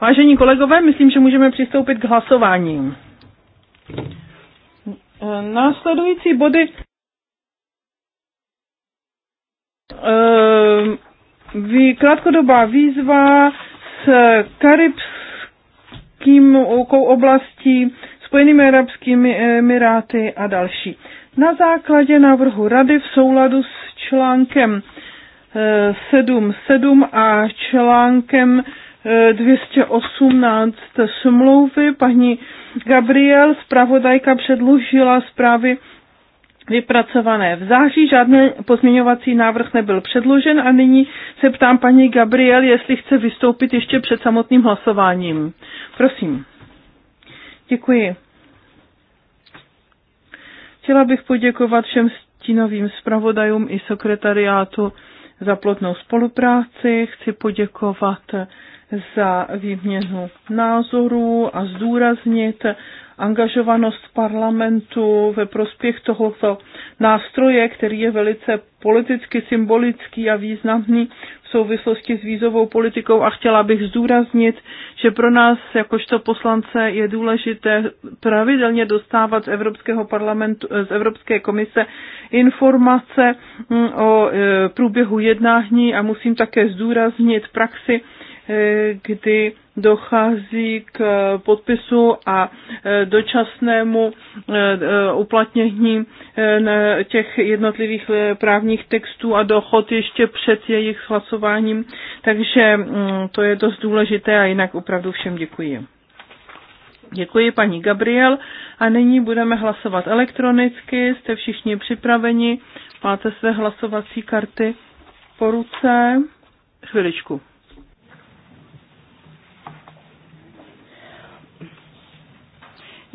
Vážení kolegové, myslím, že můžeme přistoupit k hlasování. E, následující body e, krátkodobá výzva s karibským oblastí, Spojenými arabskými emiráty a další. Na základě návrhu Rady v souladu s článkem 7.7 a článkem 218 eh, smlouvy. Paní Gabriel, zpravodajka, předložila zprávy vypracované v září. Žádný pozměňovací návrh nebyl předložen a nyní se ptám paní Gabriel, jestli chce vystoupit ještě před samotným hlasováním. Prosím. Děkuji. Chtěla bych poděkovat všem stínovým zpravodajům i sekretariátu za plodnou spolupráci, chci poděkovat za výměnu názorů a zdůraznit angažovanost parlamentu ve prospěch tohoto nástroje, který je velice politicky symbolický a významný v souvislosti s vízovou politikou a chtěla bych zdůraznit, že pro nás jakožto poslance je důležité pravidelně dostávat z Evropského parlamentu, z Evropské komise informace mm, o e, průběhu jednání a musím také zdůraznit praxi kdy dochází k podpisu a e, dočasnému e, e, uplatnění těch jednotlivých právních textů a dochod ještě před jejich hlasováním. Takže mm, to je dost důležité a jinak opravdu všem děkuji. Děkuji paní Gabriel a nyní budeme hlasovat elektronicky. Jste všichni připraveni? Máte své hlasovací karty po ruce? Chviličku.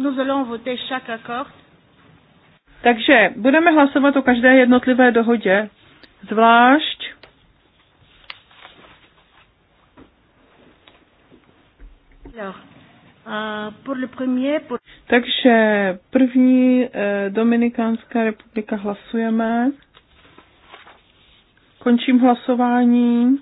Nous allons voter chaque accord. Takže budeme hlasovat o každé jednotlivé dohodě zvlášť. Alors, uh, pour le premier, pour... Takže první uh, Dominikánská republika hlasujeme. Končím hlasování.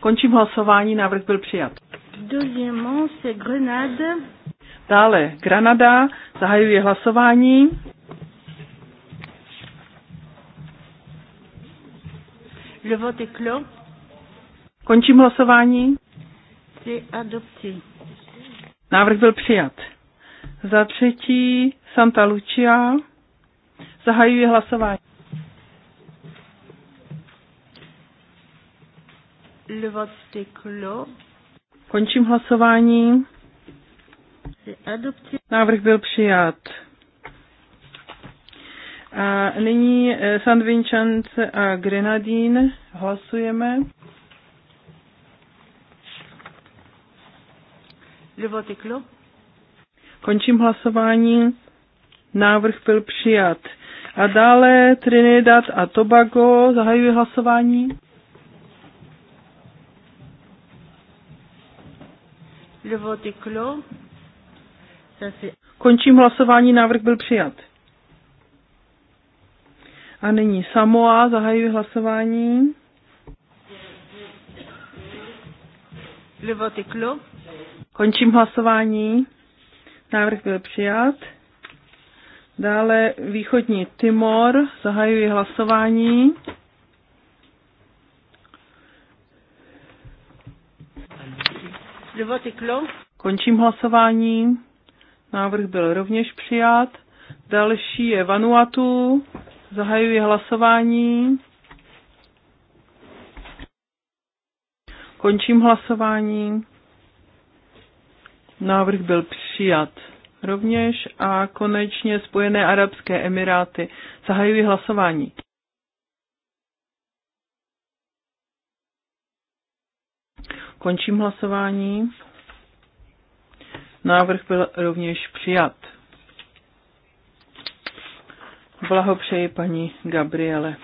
Končím hlasování, návrh byl přijat. Dále Granada, zahajuje hlasování. Le vote est clos. Končím hlasování. Návrh byl přijat. Za třetí Santa Lucia. Zahajuji hlasování. Končím hlasování. Návrh byl přijat. A nyní eh, San Vincent a Grenadín hlasujeme. Končím hlasování. Návrh byl přijat. A dále Trinidad a Tobago. Zahajuji hlasování. Le vote est clos. Ça c'est... Končím hlasování, návrh byl přijat. A nyní Samoa, zahajuji hlasování. Le vote est clos. Končím hlasování. Návrh byl přijat. Dále východní Timor, zahajuji hlasování. Končím hlasování. Návrh byl rovněž přijat. Další je Vanuatu. Zahajuji hlasování. Končím hlasování. Návrh byl přijat rovněž a konečně Spojené Arabské Emiráty. Zahajuji hlasování. Končím hlasování. Návrh byl rovněž přijat. Blahopřeji paní Gabriele.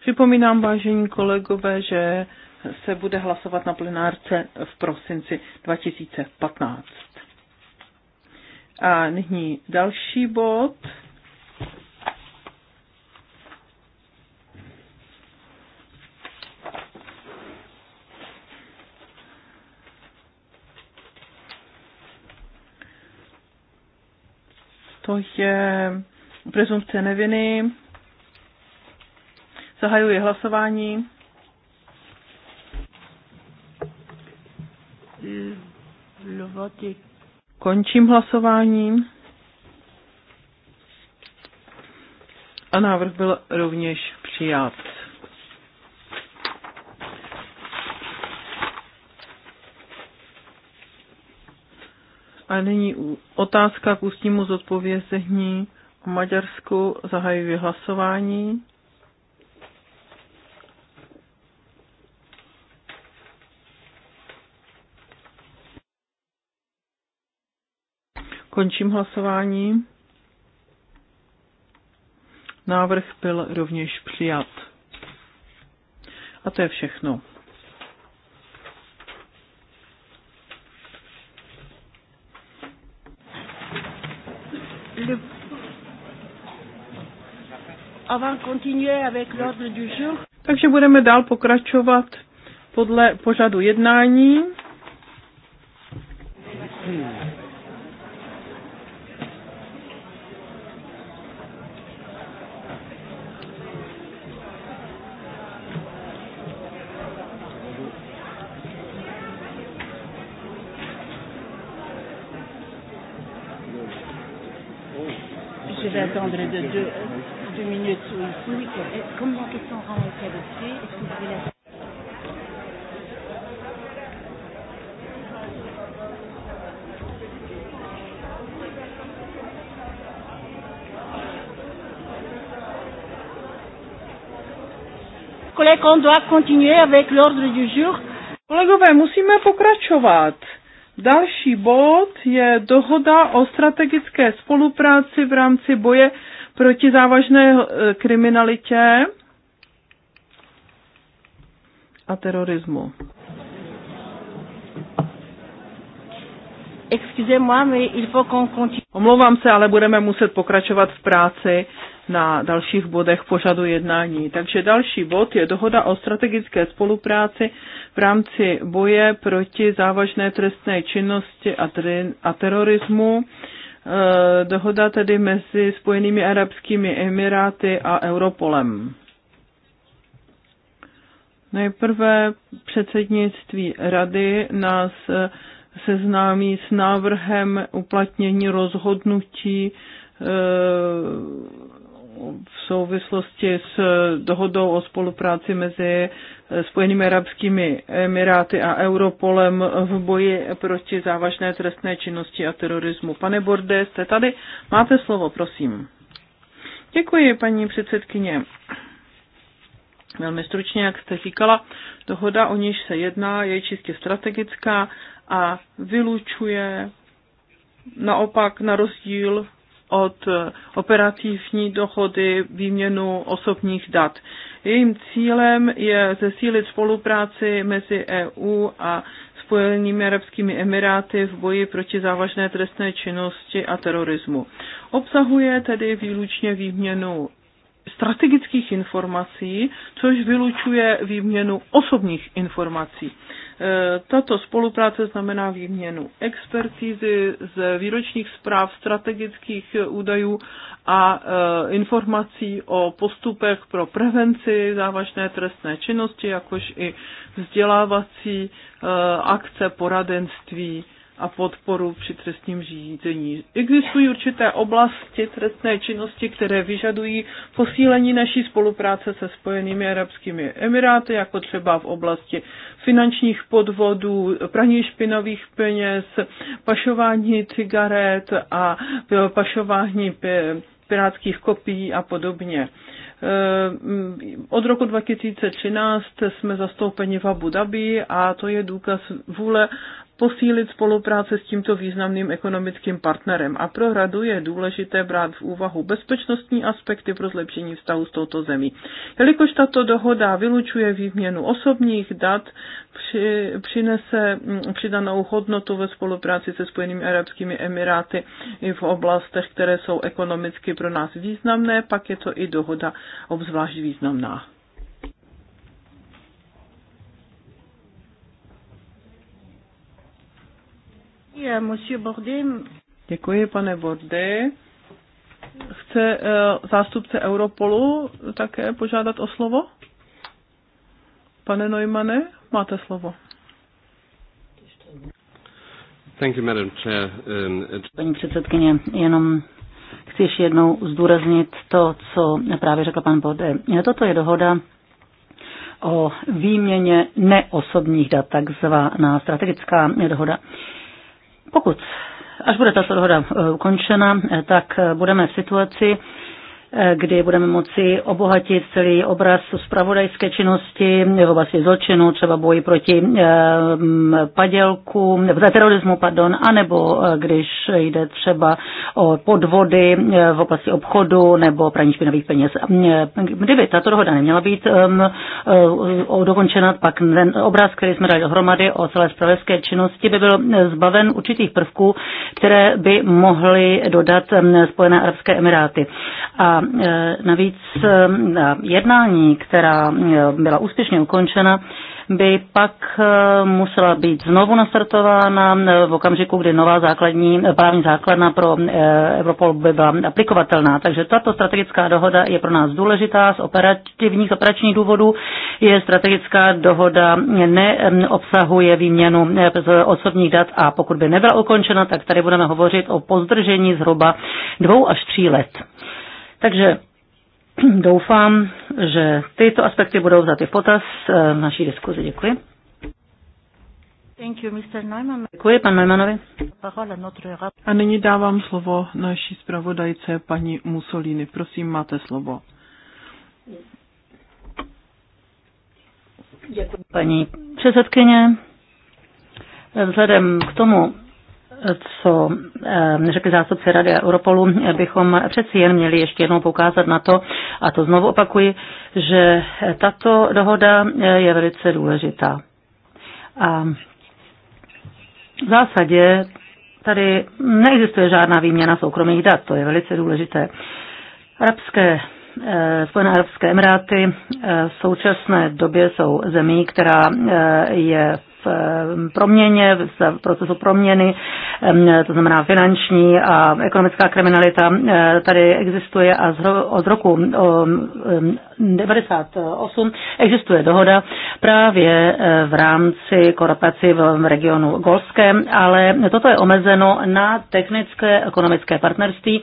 Připomínám, vážení kolegové, že se bude hlasovat na plenárce v prosinci 2015. A nyní další bod. to je prezumpce neviny. Zahajuji hlasování. Končím hlasování. A návrh byl rovněž přijat. A nyní otázka k ústnímu zodpovězení o Maďarsku. Zahajuji hlasování. Končím hlasování. Návrh byl rovněž přijat. A to je všechno. Takže budeme dál pokračovat podle pořadu jednání. Hmm. on doit continuer avec l'ordre du jour. Kolegové, musíme pokračovat. Další bod je dohoda o strategické spolupráci v rámci boje proti závažné eh, kriminalitě a terorismu. Omlouvám se, ale budeme muset pokračovat v práci na dalších bodech pořadu jednání. Takže další bod je dohoda o strategické spolupráci v rámci boje proti závažné trestné činnosti a, tr- a terorismu. E, dohoda tedy mezi Spojenými Arabskými Emiráty a Europolem. Nejprve předsednictví rady nás e, seznámí s návrhem uplatnění rozhodnutí e, v souvislosti s dohodou o spolupráci mezi Spojenými arabskými emiráty a Europolem v boji proti závažné trestné činnosti a terorismu. Pane Borde, jste tady? Máte slovo, prosím. Děkuji, paní předsedkyně. Velmi stručně, jak jste říkala, dohoda, o níž se jedná, je čistě strategická a vylučuje naopak na rozdíl od eh, operativní dohody výměnu osobních dat. Jejím cílem je zesílit spolupráci mezi EU a Spojenými arabskými emiráty v boji proti závažné trestné činnosti a terorismu. Obsahuje tedy výlučně výměnu strategických informací, což vylučuje výměnu osobních informací. Tato spolupráce znamená výměnu expertízy z výročních zpráv, strategických údajů a e, informací o postupech pro prevenci závažné trestné činnosti, jakož i vzdělávací e, akce, poradenství a podporu při trestním řízení. Existují určité oblasti trestné činnosti, které vyžadují posílení naší spolupráce se Spojenými Arabskými Emiráty, jako třeba v oblasti finančních podvodů, praní špinavých peněz, pašování cigaret a pašování pirátských kopií a podobně. Eh, od roku 2013 jsme zastoupeni v Abu Dhabi a to je důkaz vůle posílit spolupráce s tímto významným ekonomickým partnerem a pro radu je důležité brát v úvahu bezpečnostní aspekty pro zlepšení vztahu s touto zemí. Jelikož tato dohoda vylučuje výměnu osobních dat, při, přinese mm, přidanou hodnotu ve spolupráci se Spojenými Arabskými Emiráty i v oblastech, které jsou ekonomicky pro nás významné, pak je to i dohoda obzvlášť významná. Euh, Děkuji, pane Bordy. Chce eh, zástupce Europolu také požádat o slovo? Pane Neumane, máte slovo. Thank you, Madam Chair. Um, Paní předsedkyně, jenom chci ještě jednou zdůraznit to, co právě řekl pan Bode. Toto je dohoda o výměně neosobních dat, takzvaná strategická dohoda. Pokud až bude tato dohoda eh, ukončena, eh, tak eh, budeme v situaci, Eh, kdy budeme moci obohatit celý obraz zpravodajské činnosti v oblasti zločinu, třeba boji proti eh, mm, padělku, nebo za terorismu, pardon, anebo eh, když jde třeba o podvody v oblasti obchodu nebo praní špinavých peněz. Kdyby tato dohoda neměla být dokončena, pak ten obraz, který jsme dali dohromady o celé zpravodajské činnosti, by byl zbaven určitých prvků, které by mohly dodat Spojené Arabské Emiráty. A Eh, navíc eh, jednání, která eh, byla úspěšně ukončena, by pak musela být znovu nastartována v okamžiku, kdy nová základní, právní základna pro Europol by byla aplikovatelná. Takže tato strategická dohoda je pro nás důležitá z operativních, z operačních důvodů. Je strategická dohoda neobsahuje výměnu osobních dat a pokud by nebyla ukončena, tak tady budeme hovořit o pozdržení zhruba dvou až tří let. Takže doufám, že tyto aspekty budou vzaty v potaz eh, v naší diskuzi. Děkuji. Thank you, Mr. Děkuji, pan Neumannovi. A nyní dávám slovo naší zpravodajce, paní Mussolini. Prosím, máte slovo. Děkuji, paní předsedkyně. Vzhledem k tomu, co eh, řekli zástupci Rady Europolu, bychom přeci jen měli ještě jednou poukázat na to, a to znovu opakuji, že tato dohoda eh, je velice důležitá. A v zásadě tady neexistuje žádná výměna soukromých dat, to je velice důležité. Arabské eh, Spojené arabské emiráty v současné době jsou zemí, která je Eh, proměně, v procesu proměny, to znamená finanční a ekonomická kriminalita eh, tady existuje a od roku 98 existuje dohoda právě eh, v rámci korporaci v regionu Golském, ale toto je omezeno na technické ekonomické partnerství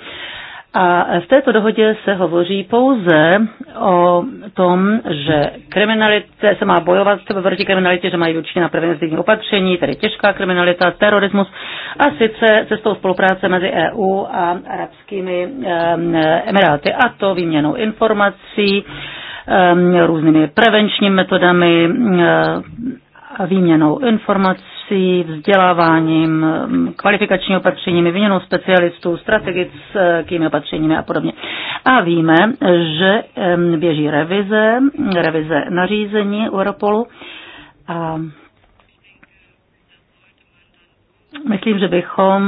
a v této dohodě se hovoří pouze o tom, že kriminalitě se má bojovat třeba proti kriminalitě, že mají určitě na preventivní opatření, tedy těžká kriminalita, terorismus a sice cestou spolupráce mezi EU a Arabskými eh, Emiráty a to výměnou informací, eh, různými prevenčními metodami, eh, výměnou informací, vzděláváním, kvalifikačními opatřeními, výměnou specialistů, strategickými opatřeními a podobně. A víme, že běží revize, revize nařízení Europolu a myslím, že bychom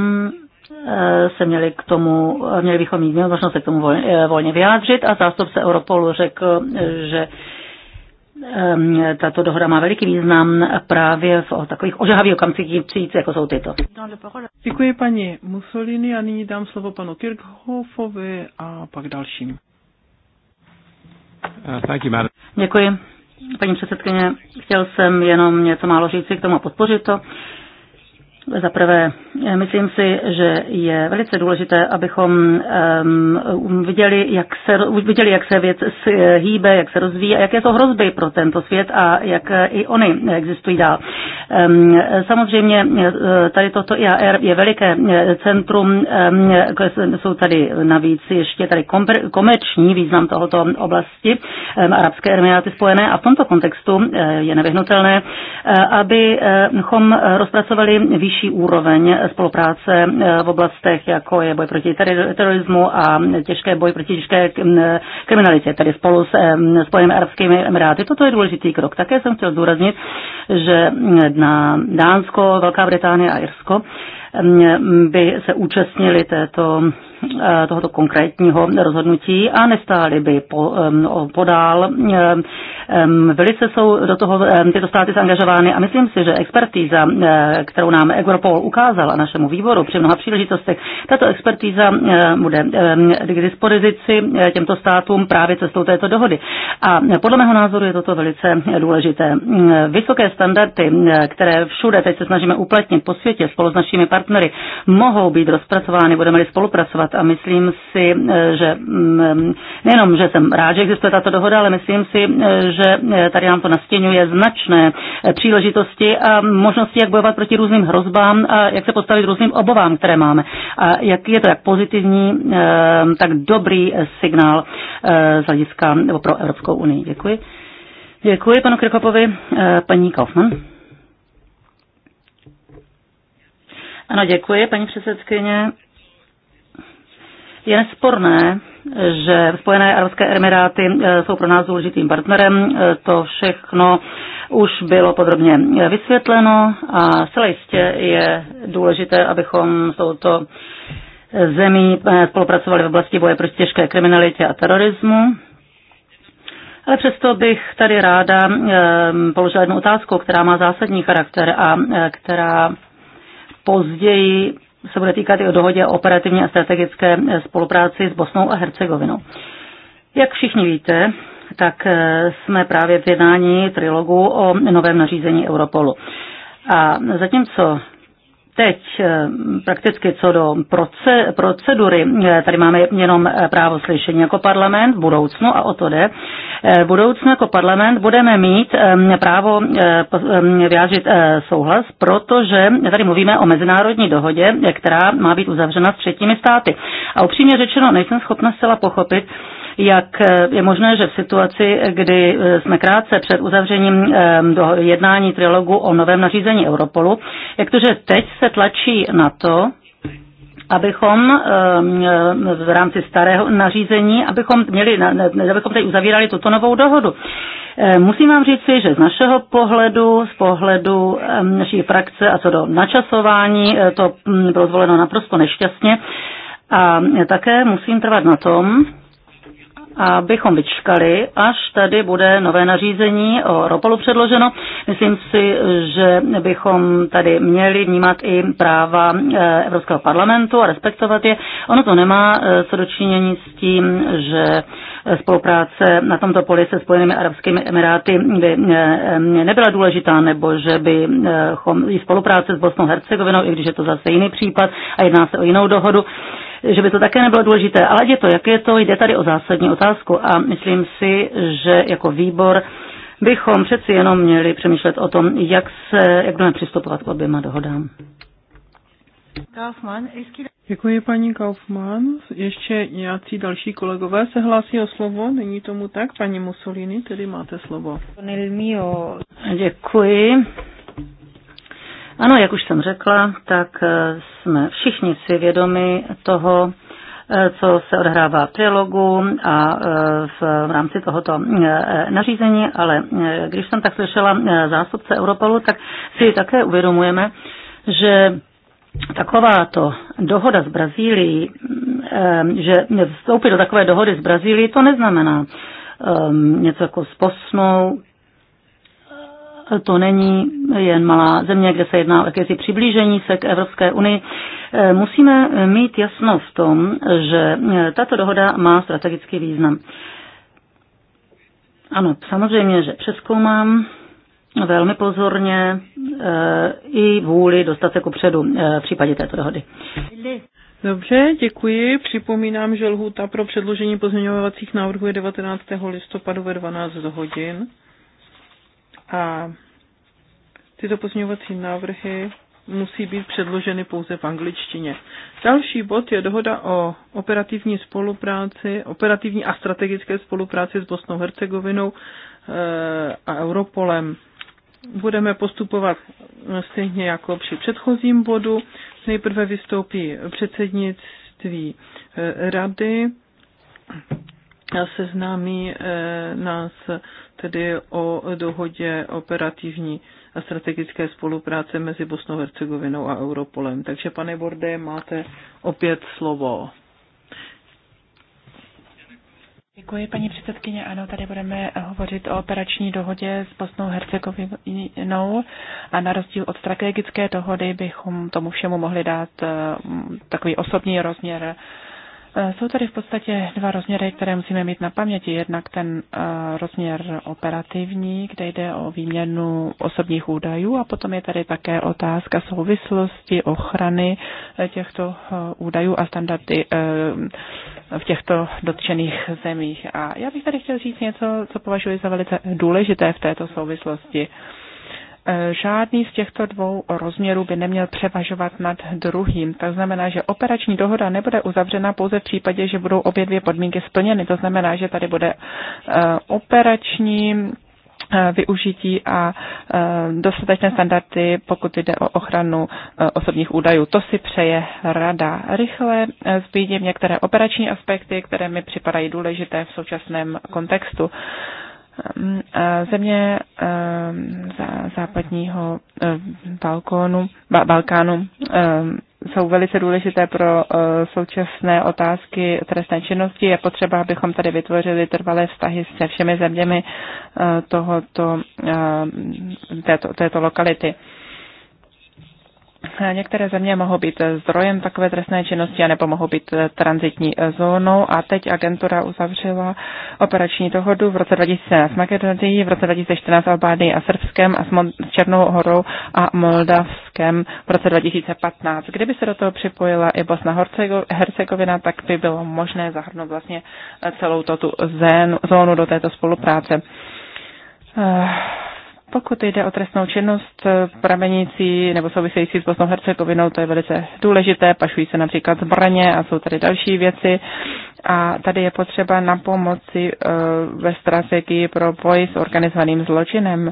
eh, se měli k tomu, měli bychom mít možnost se k tomu volně, eh, volně vyjádřit a zástupce Europolu řekl, že Ehm, tato dohoda má veliký význam právě v takových ožahavých přijít, jako jsou tyto. Děkuji paní Mussolini a nyní dám slovo panu Kirchhoffovi a pak dalším. Uh, Děkuji. Paní předsedkyně, chtěl jsem jenom něco málo říci k tomu a podpořit to. Za prvé, myslím si, že je velice důležité, abychom um, viděli, jak se, viděli, jak se věc eh, hýbe, jak se rozvíjí a jaké jsou hrozby pro tento svět a jak eh, i oni existují dál. Um, samozřejmě eh, tady toto IAR je veliké centrum, um, jsou tady navíc ještě tady komerční význam tohoto oblasti, um, Arabské Emiráty spojené a v tomto kontextu je nevyhnutelné, abychom rozpracovali výši vyšší úroveň spolupráce eh, v oblastech, jako je boj proti terorismu a těžké boj proti těžké kriminalitě, tedy spolu s Spojenými arabskými emiráty. Toto je důležitý krok. Také jsem chtěl zdůraznit, že na Dánsko, Velká Británie a Irsko by se účastnili této Eh, tohoto konkrétního rozhodnutí a nestály by po, podál. Velice jsou do toho tyto státy zaangažovány a myslím si, že expertíza, eh, kterou nám Europol ukázal a našemu výboru při mnoha příležitostech, tato expertíza eh, bude k dispozici těmto státům právě cestou této dohody. A podle mého názoru je toto velice důležité. Mm, vysoké standardy, mm, které všude teď se snažíme uplatnit po světě spolu s našimi partnery, mohou být rozpracovány, budeme-li spolupracovat dělat. A myslím si, eh, že mm, eh, nejenom, že jsem rád, že existuje tato dohoda, ale myslím si, eh, že tady nám to nastěňuje značné příležitosti a možnosti, jak bojovat proti různým hrozbám a jak se postavit různým obovám, které máme. A jak je to jak pozitivní, tak dobrý signál z hlediska nebo pro Evropskou unii. Děkuji. Děkuji panu Krychopovi. Paní Kaufmann. Ano, děkuji, paní předsedkyně. Je nesporné, že Spojené arabské emiráty eh, jsou pro nás důležitým partnerem. Eh, to všechno už bylo podrobně vysvětleno a zcela jistě je důležité, abychom s touto zemí eh, spolupracovali v oblasti boje proti těžké kriminalitě a terorismu. Ale přesto bych tady ráda ehm, položila jednu otázku, která má zásadní charakter a která později se bude týkat i o dohodě o operativní a strategické spolupráci s Bosnou a Hercegovinou. Jak všichni víte, tak eh, jsme právě v jednání trilogu o novém nařízení Europolu. A zatímco teď eh, prakticky co do procedury, eh, tady máme jenom eh, právo slyšení jako parlament v budoucnu a o to jde. V budoucnu jako parlament budeme mít právo vyjádřit souhlas, protože tady mluvíme o mezinárodní dohodě, která má být uzavřena s třetími státy. A upřímně řečeno, nejsem schopna zcela pochopit, jak eh, je možné, že v situaci, kdy eh, jsme krátce před uzavřením eh, jednání trilogu o novém nařízení Europolu, jak to, že teď se tlačí na to, abychom v rámci starého nařízení, abychom, měli, abychom teď uzavírali tuto novou dohodu. Musím vám říci, že z našeho pohledu, z pohledu naší frakce a co do načasování, to mm, bylo zvoleno naprosto nešťastně. A také musím trvat na tom, abychom vyčkali, až tady bude nové nařízení o ropolu předloženo. Myslím si, že bychom tady měli vnímat i práva eh, Evropského parlamentu a respektovat je. Ono to nemá eh, co dočinění s tím, že eh, spolupráce na tomto poli se Spojenými Arabskými Emiráty by nebyla důležitá, nebo že by i spolupráce s Bosnou Hercegovinou, i když je to zase jiný případ a jedná se o jinou dohodu, že by to také nebylo důležité, ale je to, jak je to, jde tady o zásadní otázku a myslím si, že jako výbor bychom přeci jenom měli přemýšlet o tom, jak, se, jak budeme přistupovat k oběma dohodám. Kaufmann, Děkuji paní Kaufmann. Ještě nějací další kolegové se hlásí o slovo. Není tomu tak? Paní Mussolini, tedy máte slovo. Děkuji. Ano, jak už jsem řekla, tak eh, jsme všichni si vědomi toho, eh, co se odhrává v trilogu a eh, v rámci tohoto nařízení, ale když jsem tak slyšela zástupce Europolu, tak si také uvědomujeme, že takováto dohoda s Brazílií, mm, že vstoupit do takové dohody s Brazílií, to neznamená ehm, něco jako s posnou, to není jen malá země, kde se jedná o jakési přiblížení se k Evropské unii. Eh, musíme mít jasno v tom, že eh, tato dohoda má strategický význam. Ano, samozřejmě, že přeskoumám velmi pozorně eh, i vůli dostat se kupředu v případě této dohody. Dobře, děkuji. Připomínám, že lhůta pro předložení pozměňovacích návrhů je 19. listopadu ve 12 hodin. A tyto pozměňovací návrhy musí být předloženy pouze v angličtině. Další bod je dohoda o operativní spolupráci, operativní a strategické spolupráci s Bosnou Hercegovinou eh, a Europolem. Budeme postupovat eh, stejně jako při předchozím bodu. Nejprve vystoupí předsednictví eh, rady a seznámí nás tedy o dohodě operativní a strategické spolupráce mezi Bosnou Hercegovinou a Europolem. Takže pane Borde, máte opět slovo. Děkuji, paní předsedkyně. Ano, tady budeme hovořit o operační dohodě s Bosnou Hercegovinou a na rozdíl od strategické dohody bychom tomu všemu mohli dát mm, takový osobní rozměr Eh, jsou tady v podstatě dva rozměry, které musíme mít na paměti. Jednak ten eh, rozměr operativní, kde jde o výměnu osobních údajů a potom je tady také otázka souvislosti, ochrany eh, těchto údajů a standardy v těchto dotčených zemích. A já bych tady chtěl říct něco, co považuji za velice důležité v této souvislosti. E, žádný z těchto dvou rozměrů by neměl převažovat nad druhým. To znamená, že operační dohoda nebude uzavřena pouze v případě, že budou obě dvě podmínky splněny. To znamená, že tady bude e, operační e, využití a dostatečné standardy, pokud jde o ochranu osobních údajů. To si přeje rada. Rychle zbídím některé operační aspekty, které mi připadají důležité v současném kontextu. Ehm, e, země ehm, západního e, balkónu, Balkánu ehm, jsou velice důležité pro e, současné otázky trestné činnosti. Je potřeba, abychom tady vytvořili trvalé vztahy se všemi zeměmi tohoto, této, této lokality. Některé země mohou být zdrojem takové trestné činnosti a nebo mohou být transitní zónou a teď agentura uzavřela operační dohodu v roce 2017 s Makedonií, v roce 2014 s Albánií a Srbskem a s Černou horou a Moldavskem v roce 2015. Kdyby se do toho připojila i Bosna Hercegovina, tak by bylo možné zahrnout vlastně celou to tu zónu do této spolupráce. Eh, pokud jde o trestnou činnost eh, pramenící nebo související s Bosnou Hercegovinou, to je velice důležité. Pašují se například zbraně a jsou tady další věci. A tady je potřeba na pomoci eh, ve strategii pro boj s organizovaným zločinem.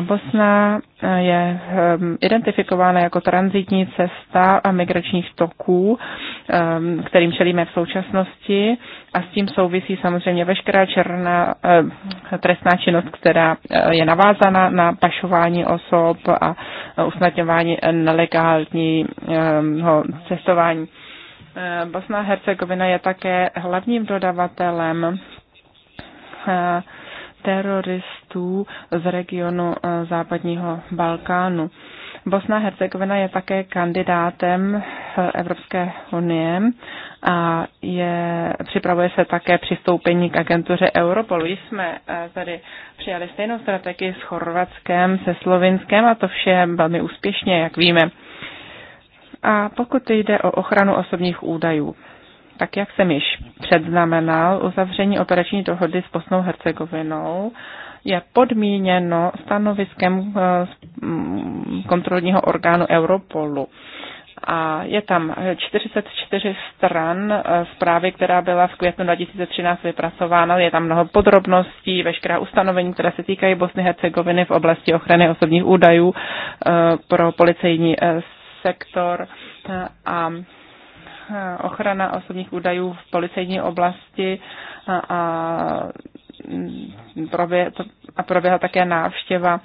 Bosna je ehm, identifikována jako transitní cesta a migračních toků, ehm, kterým čelíme v současnosti a s tím souvisí samozřejmě veškerá černá ehm, trestná činnost, která eh, je navázána na pašování osob a eh, usnadňování nelegálního cestování. Bosna a Hercegovina je také hlavním dodavatelem eh, teroristů z regionu eh, západního Balkánu. Bosna Hercegovina je také kandidátem eh, Evropské unie a je, připravuje se také přistoupení k agentuře Europolu. Jsme eh, tady přijali stejnou strategii s Chorvatskem, se Slovinskem a to vše velmi úspěšně, jak víme. A pokud jde o ochranu osobních údajů, tak jak jsem již předznamenal, uzavření operační dohody s Bosnou Hercegovinou je podmíněno stanoviskem eh, mm, kontrolního orgánu Europolu. A je tam 44 stran eh, zprávy, která byla v květnu 2013 vypracována. Je tam mnoho podrobností, veškerá ustanovení, která se týkají Bosny Hercegoviny v oblasti ochrany osobních údajů eh, pro policejní sektor a Eh, ochrana osobních údajů v policejní oblasti eh, a, mm, a proběhla také návštěva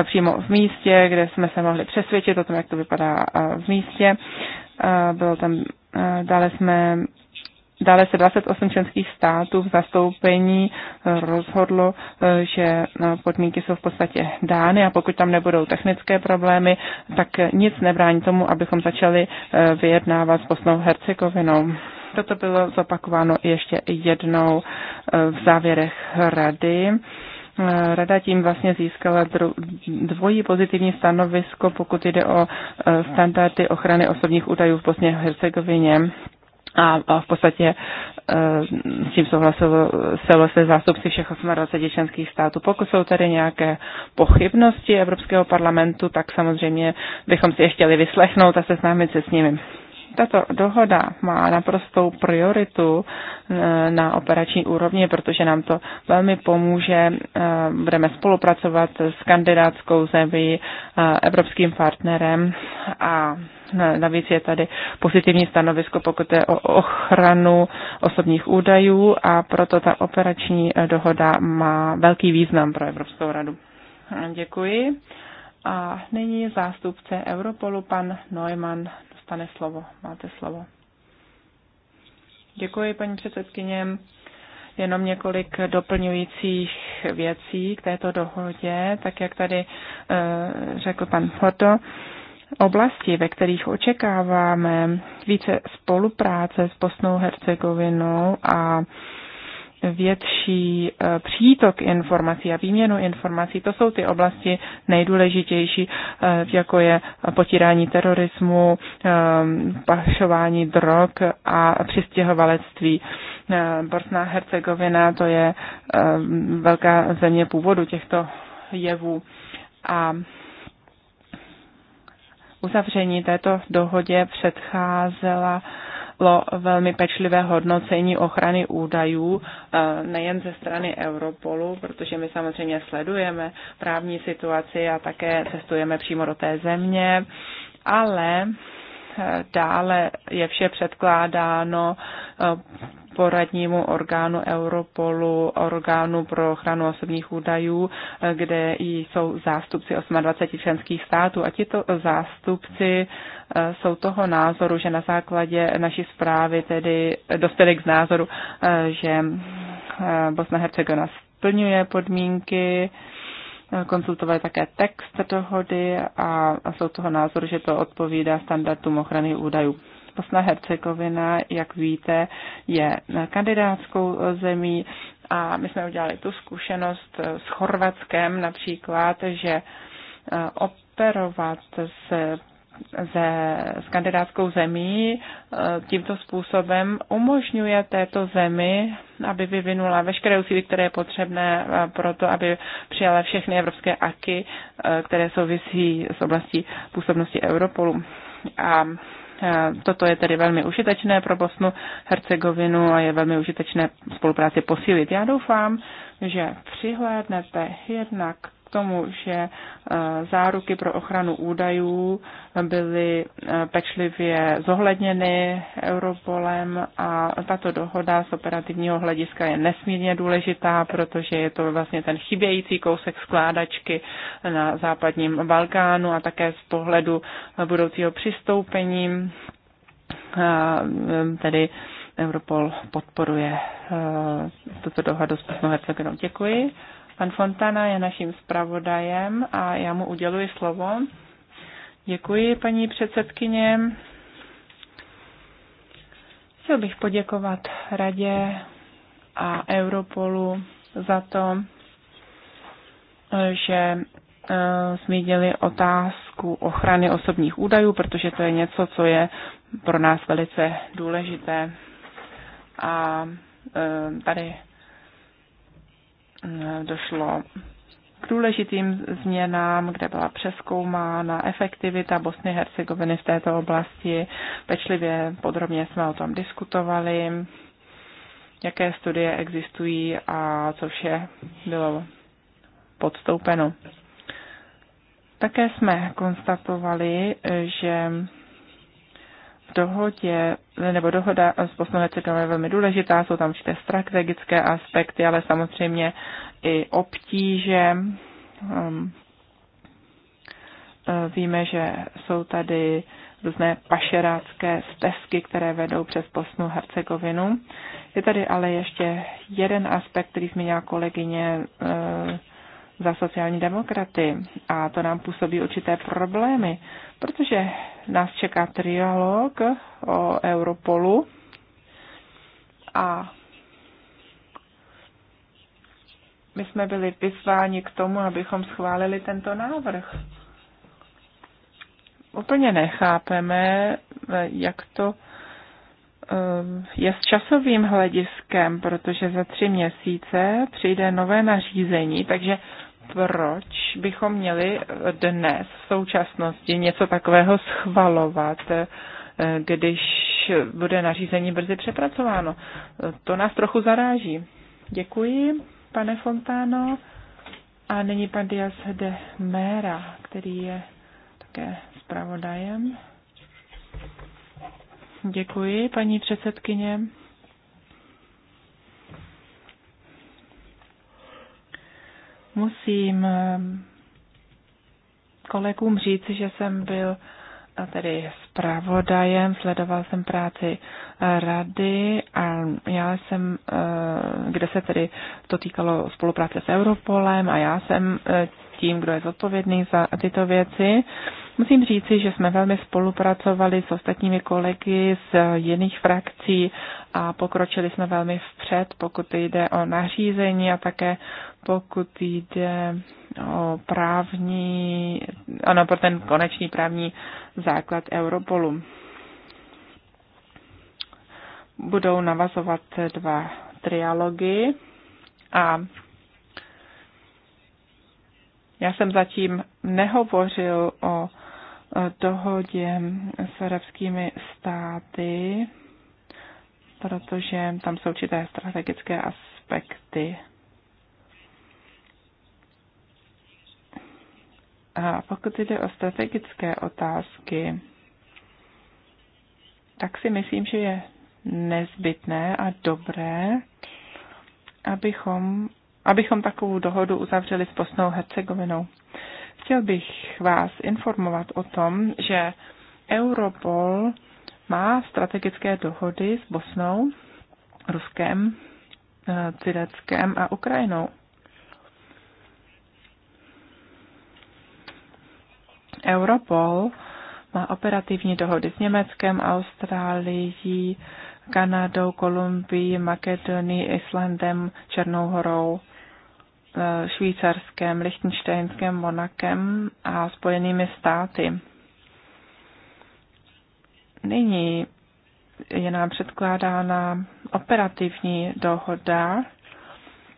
eh, přímo v místě, kde jsme se mohli přesvědčit o tom, jak to vypadá v místě. Bylo tam, dále jsme Dále se 28 členských států v zastoupení eh, rozhodlo, eh, že eh, podmínky jsou v podstatě dány a pokud tam nebudou technické problémy, tak nic nebrání tomu, abychom začali vyjednávat s Bosnou Hercegovinou. Toto bylo zopakováno ještě jednou v závěrech rady. Rada tím vlastně získala dvojí pozitivní stanovisko, pokud jde o standardy ochrany osobních údajů v Bosně a Hercegovině a, a v podstatě e, s tím souhlasilo se vlastně zástupci všech 28 členských států. Pokud jsou tady nějaké pochybnosti Evropského parlamentu, tak samozřejmě bychom si je chtěli vyslechnout a seznámit se s nimi. Tato dohoda má naprostou prioritu e, na operační úrovni, protože nám to velmi pomůže. E, budeme spolupracovat s kandidátskou zemí, evropským partnerem a Navíc je tady pozitivní stanovisko, pokud je o ochranu osobních údajů a proto ta operační eh, dohoda má velký význam pro Evropskou radu. Hm, děkuji. A nyní zástupce Europolu, pan Neumann, dostane slovo. Máte slovo. Děkuji, paní předsedkyně. Jenom několik doplňujících věcí k této dohodě, tak jak tady eh, řekl pan Forto oblasti, ve kterých očekáváme více spolupráce s Bosnou Hercegovinou a větší eh, přítok informací a výměnu informací. To jsou ty oblasti nejdůležitější, eh, jako je potírání terorismu, eh, pašování drog a přistěhovalectví. Bosna Hercegovina to je velká země původu těchto jevů. A uzavření této dohodě předcházela velmi pečlivé hodnocení ochrany údajů, eh, nejen ze strany Europolu, protože my samozřejmě sledujeme právní situaci a také cestujeme přímo do té země, ale dále je vše předkládáno eh, poradnímu orgánu Europolu, orgánu pro ochranu osobních údajů, eh, kde jsou zástupci 28 členských států. A tito zástupci eh, jsou toho názoru, že na základě naší zprávy tedy dospěli k názoru, že Bosna Hercegovina splňuje podmínky konzultovali také text dohody a, a jsou toho názoru, že to odpovídá standardům ochrany údajů. Bosna Hercegovina, jak víte, je kandidátskou zemí a my jsme udělali tu zkušenost s Chorvatskem například, že eh, operovat s ze skandinávskou zemí eh, tímto způsobem umožňuje této zemi, aby vyvinula veškeré úsilí, které je potřebné eh, pro to, aby přijala všechny evropské aky, eh, které souvisí s oblastí působnosti Europolu. A Toto je tedy velmi užitečné pro Bosnu, Hercegovinu a je velmi užitečné spolupráci posílit. Já doufám, že přihlédnete jednak tomu, že eh, záruky pro ochranu údajů byly eh, pečlivě zohledněny Europolem a tato dohoda z operativního hlediska je nesmírně důležitá, protože je to vlastně ten chybějící kousek skládačky na západním Balkánu a také z pohledu budoucího přistoupení eh, tedy Europol podporuje tuto dohodu s Bosnou Hercegovinou. Děkuji. Pan Fontana je naším zpravodajem a já mu uděluji slovo. Děkuji, paní předsedkyně. Chtěl bych poděkovat Radě a Europolu za to, že e, zmínili otázku ochrany osobních údajů, protože to je něco, co je pro nás velice důležité. A e, tady Eh, došlo k důležitým změnám, kde byla přeskoumána efektivita Bosny a Hercegoviny v této oblasti. Pečlivě podrobně jsme o tom diskutovali, jaké studie existují a co vše bylo podstoupeno. Také jsme konstatovali, že dohodě, nebo dohoda s poslanci to je velmi důležitá, jsou tam určité strategické aspekty, ale samozřejmě i obtíže. Um, eh, víme, že jsou tady různé pašerácké stezky, které vedou přes Bosnu Hercegovinu. Je tady ale ještě jeden aspekt, který zmínila kolegyně eh, za sociální demokraty a to nám působí určité problémy, protože nás čeká trialog o Europolu a my jsme byli vysváni k tomu, abychom schválili tento návrh. Úplně nechápeme, jak to ehm, je s časovým hlediskem, protože za tři měsíce přijde nové nařízení, takže proč bychom měli dnes v současnosti něco takového schvalovat, když bude nařízení brzy přepracováno. To nás trochu zaráží. Děkuji, pane Fontáno. A nyní pan Dias de Mera, který je také zpravodajem. Děkuji, paní předsedkyně. Musím eh, kolegům říct, že jsem byl eh, tedy zpravodajem, sledoval jsem práci eh, rady a já jsem, kde se tedy to týkalo spolupráce s Europolem a já jsem tím, kdo je zodpovědný za tyto věci. Musím říci, že jsme velmi spolupracovali s ostatními kolegy z jiných frakcí a pokročili jsme velmi vpřed, pokud jde o nařízení a také pokud jde o právní, ano, pro ten konečný právní základ Europolu. Budou navazovat dva trialogy a já jsem zatím nehovořil o dohodě s arabskými státy, protože tam jsou určité strategické aspekty. A pokud jde o strategické otázky, tak si myslím, že je nezbytné a dobré, abychom, abychom takovou dohodu uzavřeli s Bosnou Hercegovinou. Chtěl bych vás informovat o tom, že Europol má strategické dohody s Bosnou, Ruskem, Cideckem eh, a Ukrajinou. Europol má operativní dohody s Německem, Austrálií, Kanadou, Kolumbií, Makedonii, Islandem, Černou horou Eh, Švýcarském, Lichtensteinskem, Monakem a Spojenými státy. Nyní je nám předkládána operativní dohoda.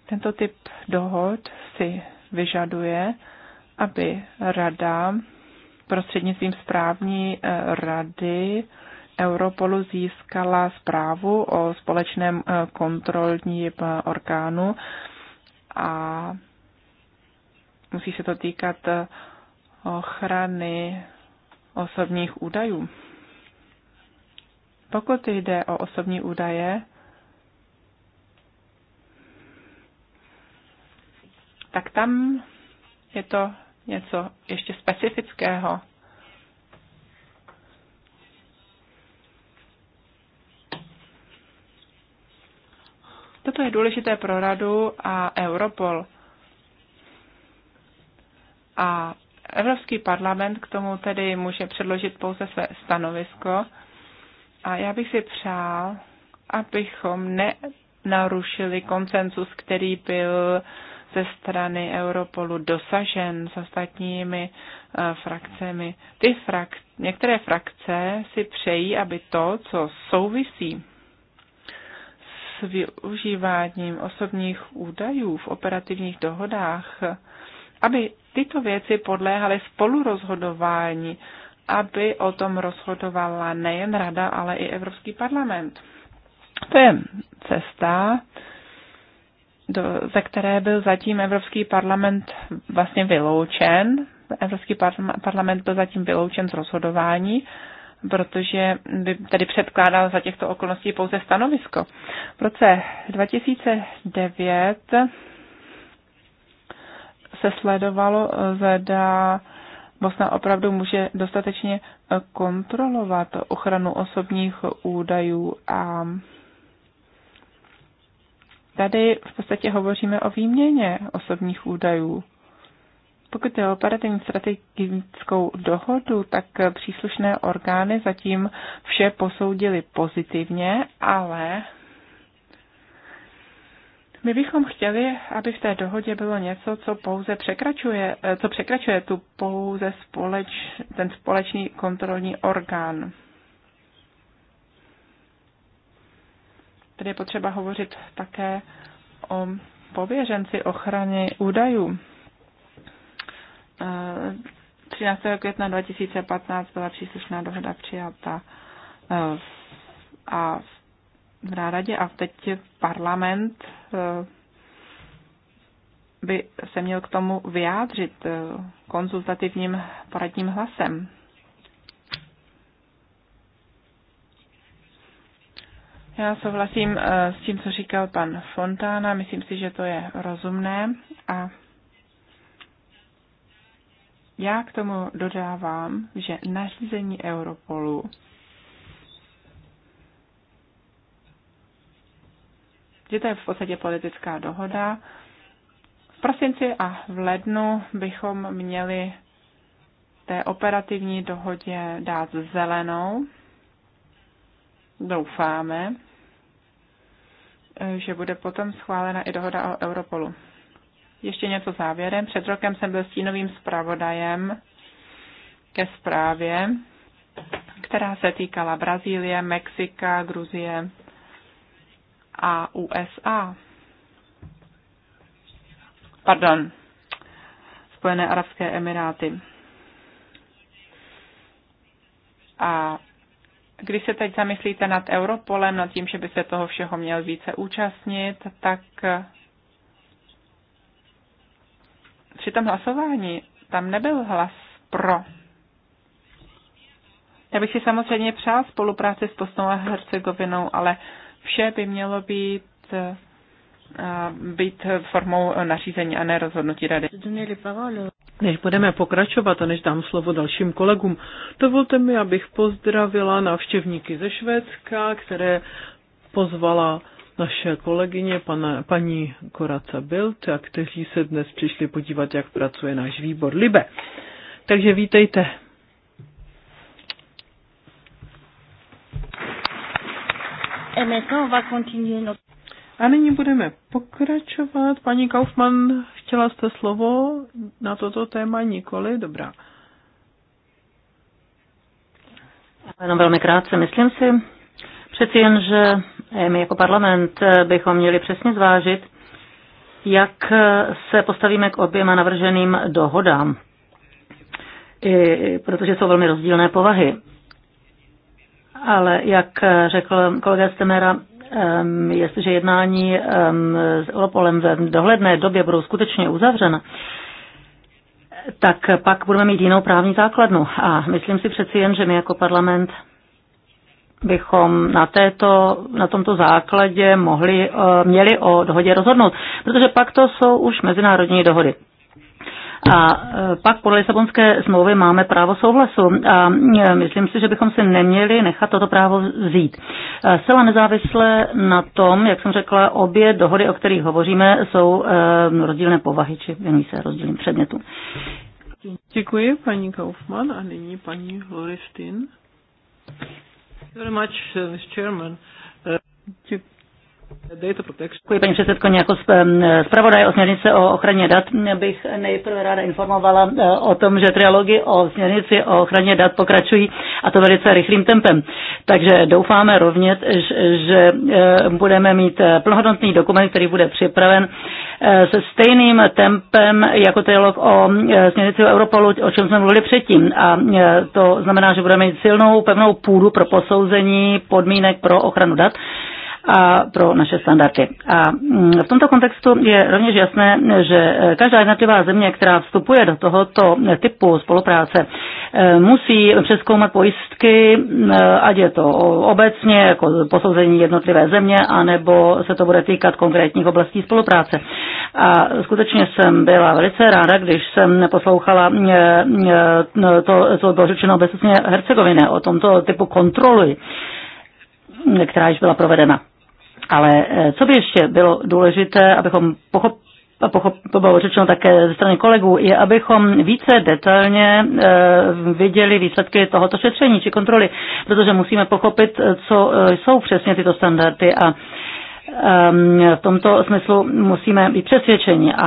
Tento typ dohod si vyžaduje, aby rada prostřednictvím správní eh, rady Europolu získala zprávu o společném eh, kontrolním orgánu a musí se to týkat ochrany osobních údajů. Pokud jde o osobní údaje, tak tam je to něco ještě specifického. Toto je důležité pro Radu a Europol. A Evropský parlament k tomu tedy může předložit pouze své stanovisko. A já bych si přál, abychom nenarušili koncensus, který byl ze strany Europolu dosažen s ostatními uh, frakcemi. Ty frak- některé frakce si přejí, aby to, co souvisí s využíváním osobních údajů v operativních dohodách, aby tyto věci podléhaly spolurozhodování, aby o tom rozhodovala nejen Rada, ale i Evropský parlament. To je cesta, do, ze které byl zatím Evropský parlament vlastně vyloučen. Evropský parlament byl zatím vyloučen z rozhodování protože by tady předkládal za těchto okolností pouze stanovisko. V roce 2009 se sledovalo, zda Bosna opravdu může dostatečně kontrolovat ochranu osobních údajů a tady v podstatě hovoříme o výměně osobních údajů. Pokud je operativní strategickou dohodu, tak příslušné orgány zatím vše posoudili pozitivně, ale my bychom chtěli, aby v té dohodě bylo něco, co pouze překračuje, co překračuje tu pouze společ, ten společný kontrolní orgán. Tady je potřeba hovořit také o pověřenci ochrany údajů. 13. května 2015 byla příslušná dohoda přijata eh, a v Ráradě a teď parlament eh, by se měl k tomu vyjádřit eh, konzultativním poradním hlasem. Já souhlasím s tím, co říkal pan Fontána. Myslím si, že to je rozumné a já k tomu dodávám, že nařízení Europolu že to je v podstatě politická dohoda. V prosinci a v lednu bychom měli té operativní dohodě dát zelenou. Doufáme, že bude potom schválena i dohoda o Europolu ještě něco závěrem. Před rokem jsem byl stínovým zpravodajem ke zprávě, která se týkala Brazílie, Mexika, Gruzie a USA. Pardon, Spojené arabské emiráty. A když se teď zamyslíte nad Europolem, nad tím, že by se toho všeho měl více účastnit, tak při tom hlasování tam nebyl hlas pro. Já bych si samozřejmě přál spolupráci s Bosnou a Hercegovinou, ale vše by mělo být eh, být formou nařízení a ne rozhodnutí rady. Než budeme pokračovat a než dám slovo dalším kolegům, dovolte mi, abych pozdravila návštěvníky ze Švédska, které pozvala naše kolegyně, pana, paní Koraca Bild, a kteří se dnes přišli podívat, jak pracuje náš výbor Libe. Takže vítejte. A nyní budeme pokračovat. Paní Kaufmann, chtěla jste slovo na toto téma nikoli? Dobrá. Jenom velmi krátce. Myslím si přeci jen, že my jako parlament eh, bychom měli přesně zvážit, jak eh, se postavíme k oběma navrženým dohodám, I, protože jsou velmi rozdílné povahy. Ale jak eh, řekl kolega Stemera, ehm, jestliže jednání ehm, s Olopolem v dohledné době budou skutečně uzavřena, tak pak budeme mít jinou právní základnu. A myslím si přeci jen, že my jako parlament bychom na, této, na tomto základě mohli, eh, měli o dohodě rozhodnout, protože pak to jsou už mezinárodní dohody. A eh, pak podle Lisabonské smlouvy máme právo souhlasu a eh, myslím si, že bychom si neměli nechat toto právo vzít. Zcela nezávisle na tom, jak jsem řekla, obě dohody, o kterých hovoříme, jsou rozdílné povahy, či věnují se rozdílným předmětům. Děkuji paní Kaufmann a nyní paní Loristin. Uh, uh, Děkuji, paní předsedkyně. Jako zpravodaj o směrnice o ochraně dat bych nejprve ráda informovala eh, o tom, že trialogy o směrnici o ochraně dat pokračují a to velice rychlým tempem. Takže doufáme rovněž, že eh, budeme mít eh, plnohodnotný dokument, který bude připraven Eh, se stejným tempem jako trilog o eh, směrnici o Europolu, o čem jsme mluvili předtím. A eh, to znamená, že budeme mít silnou, pevnou půdu pro posouzení podmínek pro ochranu dat a pro naše standardy. A mm, v tomto kontextu je rovněž jasné, že e, každá jednotlivá země, která vstupuje do tohoto typu spolupráce, e, musí přeskoumat pojistky, e, ať je to obecně, jako posouzení jednotlivé země, anebo se to bude týkat konkrétních oblastí spolupráce. A skutečně jsem byla velice ráda, když jsem neposlouchala to, co bylo řečeno bezpečně Hercegovine o tomto typu kontroly, která již byla provedena. Ale eh, co by ještě bylo důležité, abychom pochopili, pochop, to bylo řečeno také ze strany kolegů, je, abychom více detailně e, viděli výsledky tohoto šetření či kontroly, protože musíme pochopit, co e, jsou přesně tyto standardy a e, v tomto smyslu musíme být přesvědčeni a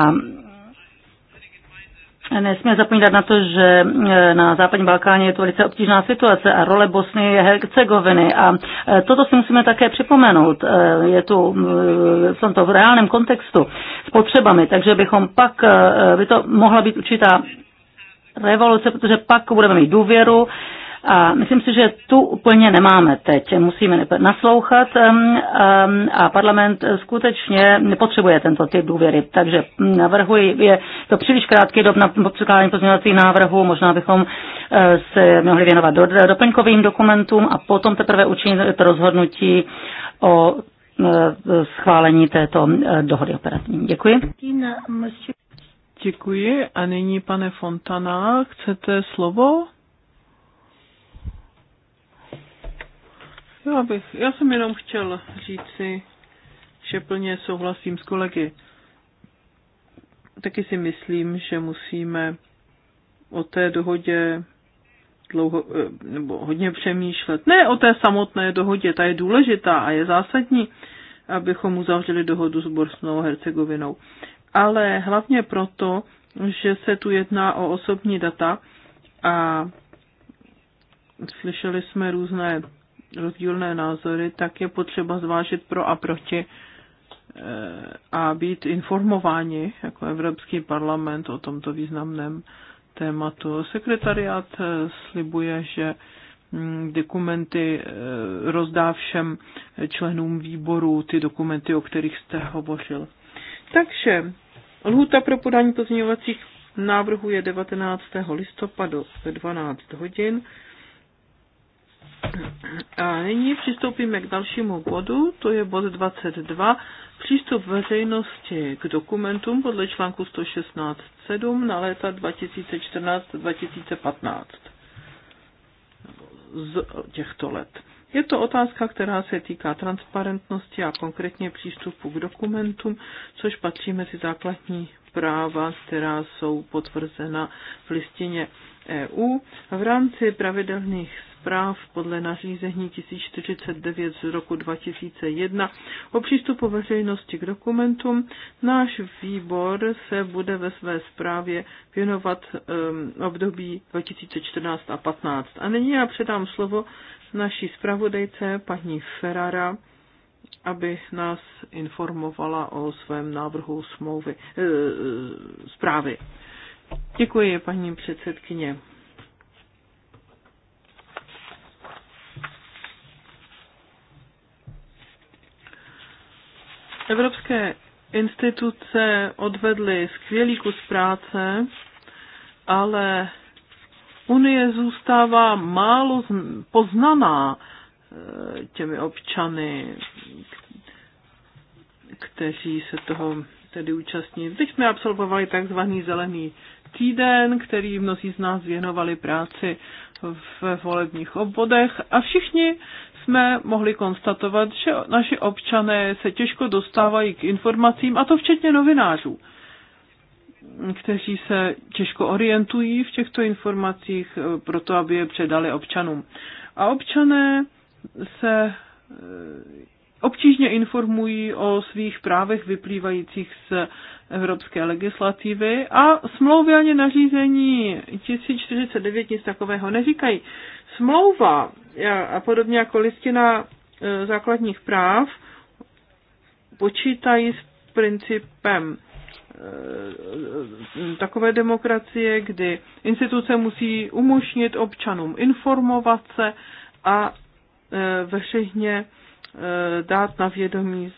Nesmíme zapomínat na to, že e, na západním Balkáně je to velice obtížná situace a role Bosny je Hercegoviny. A e, toto si musíme také připomenout. E, je tu v tomto v reálném kontextu s potřebami, takže bychom pak, by to mohla být určitá revoluce, protože pak budeme mít důvěru, a myslím si, že tu úplně nemáme teď. Musíme naslouchat a parlament skutečně nepotřebuje tento typ důvěry. Takže navrhuji, je to příliš krátký dob na předkládání pozměňovacích návrhů, možná bychom eh, se mohli věnovat doplňkovým dokumentům a potom teprve učinit rozhodnutí o eh, schválení této eh, dohody operativní. Děkuji. Děkuji. A nyní, pane Fontana, chcete slovo? Já, bych, já jsem jenom chtěl říci, že plně souhlasím s kolegy. Taky si myslím, že musíme o té dohodě dlouho, eh, nebo hodně přemýšlet. Ne o té samotné dohodě, ta je důležitá a je zásadní, abychom uzavřeli dohodu s Bosnou a Hercegovinou. Ale hlavně proto, že se tu jedná o osobní data a slyšeli jsme různé rozdílné názory, tak je potřeba zvážit pro a proti eh, a být informováni jako Evropský parlament o tomto významném tématu. Sekretariát eh, slibuje, že mm, dokumenty eh, rozdá všem členům výboru, ty dokumenty, o kterých jste hovořil. Takže lhůta pro podání pozměňovacích návrhů je 19. listopadu ve 12 hodin. A nyní přistoupíme k dalšímu bodu, to je bod 22, přístup veřejnosti k dokumentům podle článku 116.7 na léta 2014-2015 z těchto let. Je to otázka, která se týká transparentnosti a konkrétně přístupu k dokumentům, což patří mezi základní práva, která jsou potvrzena v listině EU. V rámci pravidelných zpráv podle nařízení 1049 z roku 2001 o přístupu veřejnosti k dokumentům náš výbor se bude ve své zprávě věnovat um, období 2014 a 15. A nyní já předám slovo naší zpravodajce, paní Ferrara, aby nás informovala o svém návrhu smlouvy, e, zprávy. Děkuji, paní předsedkyně. Evropské instituce odvedly skvělý kus práce, ale Unie zůstává málo poznaná e, těmi občany, kteří se toho tedy účastní. Teď jsme absolvovali takzvaný zelený týden, který mnozí z nás věnovali práci v volebních obvodech a všichni jsme mohli konstatovat, že naši občané se těžko dostávají k informacím, a to včetně novinářů kteří se těžko orientují v těchto informacích, eh, pro to, aby je předali občanům. A občané se eh, obtížně informují o svých právech vyplývajících z evropské legislativy a smlouvy ani nařízení 1049 nic takového neříkají. Smlouva eh, a podobně jako listina základních práv počítají s principem Eh, takové demokracie, kdy instituce musí umožnit občanům informovat se a eh, veřejně eh, dát na vědomí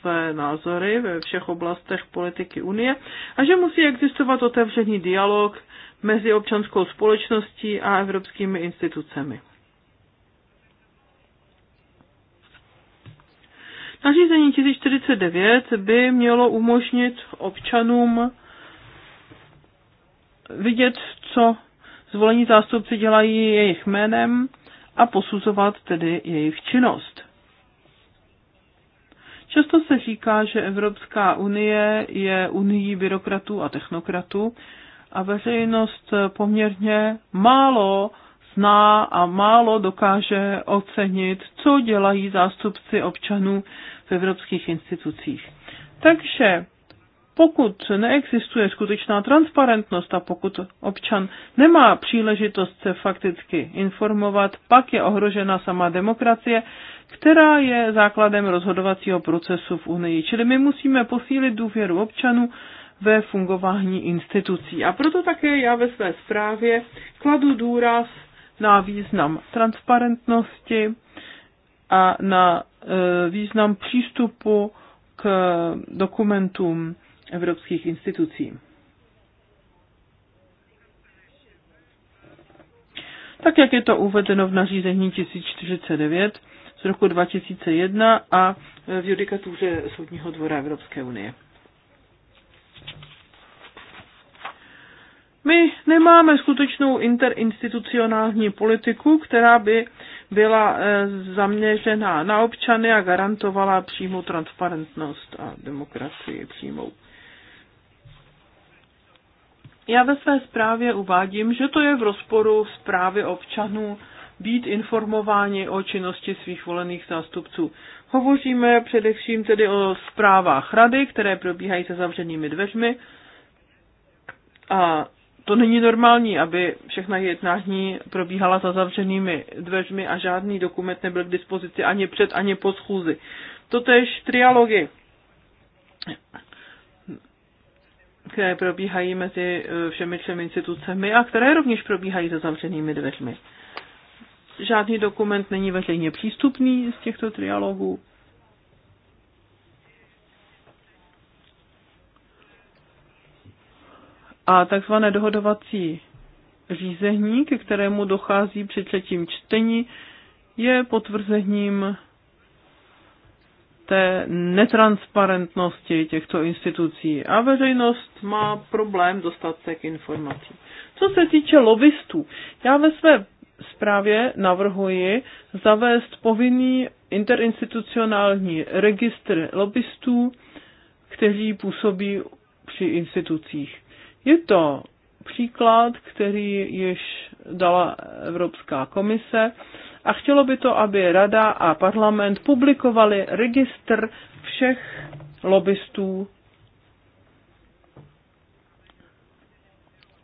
své názory ve všech oblastech politiky Unie a že musí existovat otevřený dialog mezi občanskou společností a evropskými institucemi. Nařízení 1049 by mělo umožnit občanům vidět, co zvolení zástupci dělají jejich jménem a posuzovat tedy jejich činnost. Často se říká, že Evropská unie je unii byrokratů a technokratů a veřejnost poměrně málo zná a málo dokáže ocenit, co dělají zástupci občanů v evropských institucích. Takže pokud neexistuje skutečná transparentnost a pokud občan nemá příležitost se fakticky informovat, pak je ohrožena sama demokracie, která je základem rozhodovacího procesu v Unii. Čili my musíme posílit důvěru občanů ve fungování institucí. A proto také já ve své zprávě kladu důraz na význam transparentnosti a na Eh, význam přístupu k dokumentům evropských institucí. Tak, jak je to uvedeno v nařízení 1049 z roku 2001 a v judikatuře Soudního dvora Evropské unie. My nemáme skutečnou interinstitucionální politiku, která by byla eh, zaměřená na občany a garantovala přímou transparentnost a demokracii přímou. Já ve své zprávě uvádím, že to je v rozporu s právy občanů být informováni o činnosti svých volených zástupců. Hovoříme především tedy o zprávách rady, které probíhají se zavřenými dveřmi a to není normální, aby všechna jednání probíhala za zavřenými dveřmi a žádný dokument nebyl k dispozici ani před, ani po schůzi. Totež trialogy, které probíhají mezi eh, všemi třemi institucemi a které rovněž probíhají za zavřenými dveřmi. Žádný dokument není veřejně přístupný z těchto trialogů. a takzvané dohodovací řízení, ke kterému dochází při třetím čtení, je potvrzením té netransparentnosti těchto institucí a veřejnost má problém dostat se k informací. Co se týče lobbystů, já ve své zprávě navrhuji zavést povinný interinstitucionální registr lobbystů, kteří působí při institucích. Je to příklad, který již dala Evropská komise a chtělo by to, aby Rada a parlament publikovali registr všech lobbystů,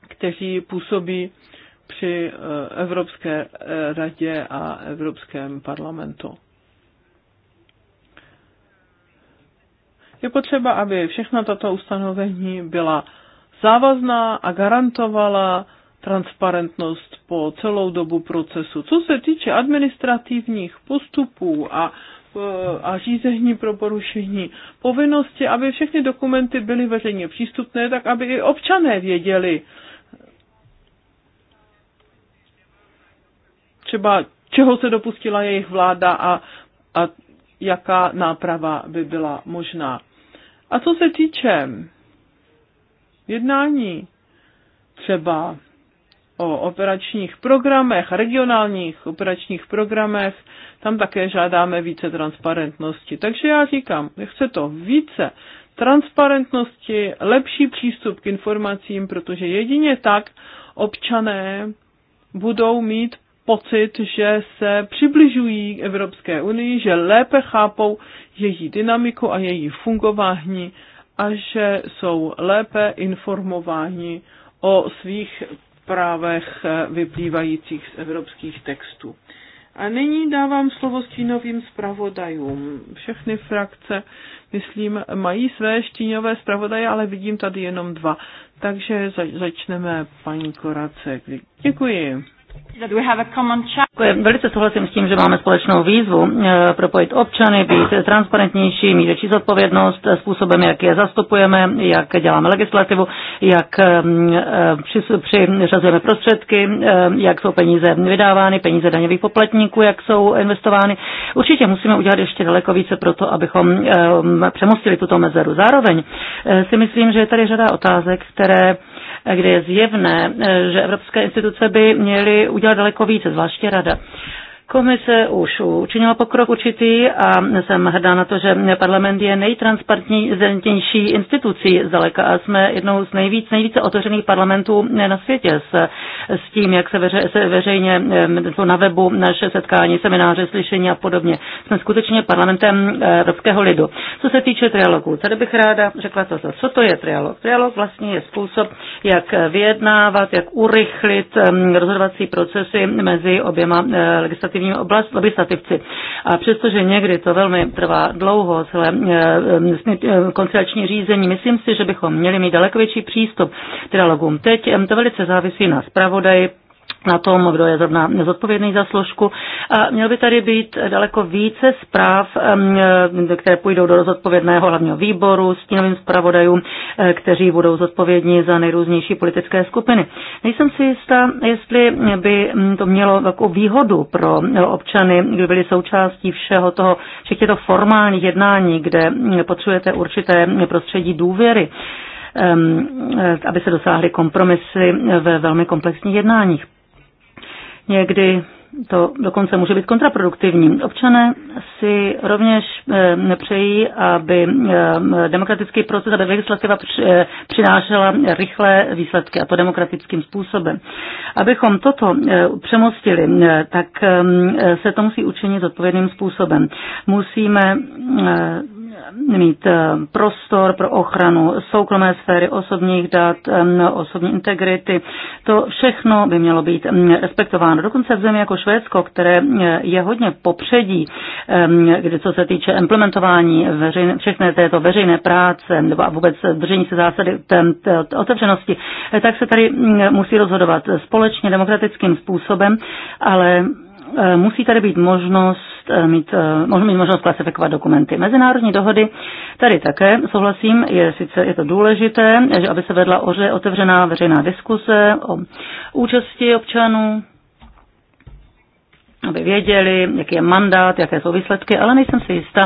kteří působí při eh, Evropské eh, radě a Evropském parlamentu. Je potřeba, aby všechna tato ustanovení byla závazná a garantovala transparentnost po celou dobu procesu. Co se týče administrativních postupů a eh, a řízení pro porušení povinnosti, aby všechny dokumenty byly veřejně přístupné, tak aby i občané věděli třeba, čeho se dopustila jejich vláda a, a jaká náprava by byla možná. A co se týče jednání, třeba o operačních programech, regionálních operačních programech, tam také žádáme více transparentnosti. Takže já říkám, chce to více transparentnosti, lepší přístup k informacím, protože jedině tak občané budou mít pocit, že se přibližují k Evropské unii, že lépe chápou její dynamiku a její fungování a že jsou lépe informováni o svých právech vyplývajících z evropských textů. A nyní dávám slovo stínovým zpravodajům. Všechny frakce, myslím, mají své štíňové zpravodaje, ale vidím tady jenom dva. Takže začneme paní Korace. Děkuji. Jako velice souhlasím s tím, že máme společnou výzvu eh, propojit občany, být transparentnější, mít větší zodpovědnost eh, způsobem, jak je zastupujeme, jak děláme legislativu, jak ehm, eh, přiřazujeme prostředky, jak jsou peníze vydávány, peníze daňových poplatníků, jak jsou investovány. Určitě musíme udělat ještě daleko více pro to, abychom ehm, přemostili tuto mezeru. Zároveň si myslím, že je tady řada otázek, které kde je zjevné, že evropské instituce by měly udělat daleko více, zvláště rada. Komise už učinila pokrok určitý a jsem hrdá na to, že parlament je nejtransparentnější institucí zdaleka a jsme jednou z nejvíc, nejvíce otevřených parlamentů na světě s, s tím, jak se, veře, se veřejně jsou na webu naše setkání, semináře, slyšení a podobně. Jsme skutečně parlamentem eh, evropského lidu. Co se týče trialogu, tady bych ráda řekla toto. Co to je trialog? Trialog vlastně je způsob, jak vyjednávat, jak urychlit rozhodovací procesy mezi oběma eh, legislativními legislativními oblast, legislativci. A přestože někdy to velmi trvá dlouho, celé eh, eh, eh, konciliační řízení, myslím si, že bychom měli mít daleko větší přístup k trialogům. Teď to velice závisí na zpravodaji, na tom, kdo je zrovna nezodpovědný za složku. A mělo by tady být daleko více zpráv, e, které půjdou do zodpovědného hlavního výboru, stínovým zpravodajům, e, kteří budou zodpovědní za nejrůznější politické skupiny. Nejsem si jistá, jestli by mm, to mělo takovou výhodu pro občany, kdyby byli součástí všeho toho, všech těchto formálních jednání, kde mm, potřebujete určité prostředí důvěry e, aby se dosáhly kompromisy ve velmi komplexních jednáních. Někdy to dokonce může být kontraproduktivní. Občané si rovněž eh, nepřejí, aby eh, demokratický proces, aby legislativa eh, přinášela rychlé výsledky, a to demokratickým způsobem. Abychom toto přemostili, tak se to musí učinit odpovědným způsobem. Musíme mít eh, prostor pro ochranu soukromé sféry osobních dat, osobní integrity. To všechno by mělo být respektováno. Dokonce v zemi jako Švédsko, které eh, je hodně popředí, kde co se týče implementování veřejné, všechny této veřejné práce nebo vůbec držení se zásady otevřenosti, eh, tak se tady musí rozhodovat společně demokratickým způsobem, ale Eh, musí tady být možnost eh, mít, eh, možná mít možnost klasifikovat dokumenty. Mezinárodní dohody tady také souhlasím, je sice je to důležité, že aby se vedla otevřená veřejná diskuse o účasti občanů, aby věděli, jaký je mandát, jaké jsou výsledky, ale nejsem si jistá,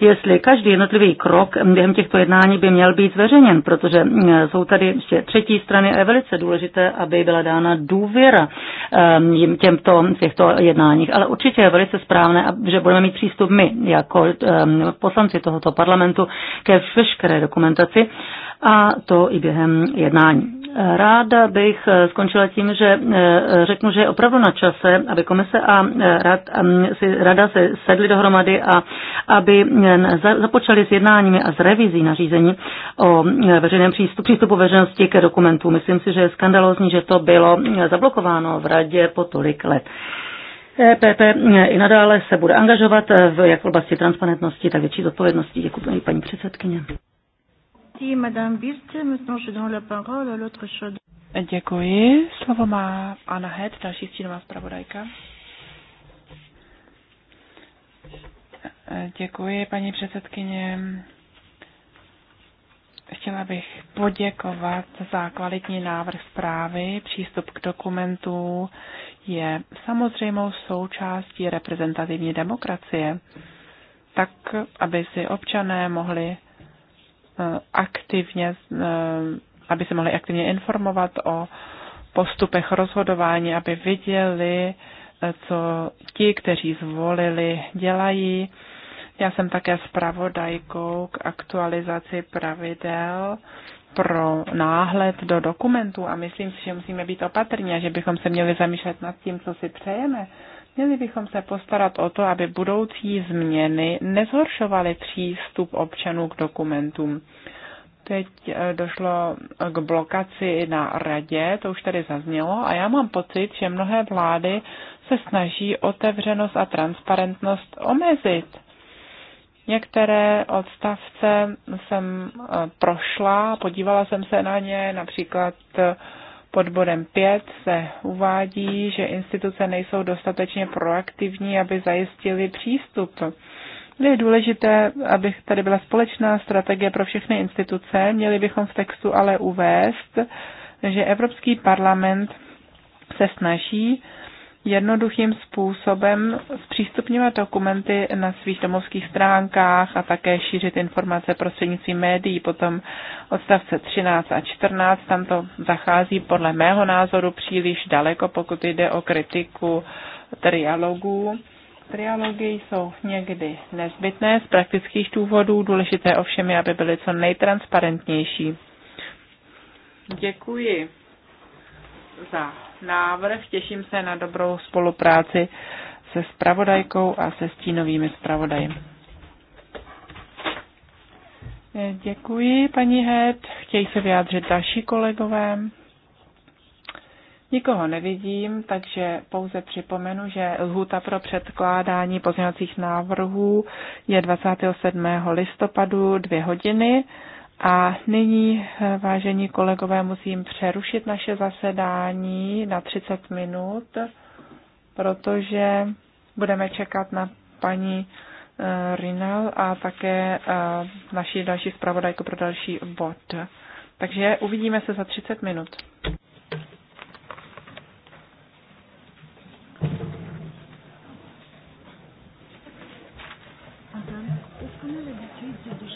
jestli každý jednotlivý krok během těchto jednání by měl být zveřejněn, protože mm, jsou tady ještě třetí strany a je velice důležité, aby byla dána důvěra um, těmto těchto jednáních. Ale určitě je velice správné, že budeme mít přístup my jako um, poslanci tohoto parlamentu ke veškeré dokumentaci, a to i během jednání. Ráda bych eh, skončila tím, že eh, řeknu, že je opravdu na čase, aby komise a eh, rad, si, rada se sedly dohromady a aby započali s jednáními a s revizí nařízení o veřejném přístupu, přístupu veřejnosti ke dokumentu. Myslím si, že je skandalózní, že to bylo zablokováno v radě po tolik let. EPP i nadále se bude angažovat v jak v oblasti transparentnosti, tak větší zodpovědnosti. Děkuji paní předsedkyně. Děkuji. Slovo má Anna Het, další stínová zpravodajka. Děkuji, paní předsedkyně. Chtěla bych poděkovat za kvalitní návrh zprávy. Přístup k dokumentu je samozřejmou součástí reprezentativní demokracie, tak aby si občané mohli aktivně, eh, aby se mohli aktivně informovat o postupech rozhodování, aby viděli, eh, co ti, kteří zvolili, dělají. Já jsem také zpravodajkou k aktualizaci pravidel pro náhled do dokumentů a myslím si, že musíme být opatrní a že bychom se měli zamýšlet nad tím, co si přejeme Měli bychom se postarat o to, aby budoucí změny nezhoršovaly přístup občanů k dokumentům. Teď eh, došlo k blokaci na radě, to už tady zaznělo, a já mám pocit, že mnohé vlády se snaží otevřenost a transparentnost omezit. Některé odstavce jsem eh, prošla, podívala jsem se na ně, například eh, pod bodem 5 se uvádí, že instituce nejsou dostatečně proaktivní, aby zajistili přístup. Je důležité, aby tady byla společná strategie pro všechny instituce. Měli bychom v textu ale uvést, že Evropský parlament se snaží jednoduchým způsobem zpřístupňovat dokumenty na svých domovských stránkách a také šířit informace prostřednictvím médií. Potom odstavce 13 a 14, tam to zachází podle mého názoru příliš daleko, pokud jde o kritiku trialogů. Trialogy jsou někdy nezbytné z praktických důvodů, důležité ovšem je, aby byly co nejtransparentnější. Děkuji za návrh. Těším se na dobrou spolupráci se spravodajkou a se stínovými spravodaji. Eh, děkuji, paní Hed. Chtějí se vyjádřit další kolegové. Nikoho nevidím, takže pouze připomenu, že lhůta pro předkládání pozměňovacích návrhů je 27. listopadu 2 hodiny a nyní, vážení kolegové, musím přerušit naše zasedání na 30 minut, protože budeme čekat na paní eh, Rinal a také eh, naši další zpravodajku pro další bod. Takže uvidíme se za 30 minut.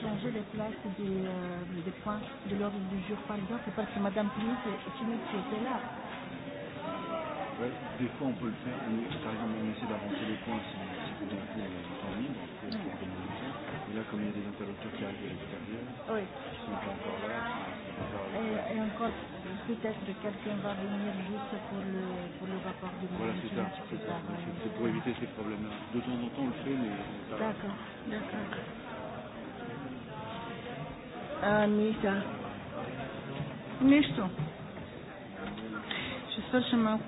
changer les places des, euh, des points de l'ordre du jour, par exemple, parce que Mme Plinus est une qui était là. Ouais, des fois, on peut le faire. Mais, par exemple, on essaie d'avancer les points si, on a du temps pour, pour organiser. Et là, comme il y a des interlocuteurs qui arrivent de l'extérieur, oui. qui sont pas encore là. Et, et encore, peut-être que quelqu'un va venir juste pour le, pour le rapport du Voilà, c'est ça. C'est pour éviter ces problèmes-là. De temps en temps, on le fait, mais. D'accord, d'accord. Anita. Нищо. Ще свършим малко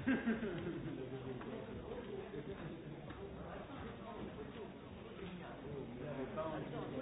Thank you.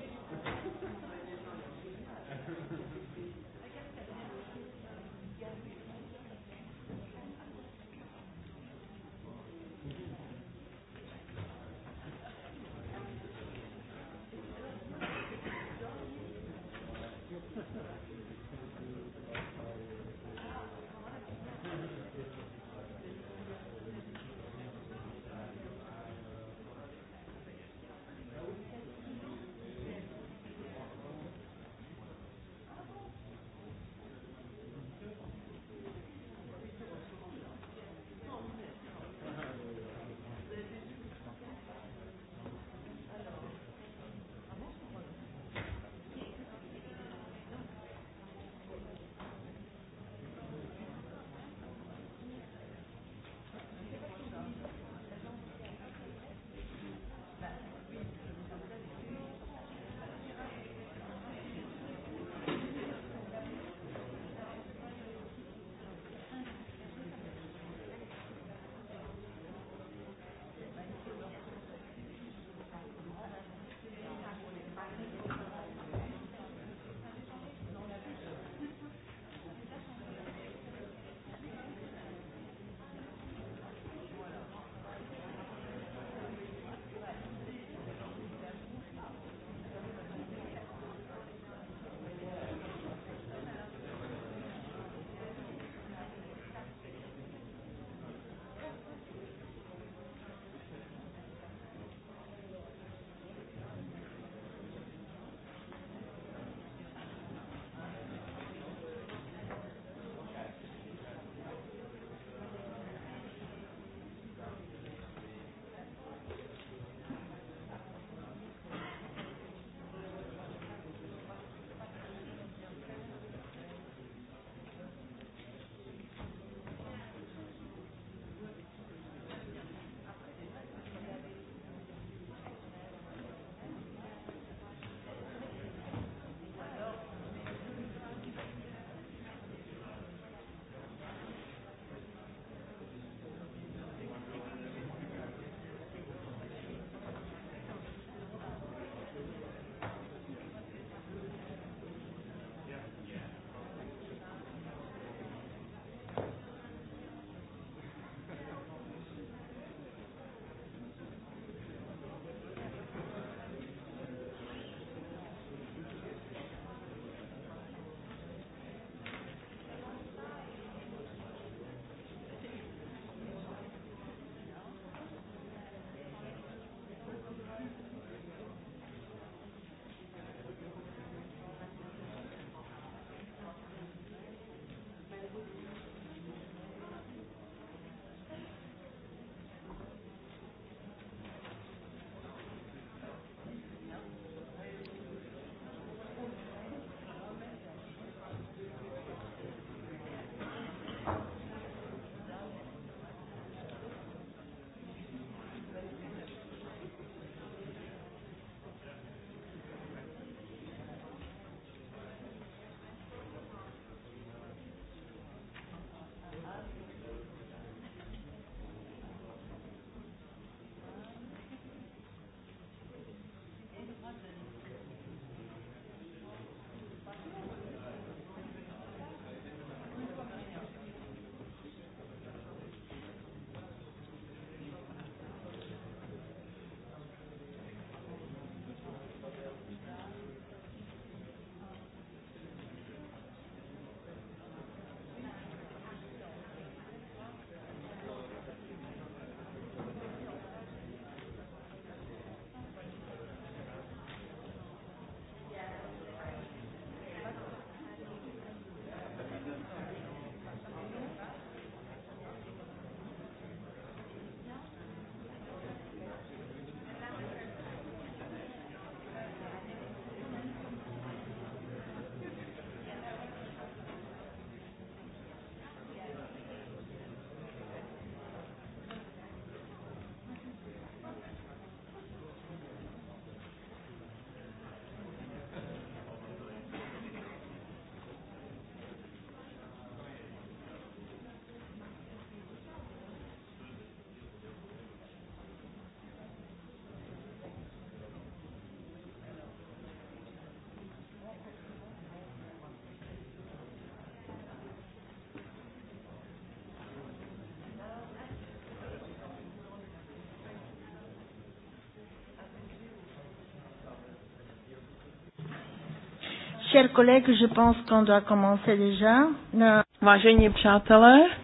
Vážení přátelé, eh,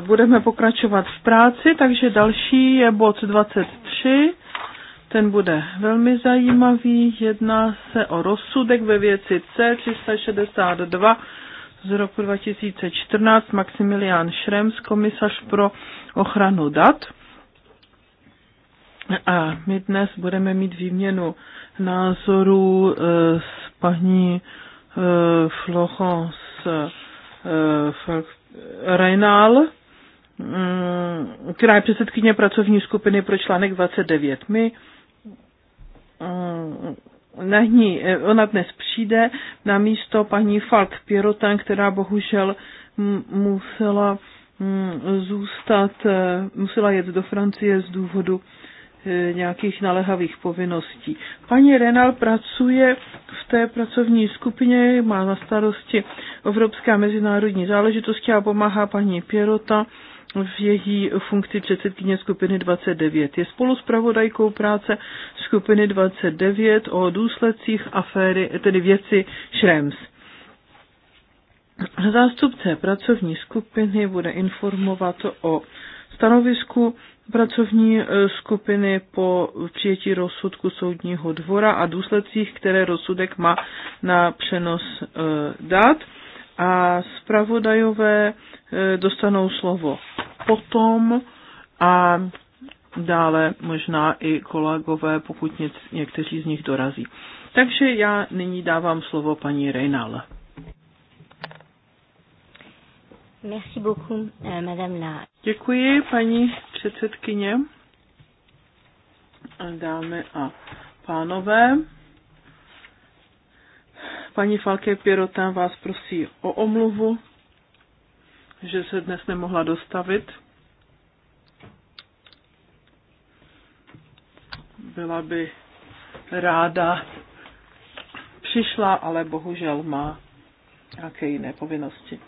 budeme pokračovat v práci, takže další je bod 23. Ten bude velmi zajímavý. Jedná se o rozsudek ve věci C362 z roku 2014 Maximilian Schrems, komisař pro ochranu dat. A my dnes budeme mít výměnu názorů eh, paní eh, Flohos eh, Reinal, mm, která je předsedkyně pracovní skupiny pro článek 29. My mm, na ní, eh, ona dnes přijde na místo paní Falk Pierotan, která bohužel mm, musela zůstat, musela jet do Francie z důvodu nějakých naléhavých povinností. Paní Renal pracuje té pracovní skupině, má na starosti evropské a mezinárodní záležitosti a pomáhá paní Pěrota v její funkci předsedkyně skupiny 29. Je spolu s pravodajkou práce skupiny 29 o důsledcích aféry, tedy věci Šrems. Zástupce pracovní skupiny bude informovat o stanovisku pracovní e, skupiny po přijetí rozsudku soudního dvora a důsledcích, které rozsudek má na přenos e, dat. A zpravodajové e, dostanou slovo potom a dále možná i kolegové, pokud někteří z nich dorazí. Takže já nyní dávám slovo paní Reynal. Merci beaucoup, euh, madame la... Děkuji, paní předsedkyně. Dámy a pánové, paní Falke Pěrota vás prosí o omluvu, že se dnes nemohla dostavit. Byla by ráda přišla, ale bohužel má nějaké jiné povinnosti.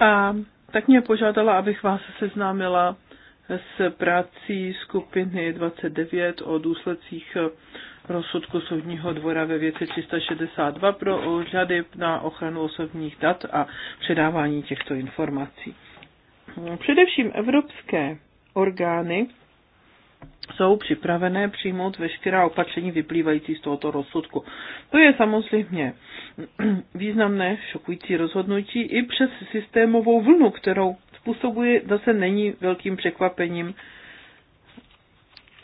A tak mě požádala, abych vás seznámila s prací skupiny 29 o důsledcích rozsudku soudního dvora ve věci 362 pro úřady na ochranu osobních dat a předávání těchto informací. Především evropské orgány jsou připravené přijmout veškerá opatření vyplývající z tohoto rozsudku. To je samozřejmě významné, šokující rozhodnutí i přes systémovou vlnu, kterou způsobuje, zase není velkým překvapením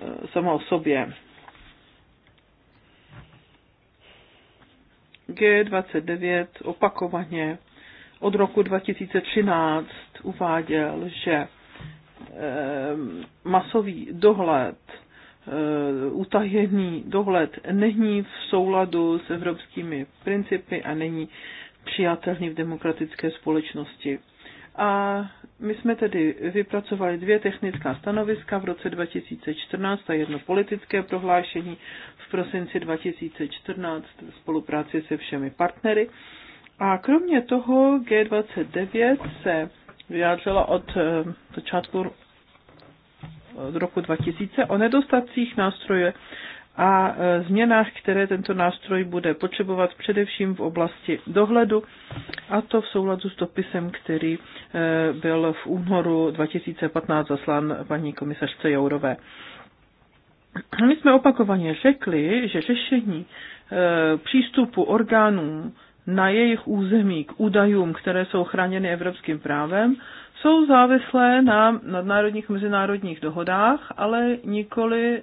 eh, sama o sobě. G29 opakovaně od roku 2013 uváděl, že Eh, masový dohled, eh, utajený dohled není v souladu s evropskými principy a není přijatelný v demokratické společnosti. A my jsme tedy vypracovali dvě technická stanoviska v roce 2014 a jedno politické prohlášení v prosinci 2014 v spolupráci se všemi partnery. A kromě toho G29 se vyjádřila od začátku eh, od roku 2000 o nedostacích nástroje a eh, změnách, které tento nástroj bude potřebovat především v oblasti dohledu, a to v souladu s dopisem, který eh, byl v únoru 2015 zaslán paní komisařce Jourové. My jsme opakovaně řekli, že řešení přístupu orgánů na jejich území k údajům, které jsou chráněny evropským právem, jsou závislé na nadnárodních mezinárodních dohodách, ale nikoli eh,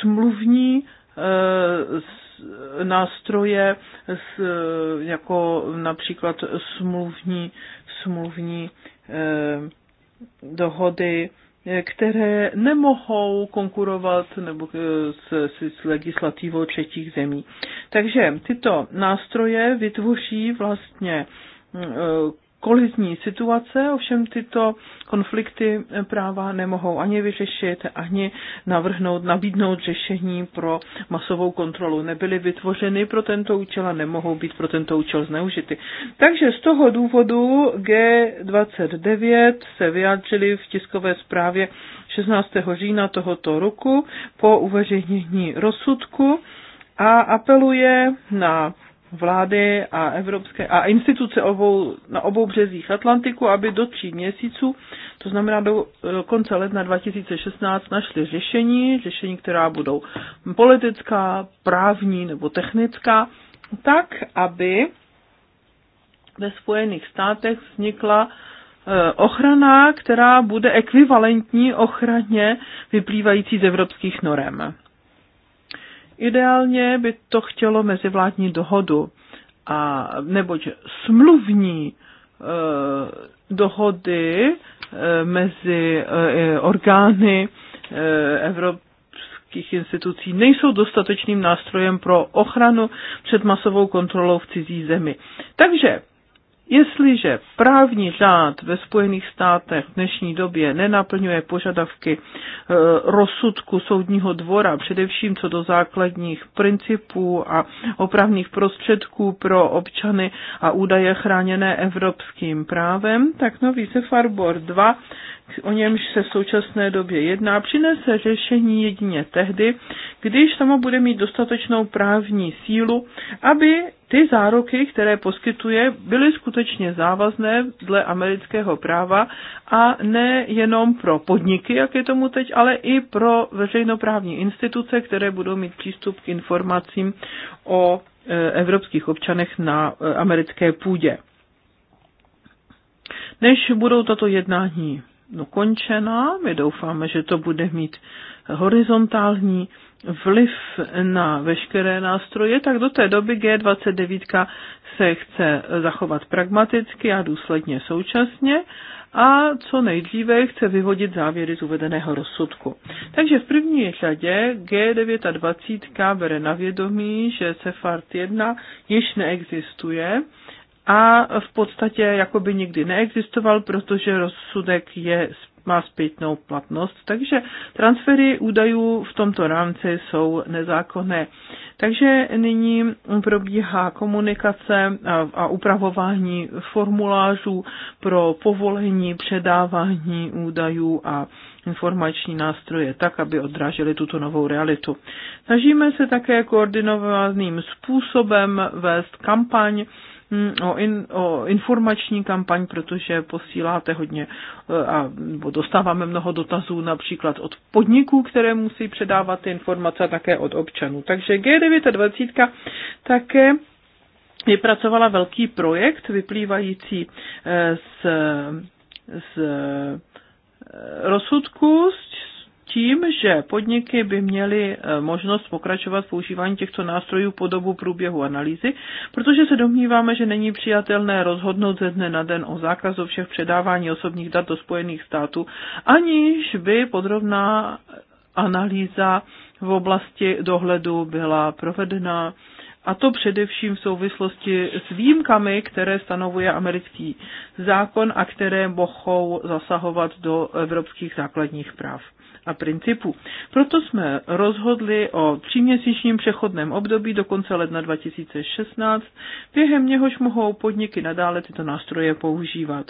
smluvní eh, nástroje eh, jako například smluvní, smluvní dohody které nemohou konkurovat nebo eh, s, s legislativou třetích zemí. Takže tyto nástroje vytvoří vlastně eh, kolizní situace, ovšem tyto konflikty eh, práva nemohou ani vyřešit, ani navrhnout, nabídnout řešení pro masovou kontrolu. Nebyly vytvořeny pro tento účel a nemohou být pro tento účel zneužity. Takže z toho důvodu G29 se vyjádřili v tiskové zprávě 16. října tohoto roku po uveřejnění rozsudku a apeluje na vlády a evropské a instituce obou, na obou březích Atlantiku, aby do tří měsíců, to znamená do konce ledna 2016, našli řešení, řešení, která budou politická, právní nebo technická, tak, aby ve Spojených státech vznikla e, ochrana, která bude ekvivalentní ochraně vyplývající z evropských norem. Ideálně by to chtělo mezivládní dohodu, a, neboť smluvní e, dohody e, mezi e, orgány e, evropských institucí nejsou dostatečným nástrojem pro ochranu před masovou kontrolou v cizí zemi. Takže Jestliže právní řád ve Spojených státech v dnešní době nenaplňuje požadavky e, rozsudku soudního dvora, především co do základních principů a opravných prostředků pro občany a údaje chráněné evropským právem, tak nový Sefarbor 2 o němž se v současné době jedná, přinese řešení jedině tehdy, když samo bude mít dostatečnou právní sílu, aby ty záruky, které poskytuje, byly skutečně závazné dle amerického práva a ne jenom pro podniky, jak je tomu teď, ale i pro veřejnoprávní instituce, které budou mít přístup k informacím o e, evropských občanech na e, americké půdě. Než budou tato jednání dokončena. My doufáme, že to bude mít horizontální vliv na veškeré nástroje, tak do té doby G29 se chce zachovat pragmaticky a důsledně současně a co nejdříve chce vyvodit závěry z uvedeného rozsudku. Takže v první řadě G29 bere na vědomí, že Sefart 1 již neexistuje a v podstatě jako by nikdy neexistoval, protože rozsudek je, má zpětnou platnost. Takže transfery údajů v tomto rámci jsou nezákonné. Takže nyní probíhá komunikace a, a upravování formulářů pro povolení předávání údajů a informační nástroje tak, aby odrážely tuto novou realitu. Snažíme se také koordinovaným způsobem vést kampaň, Hmm, o, in, o informační kampaň, protože posíláte hodně e, a dostáváme mnoho dotazů například od podniků, které musí předávat ty informace a také od občanů. Takže G29 také vypracovala velký projekt vyplývající e, z, z e, rozsudku, z tím, že podniky by měly eh, možnost pokračovat v používání těchto nástrojů po dobu průběhu analýzy, protože se domníváme, že není přijatelné rozhodnout ze dne na den o zákazu všech předávání osobních dat do Spojených států, aniž by podrobná analýza v oblasti dohledu byla provedena a to především v souvislosti s výjimkami, které stanovuje americký zákon a které mohou zasahovat do evropských základních práv a principů. Proto jsme rozhodli o tříměsíčním přechodném období do konce ledna 2016, během něhož mohou podniky nadále tyto nástroje používat.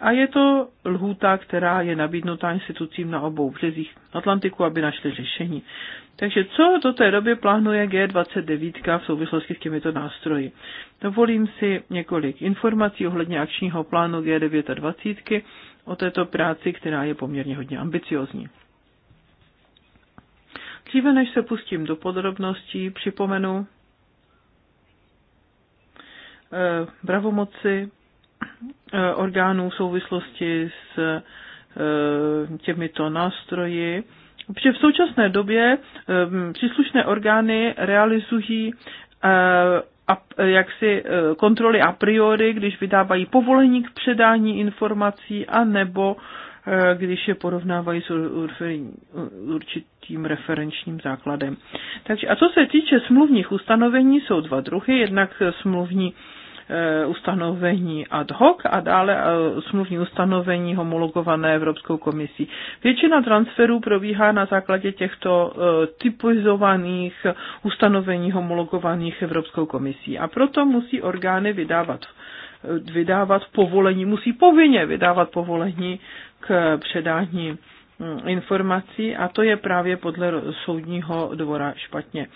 A je to lhůta, která je nabídnutá institucím na obou březích Atlantiku, aby našli řešení. Takže co do té doby plánuje G29 v souvislosti s těmito nástroji? Dovolím si několik informací ohledně akčního plánu G29 o této práci, která je poměrně hodně ambiciozní. Dříve než se pustím do podrobností, připomenu eh, pravomoci eh, orgánů v souvislosti s eh, těmito nástroji. Protože v současné době příslušné orgány realizují jaksi kontroly a priori, když vydávají povolení k předání informací a nebo Eh, když je porovnávají s určitým referenčním základem. Takže, a co se týče smluvních ustanovení, jsou dva druhy. Jednak smluvní eh, ustanovení ad hoc a dále eh, smluvní ustanovení homologované Evropskou komisí. Většina transferů probíhá na základě těchto typizovaných ustanovení homologovaných Evropskou komisí a proto musí orgány vydávat vydávat povolení, musí povinně vydávat povolení k předání mm, informací a to je právě podle soudního dvora špatně.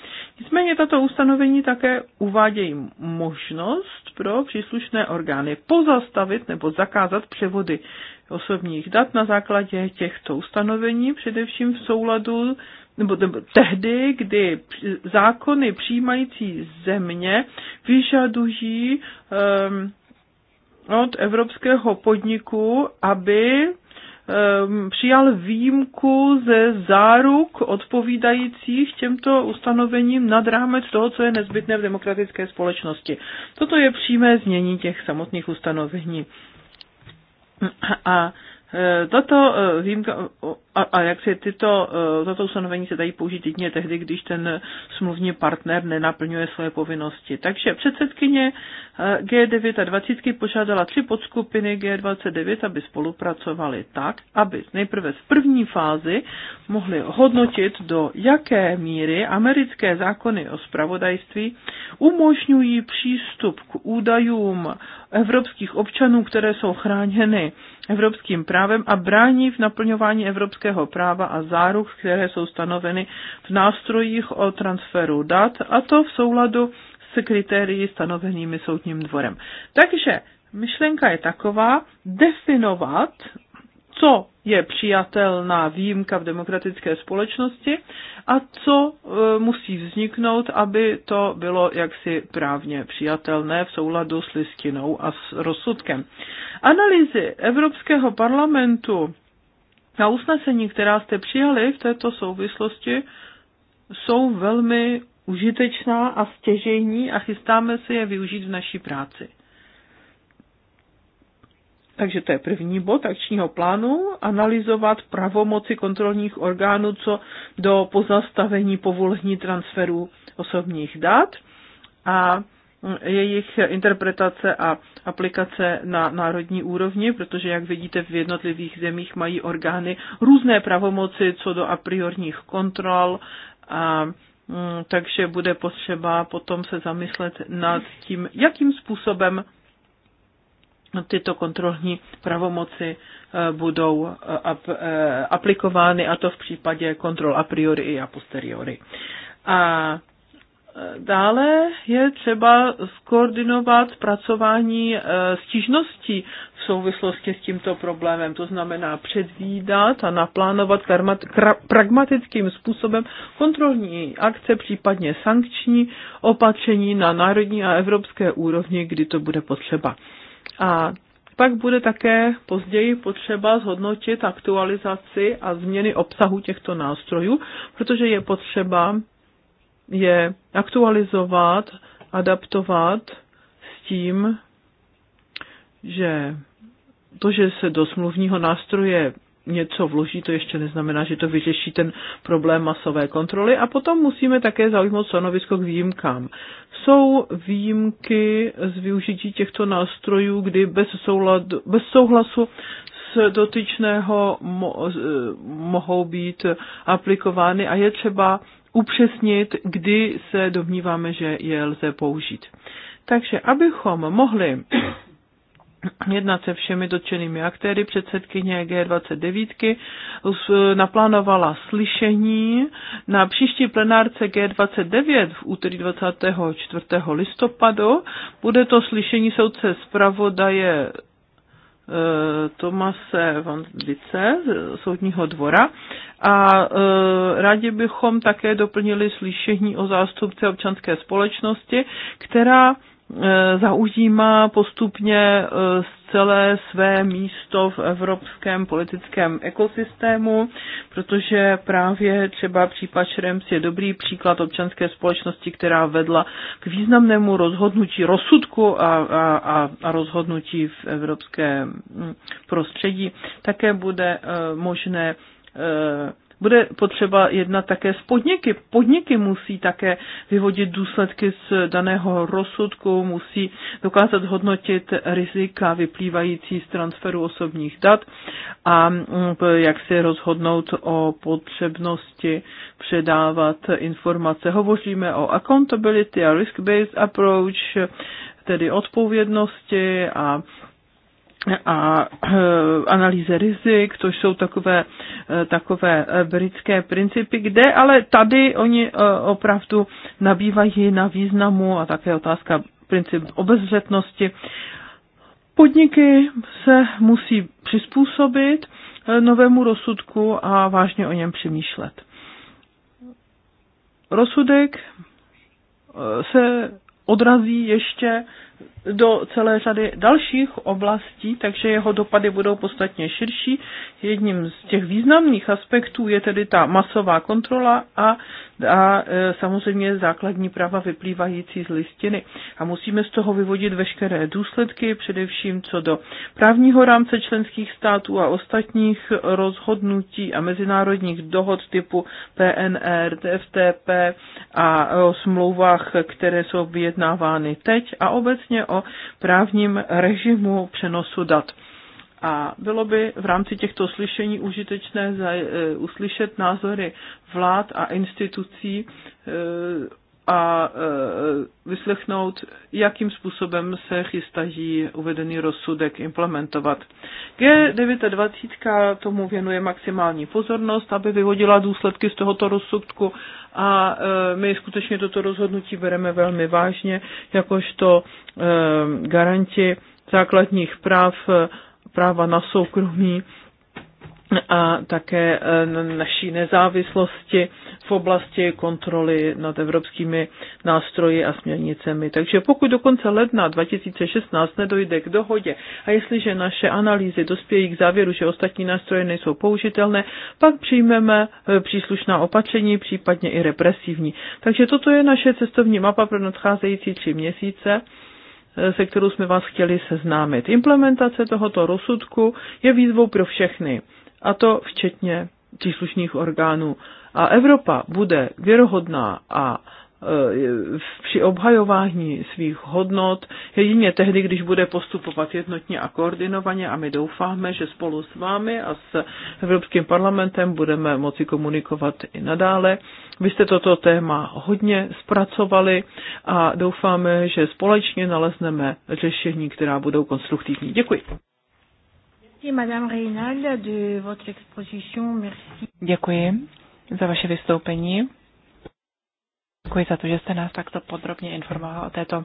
Nicméně tato ustanovení také uvádějí možnost pro příslušné orgány pozastavit nebo zakázat převody osobních dat na základě těchto ustanovení, především v souladu nebo tehdy, kdy zákony přijímající země vyžadují um, od evropského podniku, aby Ehm, přijal výjimku ze záruk odpovídajících těmto ustanovením nad rámec toho, co je nezbytné v demokratické společnosti. Toto je přímé znění těch samotných ustanovení. A e, tato e, výjimka a, a jak si tyto, e, toto ustanovení se dají použít jedině tehdy, když ten smluvní partner nenaplňuje své povinnosti. Takže předsedkyně e, G29 požádala tři podskupiny G29, aby spolupracovali tak, aby nejprve v první fázi mohli hodnotit, do jaké míry americké zákony o spravodajství umožňují přístup k údajům evropských občanů, které jsou chráněny evropským právem a brání v naplňování evropských autorského práva a záruk, které jsou stanoveny v nástrojích o transferu dat, a to v souladu s kritérii stanovenými soudním dvorem. Takže myšlenka je taková, definovat, co je přijatelná výjimka v demokratické společnosti a co e, musí vzniknout, aby to bylo jaksi právně přijatelné v souladu s listinou a s rozsudkem. Analýzy Evropského parlamentu na usnesení, která jste přijali v této souvislosti, jsou velmi užitečná a stěžejní a chystáme se je využít v naší práci. Takže to je první bod akčního plánu, analyzovat pravomoci kontrolních orgánů co do pozastavení povolení transferu osobních dat. A jejich interpretace a aplikace na národní úrovni, protože, jak vidíte, v jednotlivých zemích mají orgány různé pravomoci co do a priorních kontrol, a, mm, takže bude potřeba potom se zamyslet nad tím, jakým způsobem tyto kontrolní pravomoci e, budou e, e, aplikovány, a to v případě kontrol a priori i a posteriori. A Dále je třeba skoordinovat pracování eh, stížností v souvislosti s tímto problémem. To znamená předvídat a naplánovat pragmatickým způsobem kontrolní akce, případně sankční opatření na národní a evropské úrovni, kdy to bude potřeba. A pak bude také později potřeba zhodnotit aktualizaci a změny obsahu těchto nástrojů, protože je potřeba je aktualizovat, adaptovat s tím, že to, že se do smluvního nástroje něco vloží, to ještě neznamená, že to vyřeší ten problém masové kontroly. A potom musíme také zaujmout stanovisko k výjimkám. Jsou výjimky z využití těchto nástrojů, kdy bez, souladu, bez souhlasu z dotyčného mo, mohou být aplikovány a je třeba upřesnit, kdy se domníváme, že je lze použít. Takže abychom mohli jednat se všemi dotčenými aktéry, předsedkyně G29 naplánovala slyšení na příští plenárce G29 v úterý 24. listopadu. Bude to slyšení soudce zpravodaje Eh, Tomase Van Lice z Soudního dvora a eh, rádi bychom také doplnili slyšení o zástupce občanské společnosti, která Eh, zaužívá postupně eh, celé své místo v evropském politickém ekosystému, protože právě třeba případ Šrems je dobrý příklad občanské společnosti, která vedla k významnému rozhodnutí rozsudku a, a, a rozhodnutí v evropském hm, prostředí. Také bude eh, možné bude potřeba jednat také s podniky. Podniky musí také vyvodit důsledky z daného rozsudku, musí dokázat hodnotit rizika vyplývající z transferu osobních dat a mm, jak se rozhodnout o potřebnosti předávat informace. Hovoříme o accountability a risk-based approach, tedy odpovědnosti a a eh, analýze rizik, což jsou takové, eh, takové eh, britské principy, kde ale tady oni opravdu nabývají na významu a také otázka princip obezřetnosti. Podniky se musí přizpůsobit novému rozsudku a vážně o něm přemýšlet. Rozsudek se odrazí ještě do celé řady dalších oblastí, takže jeho dopady budou podstatně širší. Jedním z těch významných aspektů je tedy ta masová kontrola a, a e, samozřejmě základní práva vyplývající z listiny. A musíme z toho vyvodit veškeré důsledky, především co do právního rámce členských států a ostatních rozhodnutí a mezinárodních dohod typu PNR, TFTP a o smlouvách, které jsou vyjednávány teď a obecně vlastně o právním režimu přenosu dat. A bylo by v rámci těchto slyšení užitečné e, uslyšet názory vlád a institucí e, a e, vyslechnout, jakým způsobem se chystají uvedený rozsudek implementovat. G29 tomu věnuje maximální pozornost, aby vyvodila důsledky z tohoto rozsudku a e, my skutečně toto rozhodnutí bereme velmi vážně, jakožto e, garanti základních práv, práva na soukromí a také eh, naší nezávislosti v oblasti kontroly nad evropskými nástroji a směrnicemi. Takže pokud do konce ledna 2016 nedojde k dohodě a jestliže naše analýzy dospějí k závěru, že ostatní nástroje nejsou použitelné, pak přijmeme eh, příslušná opatření, případně i represivní. Takže toto je naše cestovní mapa pro nadcházející tři měsíce eh, se kterou jsme vás chtěli seznámit. Implementace tohoto rozsudku je výzvou pro všechny a to včetně příslušných orgánů. A Evropa bude věrohodná a e, při obhajování svých hodnot jedině tehdy, když bude postupovat jednotně a koordinovaně a my doufáme, že spolu s vámi a s Evropským parlamentem budeme moci komunikovat i nadále. Vy jste toto téma hodně zpracovali a doufáme, že společně nalezneme řešení, která budou konstruktivní. Děkuji. Děkuji za vaše vystoupení. Děkuji za to, že jste nás takto podrobně informovala o této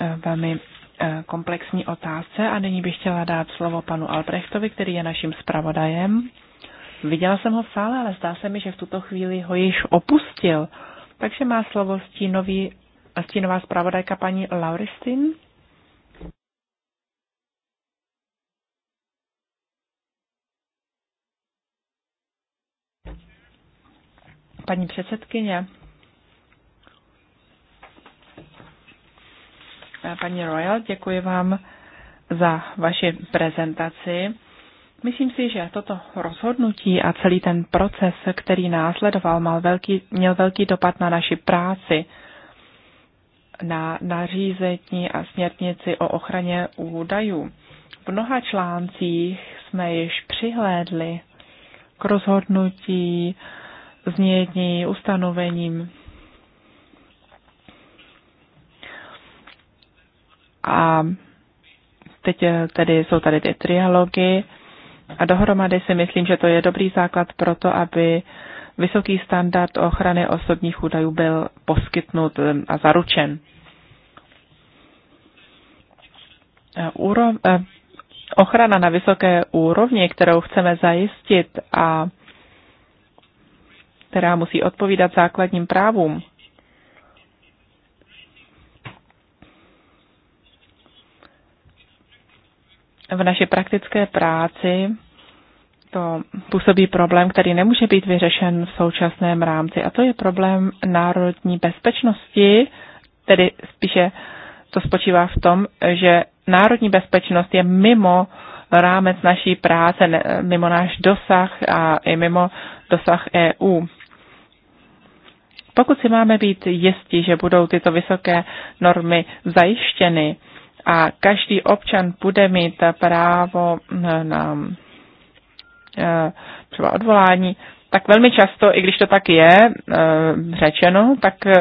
eh, velmi eh, komplexní otázce a nyní bych chtěla dát slovo panu Albrechtovi, který je naším zpravodajem. Viděla jsem ho v sále, ale zdá se mi, že v tuto chvíli ho již opustil. Takže má slovo stínový, stínová zpravodajka paní Lauristin. Paní předsedkyně, eh, paní Royal, děkuji vám za vaši prezentaci. Myslím si, že toto rozhodnutí a celý ten proces, který následoval, mal velký, měl velký dopad na naši práci, na nařízení a směrnici o ochraně údajů. V mnoha článcích jsme již přihlédli k rozhodnutí znění, ustanovením. A teď eh, tedy jsou tady ty trialogy a dohromady si myslím, že to je dobrý základ pro to, aby vysoký standard ochrany osobních údajů byl poskytnut eh, a zaručen. Eh, ochrana na vysoké úrovni, kterou chceme zajistit a která musí odpovídat základním právům. V naší praktické práci to působí problém, který nemůže být vyřešen v současném rámci, a to je problém národní bezpečnosti, tedy spíše to spočívá v tom, že národní bezpečnost je mimo rámec naší práce, mimo náš dosah a i mimo dosah EU. Pokud si máme být jistí, že budou tyto vysoké normy zajištěny a každý občan bude mít právo na eh, třeba odvolání, tak velmi často, i když to tak je eh, řečeno, tak eh,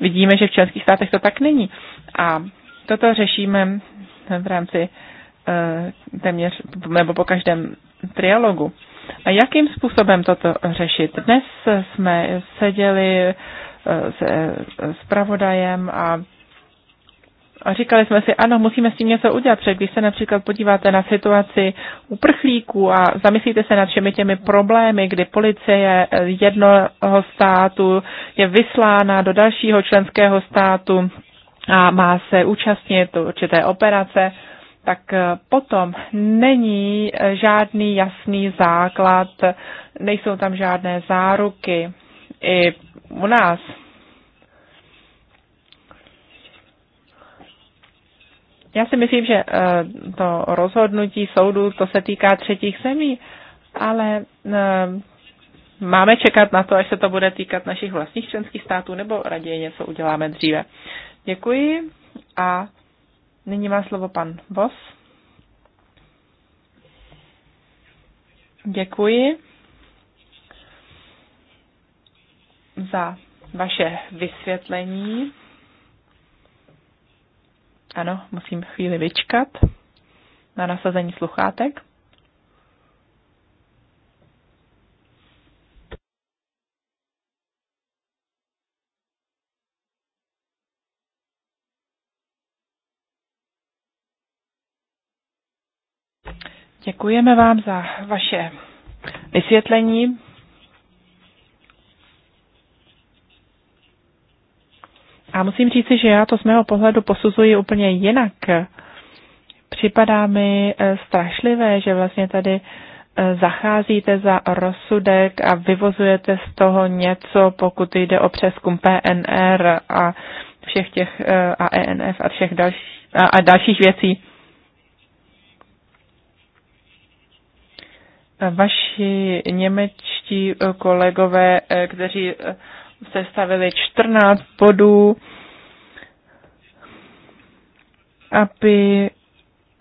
vidíme, že v členských státech to tak není. A toto řešíme v rámci téměř, nebo po každém trialogu. Jakým způsobem toto řešit? Dnes jsme seděli eh, se eh, zpravodajem a a říkali jsme si, ano, musíme s tím něco udělat, protože když se například podíváte na situaci uprchlíků a zamyslíte se nad všemi těmi problémy, kdy policie jednoho státu je vyslána do dalšího členského státu a má se účastnit určité operace, tak eh, potom není žádný jasný základ, nejsou tam žádné záruky. I u nás Já si myslím, že eh, to rozhodnutí soudu, to se týká třetích zemí, ale eh, máme čekat na to, až se to bude týkat našich vlastních členských států, nebo raději něco uděláme dříve. Děkuji a Nyní má slovo pan Vos. Děkuji za vaše vysvětlení. Ano, musím chvíli vyčkat na nasazení sluchátek. Děkujeme vám za vaše vysvětlení. A musím říci, že já to z mého pohledu posuzuji úplně jinak. Připadá mi eh, strašlivé, že vlastně tady eh, zacházíte za rozsudek a vyvozujete z toho něco, pokud jde o přeskum PNR a všech těch eh, a ENF a všech dalších a dalších věcí. vaši němečtí eh, kolegové, eh, kteří eh, stavili 14 bodů, aby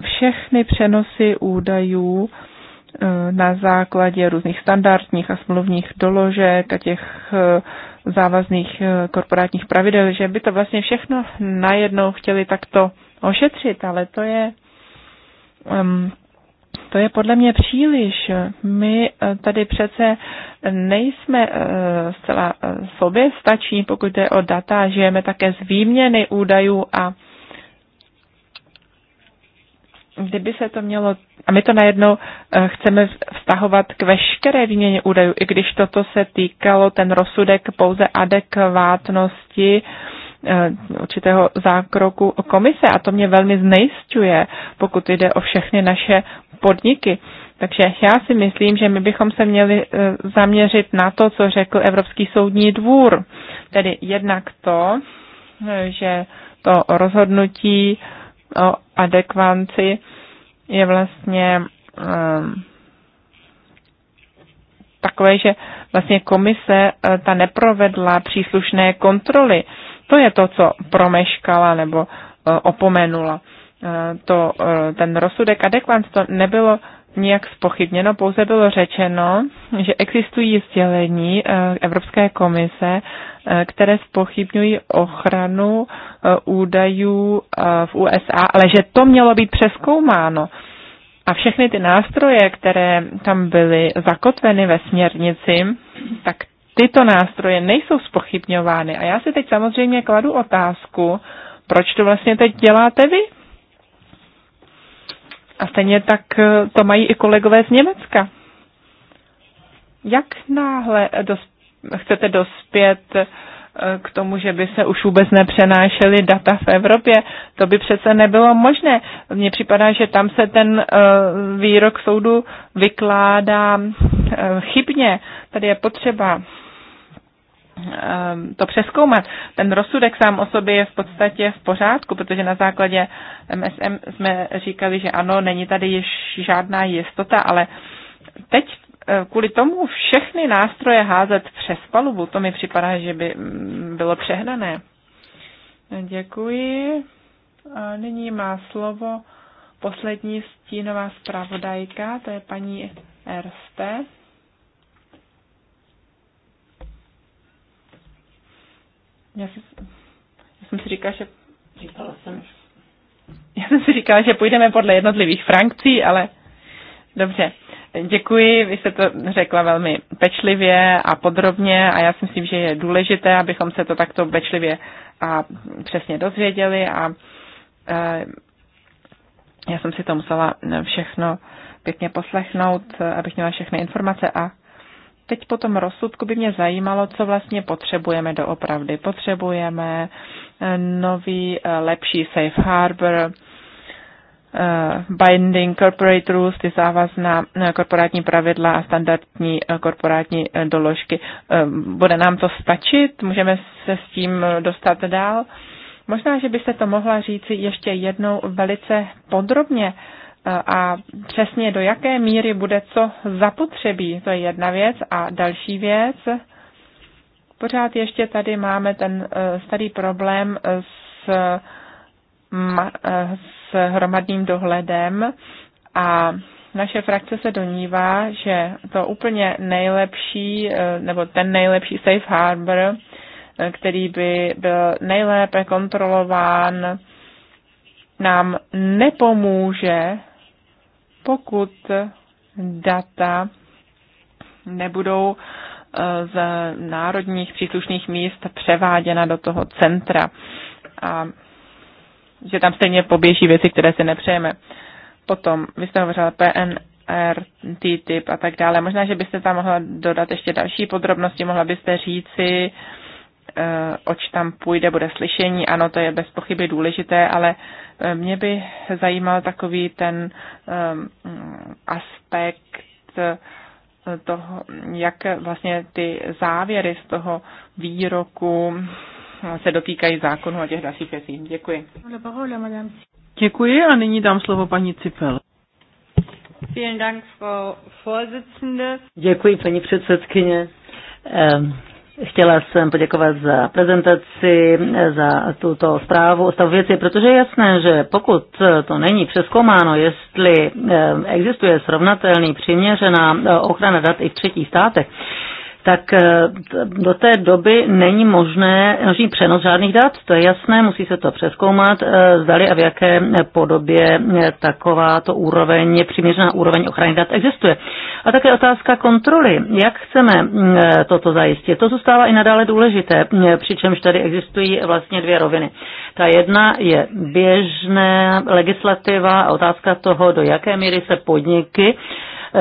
všechny přenosy údajů na základě různých standardních a smluvních doložek a těch závazných korporátních pravidel, že by to vlastně všechno najednou chtěli takto ošetřit, ale to je um, to je podle mě příliš. My eh, tady přece nejsme eh, zcela eh, soběstační, pokud jde o data, žijeme také z výměny údajů a kdyby se to mělo, a my to najednou chceme vztahovat k veškeré výměně údajů, i když toto se týkalo ten rozsudek pouze adekvátnosti určitého zákroku komise a to mě velmi znejistuje, pokud jde o všechny naše podniky. Takže já si myslím, že my bychom se měli eh, zaměřit na to, co řekl Evropský soudní dvůr. Tedy jednak to, eh, že to rozhodnutí o adekvanci je vlastně ehm, takové, že vlastně komise eh, ta neprovedla příslušné kontroly. To je to, co promeškala nebo opomenula. Eh, to, eh, ten rozsudek adekvant to nebylo nijak spochybněno, pouze bylo řečeno, že existují sdělení eh, Evropské komise, které spochybňují ochranu údajů v USA, ale že to mělo být přeskoumáno. A všechny ty nástroje, které tam byly zakotveny ve směrnici, tak tyto nástroje nejsou spochybňovány. A já si teď samozřejmě kladu otázku, proč to vlastně teď děláte vy? A stejně tak eh, to mají i kolegové z Německa. Jak náhle dos, chcete dospět eh, k tomu, že by se už vůbec nepřenášely data v Evropě. To by přece nebylo možné. Mně připadá, že tam se ten eh, výrok soudu vykládá chybně. Tady je potřeba Ehm, to přeskoumat. Ten rozsudek sám o sobě je v podstatě v pořádku, protože na základě MSM jsme říkali, že ano, není tady již žádná jistota, ale teď eh, kvůli tomu všechny nástroje házet přes palubu, to mi připadá, že by mm, bylo přehnané. Děkuji. A nyní má slovo poslední stínová zpravodajka, to je paní Erste. Já, si, já jsem si říkala, že... Říkala jsem. Já jsem si říkala, že půjdeme podle jednotlivých frankcí, ale dobře. Děkuji, vy jste to řekla velmi pečlivě a podrobně a já si myslím, že je důležité, abychom se to takto pečlivě a přesně dozvěděli a e, já jsem si to musela všechno pěkně poslechnout, e, abych měla všechny informace a Teď po tom rozsudku by mě zajímalo, co vlastně potřebujeme doopravdy. Potřebujeme eh, nový, eh, lepší safe harbor, eh, binding corporate rules, ty závazná korporátní pravidla a standardní korporátní doložky. Bude nám to stačit? Můžeme se s tím dostat dál? Možná, že byste to mohla říci ještě jednou velice podrobně a přesně do jaké míry bude co zapotřebí, to je jedna věc. A další věc, pořád ještě tady máme ten eh, starý problém eh, s, eh, s hromadným dohledem a naše frakce se donívá, že to úplně nejlepší, nebo ten nejlepší safe harbor, který by byl nejlépe kontrolován, nám nepomůže pokud data nebudou eh, z národních příslušných míst převáděna do toho centra a že tam stejně poběží věci, které si nepřejeme. Potom, vy jste hovořila PNR, TTIP a tak dále. Možná, že byste tam mohla dodat ještě další podrobnosti, mohla byste říci, eh, oč tam půjde, bude slyšení. Ano, to je bez pochyby důležité, ale mě by zajímal takový ten aspekt eh, toho, jak vlastně ty závěry z toho výroku se dotýkají zákonu a těch dalších věcí. Děkuji. Děkuji a nyní dám slovo paní Cipel. Děkuji, paní předsedkyně. Chtěla jsem poděkovat za prezentaci, za tuto zprávu o stavu věci, protože je jasné, že pokud to není přeskománo, jestli eh, existuje srovnatelný přiměřená eh, ochrana dat i v třetích státech, tak eh, do té doby není možné, není přenos žádných dat, to je jasné, musí se to přeskoumat, eh, zdali a v jaké eh, podobě takováto úroveň, přiměřená úroveň ochrany dat existuje. A také otázka kontroly, jak chceme mm, toto zajistit, to zůstává i nadále důležité, mm, přičemž tady existují vlastně dvě roviny. Ta jedna je běžná legislativa a otázka toho, do jaké míry se podniky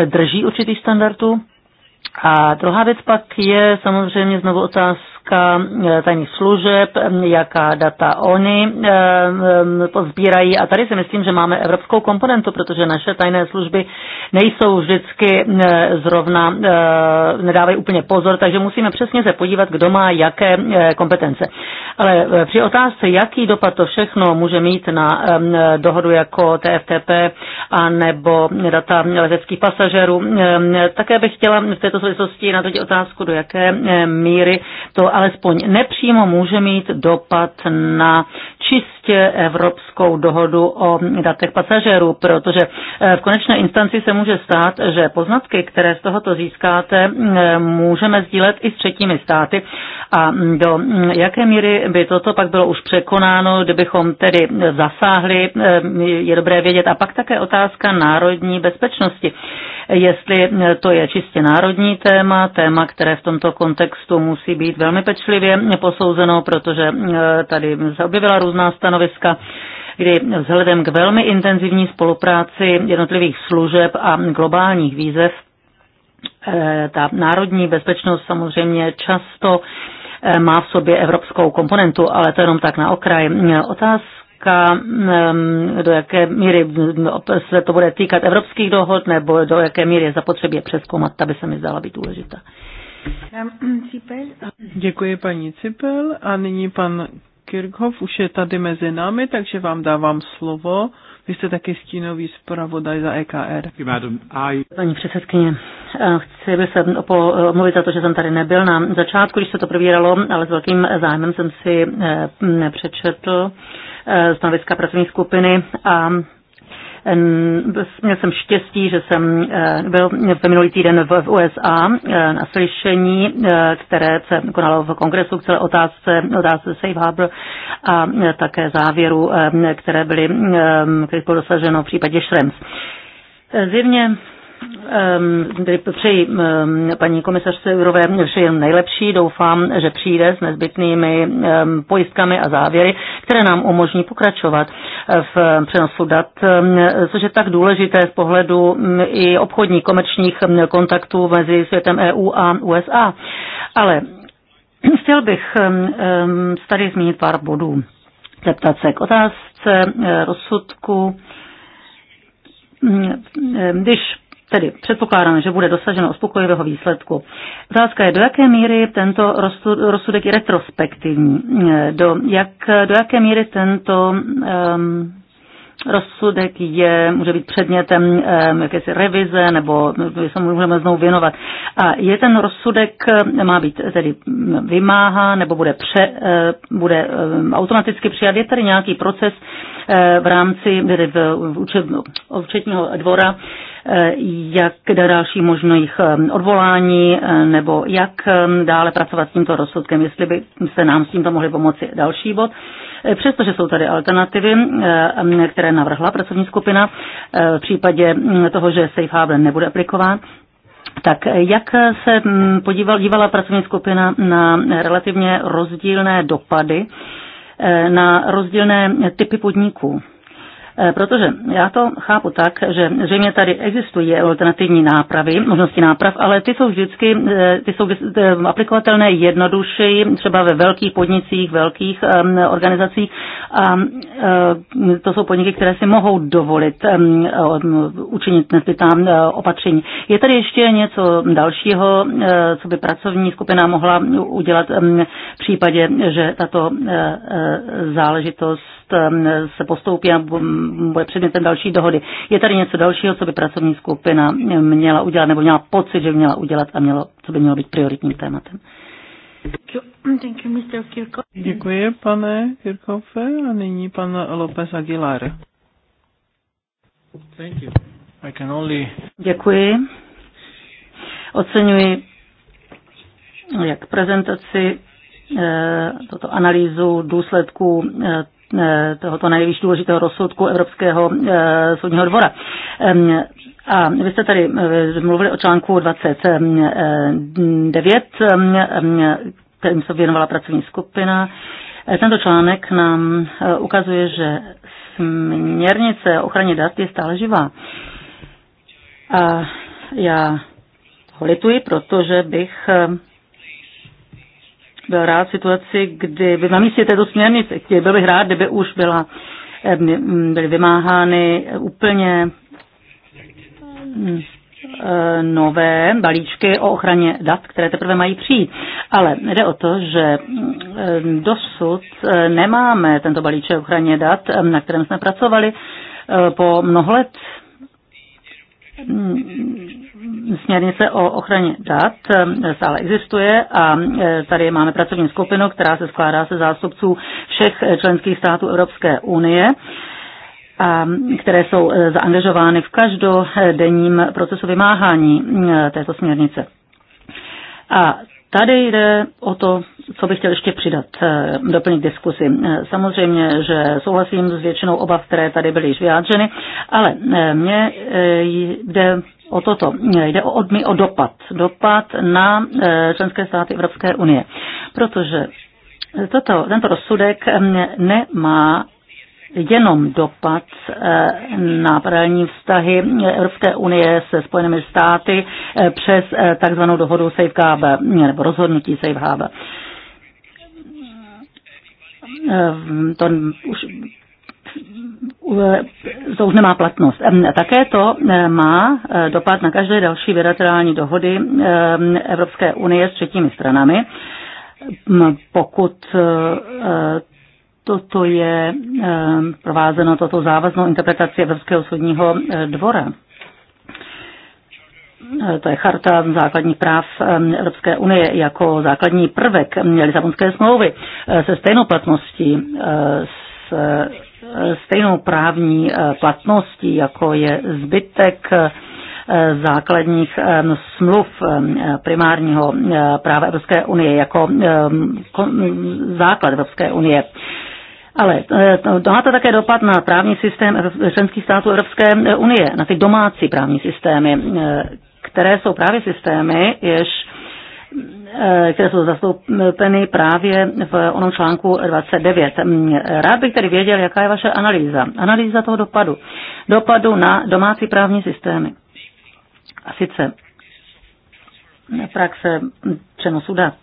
drží určitých standardů a druhá věc pak je samozřejmě znovu otázka, jaká eh, tajných služeb, jaká data oni sbírají. Eh, eh, a tady si myslím, že máme evropskou komponentu, protože naše tajné služby nejsou vždycky zrovna, nedávají úplně pozor, takže musíme přesně se podívat, kdo má jaké kompetence. Ale při otázce, jaký dopad to všechno může mít na dohodu jako TFTP a nebo data leteckých pasažerů, také bych chtěla v této souvislosti na tuto otázku, do jaké míry to alespoň nepřímo může mít dopad na čistě evropskou dohodu o datech pasažérů, protože eh, v konečné instanci se může stát, že poznatky, které z tohoto získáte, eh, můžeme sdílet i s třetími státy a do jaké míry by toto pak bylo už překonáno, kdybychom tedy zasáhli, eh, je dobré vědět. A pak také otázka národní bezpečnosti jestli to je čistě národní téma, téma, které v tomto kontextu musí být velmi pečlivě posouzeno, protože eh, tady se objevila různá stanoviska kdy vzhledem k velmi intenzivní spolupráci jednotlivých služeb a globálních výzev eh, ta národní bezpečnost samozřejmě často eh, má v sobě evropskou komponentu, ale to jenom tak na okraj. Otázka týká, do jaké míry se to bude týkat evropských dohod, nebo do jaké míry je zapotřebí je přeskoumat, ta by se mi zdala být důležitá. Děkuji paní Cipel a nyní pan Kirchhoff už je tady mezi námi, takže vám dávám slovo. Vy jste taky stínový zpravodaj za EKR. Paní předsedkyně, chci by se omluvit za to, že jsem tady nebyl na začátku, když se to probíralo, ale s velkým zájmem jsem si nepřečetl eh, Eh, stanoviska pracovní skupiny a Měl jsem štěstí, že jsem eh, byl v minulý týden v USA eh, na slyšení, které se konalo v kongresu k celé otázce, otázce Safe Harbor a také závěru, které byly, které bylo dosaženo v případě Schrems. Zjevně Um, přeji ehm, paní komisařce Jurové vše nejlepší. Doufám, že přijde s nezbytnými ehm, pojistkami a závěry, které nám umožní pokračovat eh, v přenosu dat, což je tak důležité z pohledu mm, i obchodních komerčních mm, kontaktů mezi světem EU a USA. Ale chtěl bych tady zmínit pár bodů. Zeptat se k otázce eh, rozsudku. Mm, když Tedy předpokládáme, že bude dosaženo uspokojivého výsledku. Otázka je, do jaké míry tento rozsudek je retrospektivní, eh, do, jak, do jaké míry tento um, rozsudek je, může být předmětem um, jakési revize nebo se můžeme znovu věnovat. A je ten rozsudek, eh, má být tedy vymáhá nebo bude, pře, uh, bude um, automaticky přijat, je tady nějaký proces, uh, Eh, v rámci v no, účetního dvora, eh, jak dá další možných eh, odvolání nebo jak dále pracovat s tímto rozsudkem, jestli by se nám s tímto mohli pomoci další bod. Přestože jsou tady alternativy, které navrhla pracovní skupina v případě mm, toho, že Safe Haven nebude aplikován, tak jak se mm, podíval, dívala pracovní skupina na relativně rozdílné dopady Eh, na rozdílné typy podniků. Eh, protože já to chápu tak, že zřejmě tady existují alternativní nápravy, možnosti náprav, ale ty jsou vždycky eh, ty jsou eh, aplikovatelné jednodušeji, třeba ve velkých podnicích, velkých ehm, organizacích. A to jsou podniky, které si mohou dovolit ehm, učinit nezbytná opatření. Je tady ještě něco dalšího, co by pracovní skupina mohla udělat ehm, v případě, že tato záležitost Ehm, se postoupí a bude předmětem další dohody. Je tady něco dalšího, co by pracovní skupina měla udělat nebo měla pocit, že měla udělat a mělo, co by mělo být prioritním tématem? Děkuji, pane Kirchhoffe. A nyní pan López Aguilar. Děkuji. Oceňuji jak prezentaci, eh, toto analýzu důsledků eh, Eh, tohoto nejvíc důležitého rozsudku Evropského eh, soudního dvora. A vy jste tady eh, mluvili o článku 29, kterým se věnovala pracovní skupina. Tento článek nám ukazuje, že směrnice o ochraně dat je stále živá. A já ho lituji, protože bych byl rád v situaci, kdy by na místě této směrnice, byl bych rád, kdyby už byla, eh, byly vymáhány úplně mm, eh, nové balíčky o ochraně dat, které teprve mají přijít. Ale jde o to, že mm, dosud eh, nemáme tento balíček o ochraně dat, na kterém jsme pracovali po mnoho let mm, směrnice o ochraně dat eh, stále existuje a eh, tady máme pracovní skupinu, která se skládá se zástupců všech eh, členských států Evropské unie a které jsou zaangažovány v každodenním procesu vymáhání této směrnice. A Tady jde o to, co bych chtěl ještě přidat, doplnit diskusi. Samozřejmě, že souhlasím s většinou obav, které tady byly již vyjádřeny, ale mně jde o toto. Jde o, odmi, o dopad. Dopad na e, členské státy Evropské unie. Protože toto, tento rozsudek nemá jenom dopad e, na paralelní vztahy Evropské unie se Spojenými státy e, přes takzvanou dohodu Safe Hub, nebo rozhodnutí Safe Hub. to už to eh, už nemá platnost. Také to eh, má eh, dopad na každé další bilaterální dohody Evropské unie s třetími stranami, pokud toto je provázeno toto závaznou interpretací Evropského soudního dvora to je charta základních práv Evropské unie jako základní prvek Lisabonské smlouvy se stejnou platností s stejnou právní eh, platností, jako je zbytek eh, základních eh, smluv primárního práva Evropské unie jako základ Evropské unie. Ale to má to také dopad na právní systém členských států Evropské unie, na ty domácí právní systémy, které jsou právě systémy, jež Eh, které jsou zastoupeny právě v onom článku 29. Mm, rád bych tedy věděl, jaká je vaše analýza. Analýza toho dopadu. Dopadu na domácí právní systémy. A sice praxe přenosu dat.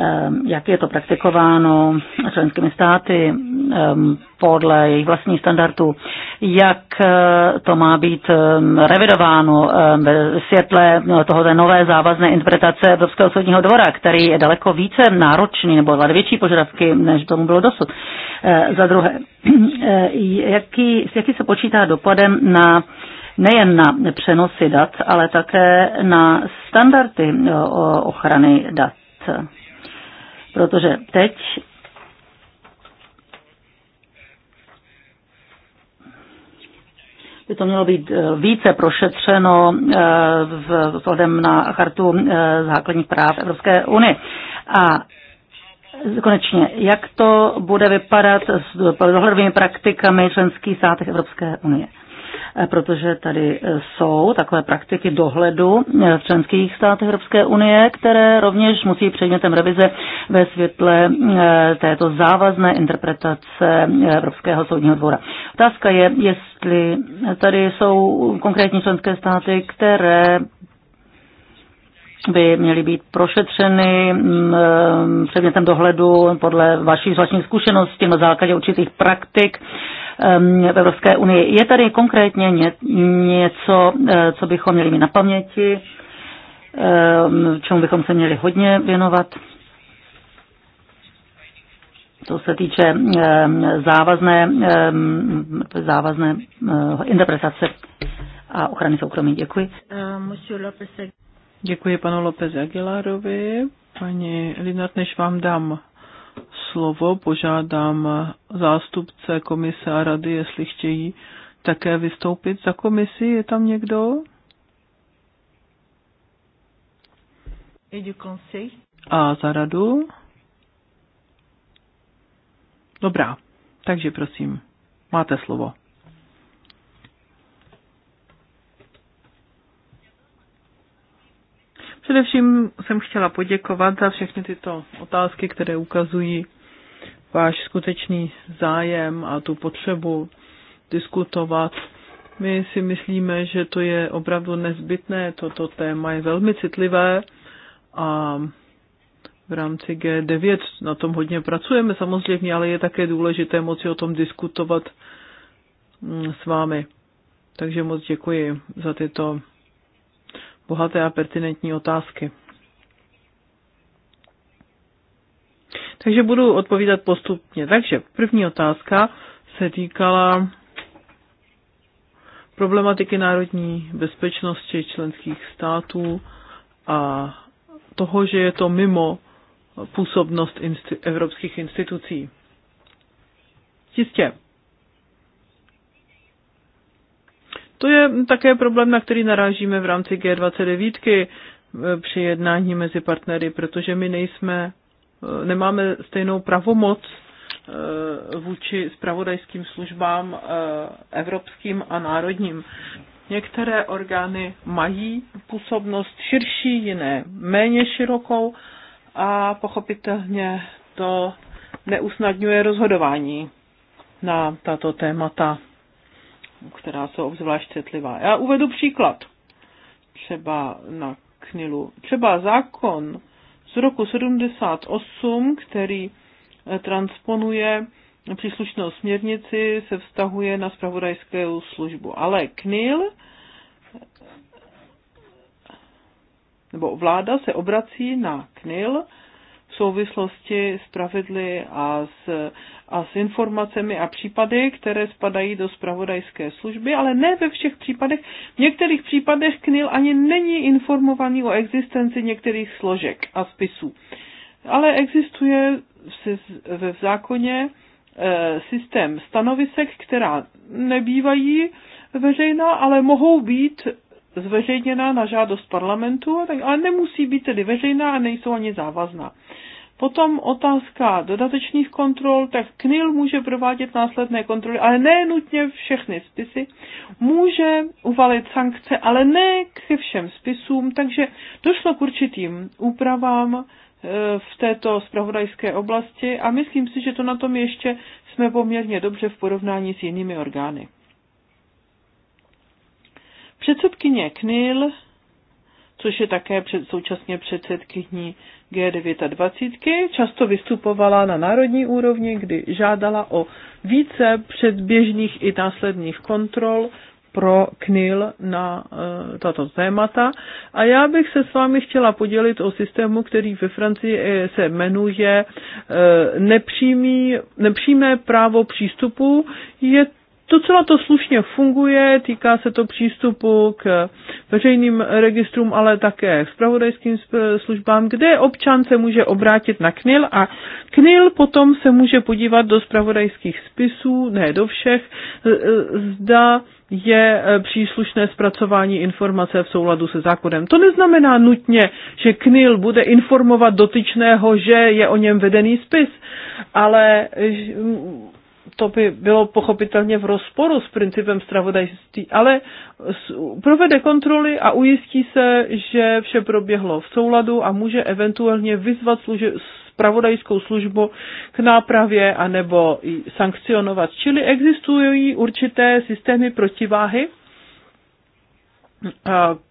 Eh, jak je to praktikováno členskými státy, Um, podle jejich vlastních standardů, jak eh, to má být um, revidováno um, ve světle no, toho té nové závazné interpretace Evropského soudního dvora, který je daleko více náročný nebo dva větší požadavky, než tomu bylo dosud. Eh, za druhé, eh, jaký, jaký se počítá dopadem na nejen na přenosy dat, ale také na standardy ochrany dat. Protože teď by to mělo být eh, více prošetřeno eh, v ohledem na chartu eh, základních práv Evropské unie. A konečně, jak to bude vypadat s dohledovými praktikami členských státech Evropské unie? Eh, protože tady eh, jsou takové praktiky dohledu eh, v členských státech Evropské unie, které rovněž musí předmětem revize ve světle této závazné interpretace Evropského soudního dvora. Otázka je, jestli tady jsou konkrétní členské státy, které by měly být prošetřeny mm, předmětem dohledu podle vašich vlastní zkušeností na základě určitých praktik v Evropské unii. Je tady konkrétně něco, eh, co bychom měli mít na paměti, čemu bychom se měli hodně věnovat? To se týče závazné, závazné eh, interpretace a ochrany soukromí. Děkuji. Děkuji panu López Aguilarovi. Paní Linart, než vám dám slovo, požádám zástupce komise a rady, jestli chtějí také vystoupit za komisi. Je tam někdo? A za radu? Dobrá, takže prosím, máte slovo. Především jsem chtěla poděkovat za všechny tyto otázky, které ukazují váš skutečný zájem a tu potřebu diskutovat. My si myslíme, že to je opravdu nezbytné, toto téma je velmi citlivé a v rámci G9 na tom hodně pracujeme samozřejmě, ale je také důležité moci o tom diskutovat mm, s vámi. Takže moc děkuji za tyto bohaté a pertinentní otázky. Takže budu odpovídat postupně. Takže první otázka se týkala problematiky národní bezpečnosti členských států a toho, že je to mimo působnost insti- evropských institucí. Čistě. To je také problém, na který narážíme v rámci G29 e, při jednání mezi partnery, protože my nejsme, e, nemáme stejnou pravomoc e, vůči spravodajským službám evropským a národním. Některé orgány mají působnost širší, jiné méně širokou a pochopitelně to neusnadňuje rozhodování na tato témata která jsou obzvlášť citlivá. Já uvedu příklad. Třeba na Knilu. Třeba zákon z roku 78, který eh, transponuje příslušnou směrnici, se vztahuje na spravodajskou službu. Ale KNIL eh, nebo vláda se obrací na KNIL souvislosti s pravidly a s, a s informacemi a případy, které spadají do spravodajské služby, ale ne ve všech případech. V některých případech KNIL ani není informovaný o existenci některých složek a spisů. Ale existuje v zákoně e, systém stanovisek, která nebývají veřejná, ale mohou být zveřejněna na žádost parlamentu, ale nemusí být tedy veřejná a nejsou ani závazná. Potom otázka dodatečných kontrol, tak KNIL může provádět následné kontroly, ale ne nutně všechny spisy. Může uvalit sankce, ale ne ke všem spisům, takže došlo k určitým úpravám e, v této spravodajské oblasti a myslím si, že to na tom ještě jsme poměrně dobře v porovnání s jinými orgány. Předsedkyně KNIL, což je také před, současně předsedkyní G29, často vystupovala na národní úrovni, kdy žádala o více předběžných i následných kontrol pro KNIL na e, tato témata. A já bych se s vámi chtěla podělit o systému, který ve Francii se jmenuje e, nepřímý, nepřímé právo přístupu. Je Docela to slušně funguje, týká se to přístupu k veřejným registrům, ale také k spravodajským službám, kde občan se může obrátit na KNIL a KNIL potom se může podívat do spravodajských spisů, ne do všech, e, e, zda je e, příslušné zpracování informace v souladu se zákonem. To neznamená nutně, že KNIL bude informovat dotyčného, že je o něm vedený spis, ale to by bylo pochopitelně v rozporu s principem stravodajství, ale provede kontroly a ujistí se, že vše proběhlo v souladu a může eventuálně vyzvat služe- spravodajskou službu k nápravě anebo sankcionovat. Čili existují určité systémy protiváhy,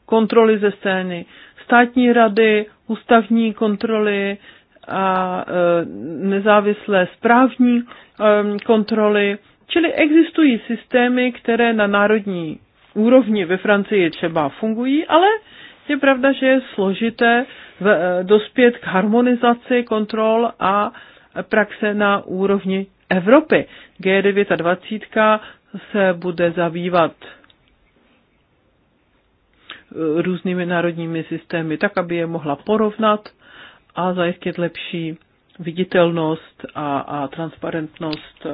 kontroly ze strany státní rady, ústavní kontroly, a e, nezávislé správní e, kontroly. Čili existují systémy, které na národní úrovni ve Francii třeba fungují, ale je pravda, že je složité e, dospět k harmonizaci kontrol a praxe na úrovni Evropy. G29 se bude zabývat různými národními systémy, tak aby je mohla porovnat a zajistit lepší viditelnost a, a transparentnost eh,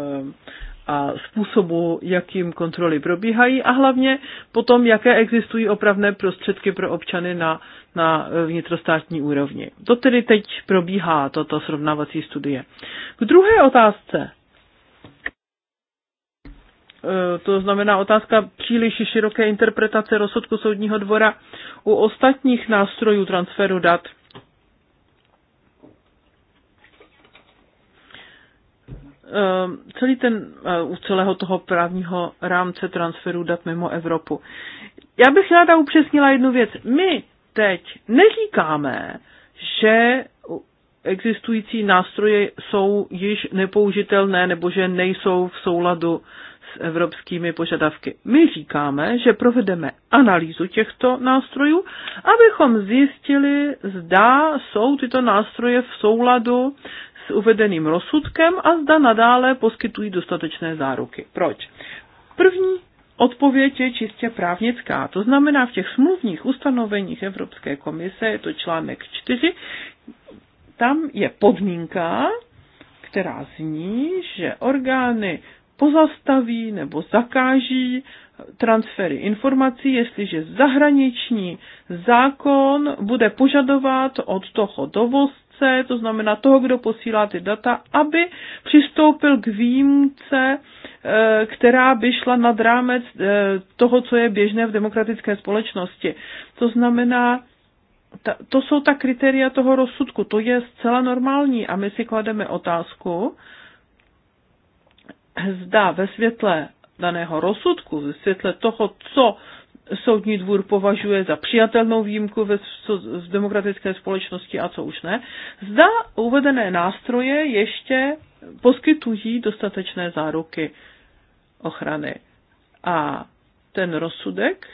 a způsobu, jakým kontroly probíhají a hlavně potom, jaké existují opravné prostředky pro občany na, na vnitrostátní úrovni. To tedy teď probíhá, toto srovnávací studie. K druhé otázce, eh, to znamená otázka příliš široké interpretace rozsudku soudního dvora u ostatních nástrojů transferu dat – Ehm, celý ten, eh, u celého toho právního rámce transferu dat mimo Evropu. Já bych ráda upřesnila jednu věc. My teď neříkáme, že existující nástroje jsou již nepoužitelné nebo že nejsou v souladu s evropskými požadavky. My říkáme, že provedeme analýzu těchto nástrojů, abychom zjistili, zda jsou tyto nástroje v souladu uvedeným rozsudkem a zda nadále poskytují dostatečné záruky. Proč? První odpověď je čistě právnická. To znamená, v těch smluvních ustanoveních Evropské komise, je to článek 4, tam je podmínka, která zní, že orgány pozastaví nebo zakáží transfery informací, jestliže zahraniční zákon bude požadovat od toho dovozce, výjimce, to znamená toho, kdo posílá ty data, aby přistoupil k výjimce, eh, která by šla nad rámec eh, toho, co je běžné v demokratické společnosti. To znamená, to jsou ta kritéria toho rozsudku, to je zcela normální a my si klademe otázku, zda ve světle daného rozsudku, ve světle toho, co soudní dvůr považuje za přijatelnou výjimku ve, z demokratické společnosti a co už ne, zda uvedené nástroje ještě poskytují dostatečné záruky ochrany. A ten rozsudek,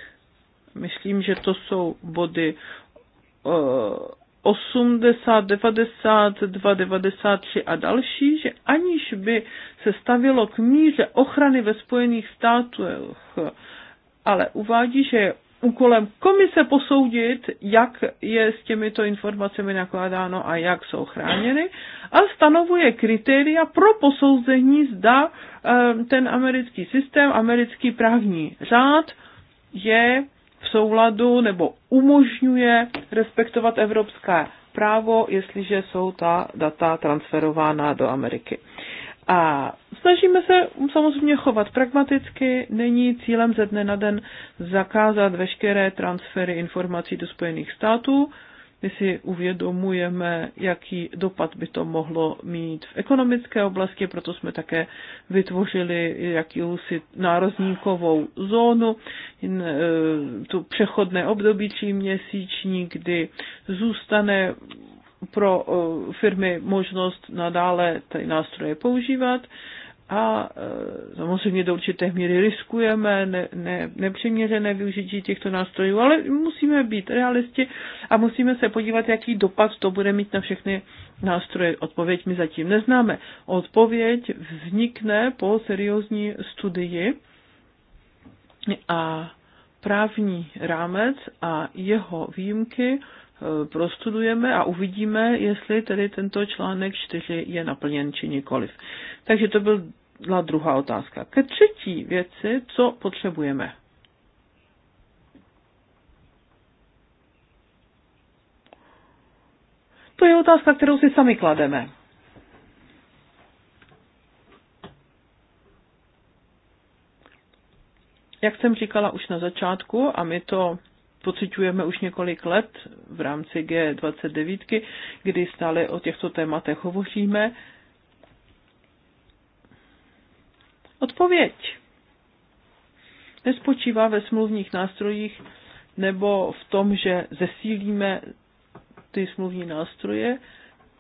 myslím, že to jsou body 80, 92, 93 a další, že aniž by se stavilo k míře ochrany ve Spojených státech ale uvádí, že je úkolem komise posoudit, jak je s těmito informacemi nakládáno a jak jsou chráněny a stanovuje kritéria pro posouzení, zda eh, ten americký systém, americký právní řád je v souladu nebo umožňuje respektovat evropské právo, jestliže jsou ta data transferována do Ameriky. A snažíme se samozřejmě chovat pragmaticky, není cílem ze dne na den zakázat veškeré transfery informací do Spojených států. My si uvědomujeme, jaký dopad by to mohlo mít v ekonomické oblasti, proto jsme také vytvořili jakousi nározníkovou zónu, e, tu přechodné období tři měsíční, kdy zůstane pro eh, firmy možnost nadále ty nástroje používat a eh, samozřejmě do určité míry riskujeme ne, ne, nepřiměřené využití těchto nástrojů, ale musíme být realisti a musíme se podívat, jaký dopad to bude mít na všechny nástroje. Odpověď my zatím neznáme. Odpověď vznikne po seriózní studii a právní rámec a jeho výjimky Eh, prostudujeme a uvidíme, jestli tedy tento článek 4 je naplněn či nikoliv. Takže to byla druhá otázka. Ke třetí věci, co potřebujeme? To je otázka, kterou si sami klademe. Jak jsem říkala už na začátku, a my to pociťujeme už několik let v rámci G29, kdy stále o těchto tématech hovoříme. Odpověď nespočívá ve smluvních nástrojích nebo v tom, že zesílíme ty smluvní nástroje,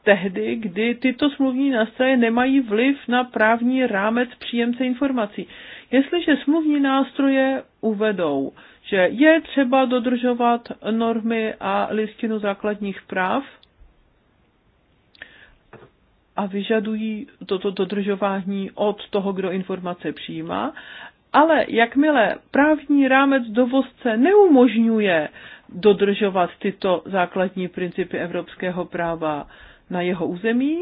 tehdy, kdy tyto smluvní nástroje nemají vliv na právní rámec příjemce informací. Jestliže smluvní nástroje uvedou, že je třeba dodržovat normy a listinu základních práv a vyžadují toto dodržování od toho, kdo informace přijímá, ale jakmile právní rámec dovozce neumožňuje dodržovat tyto základní principy evropského práva, na jeho území,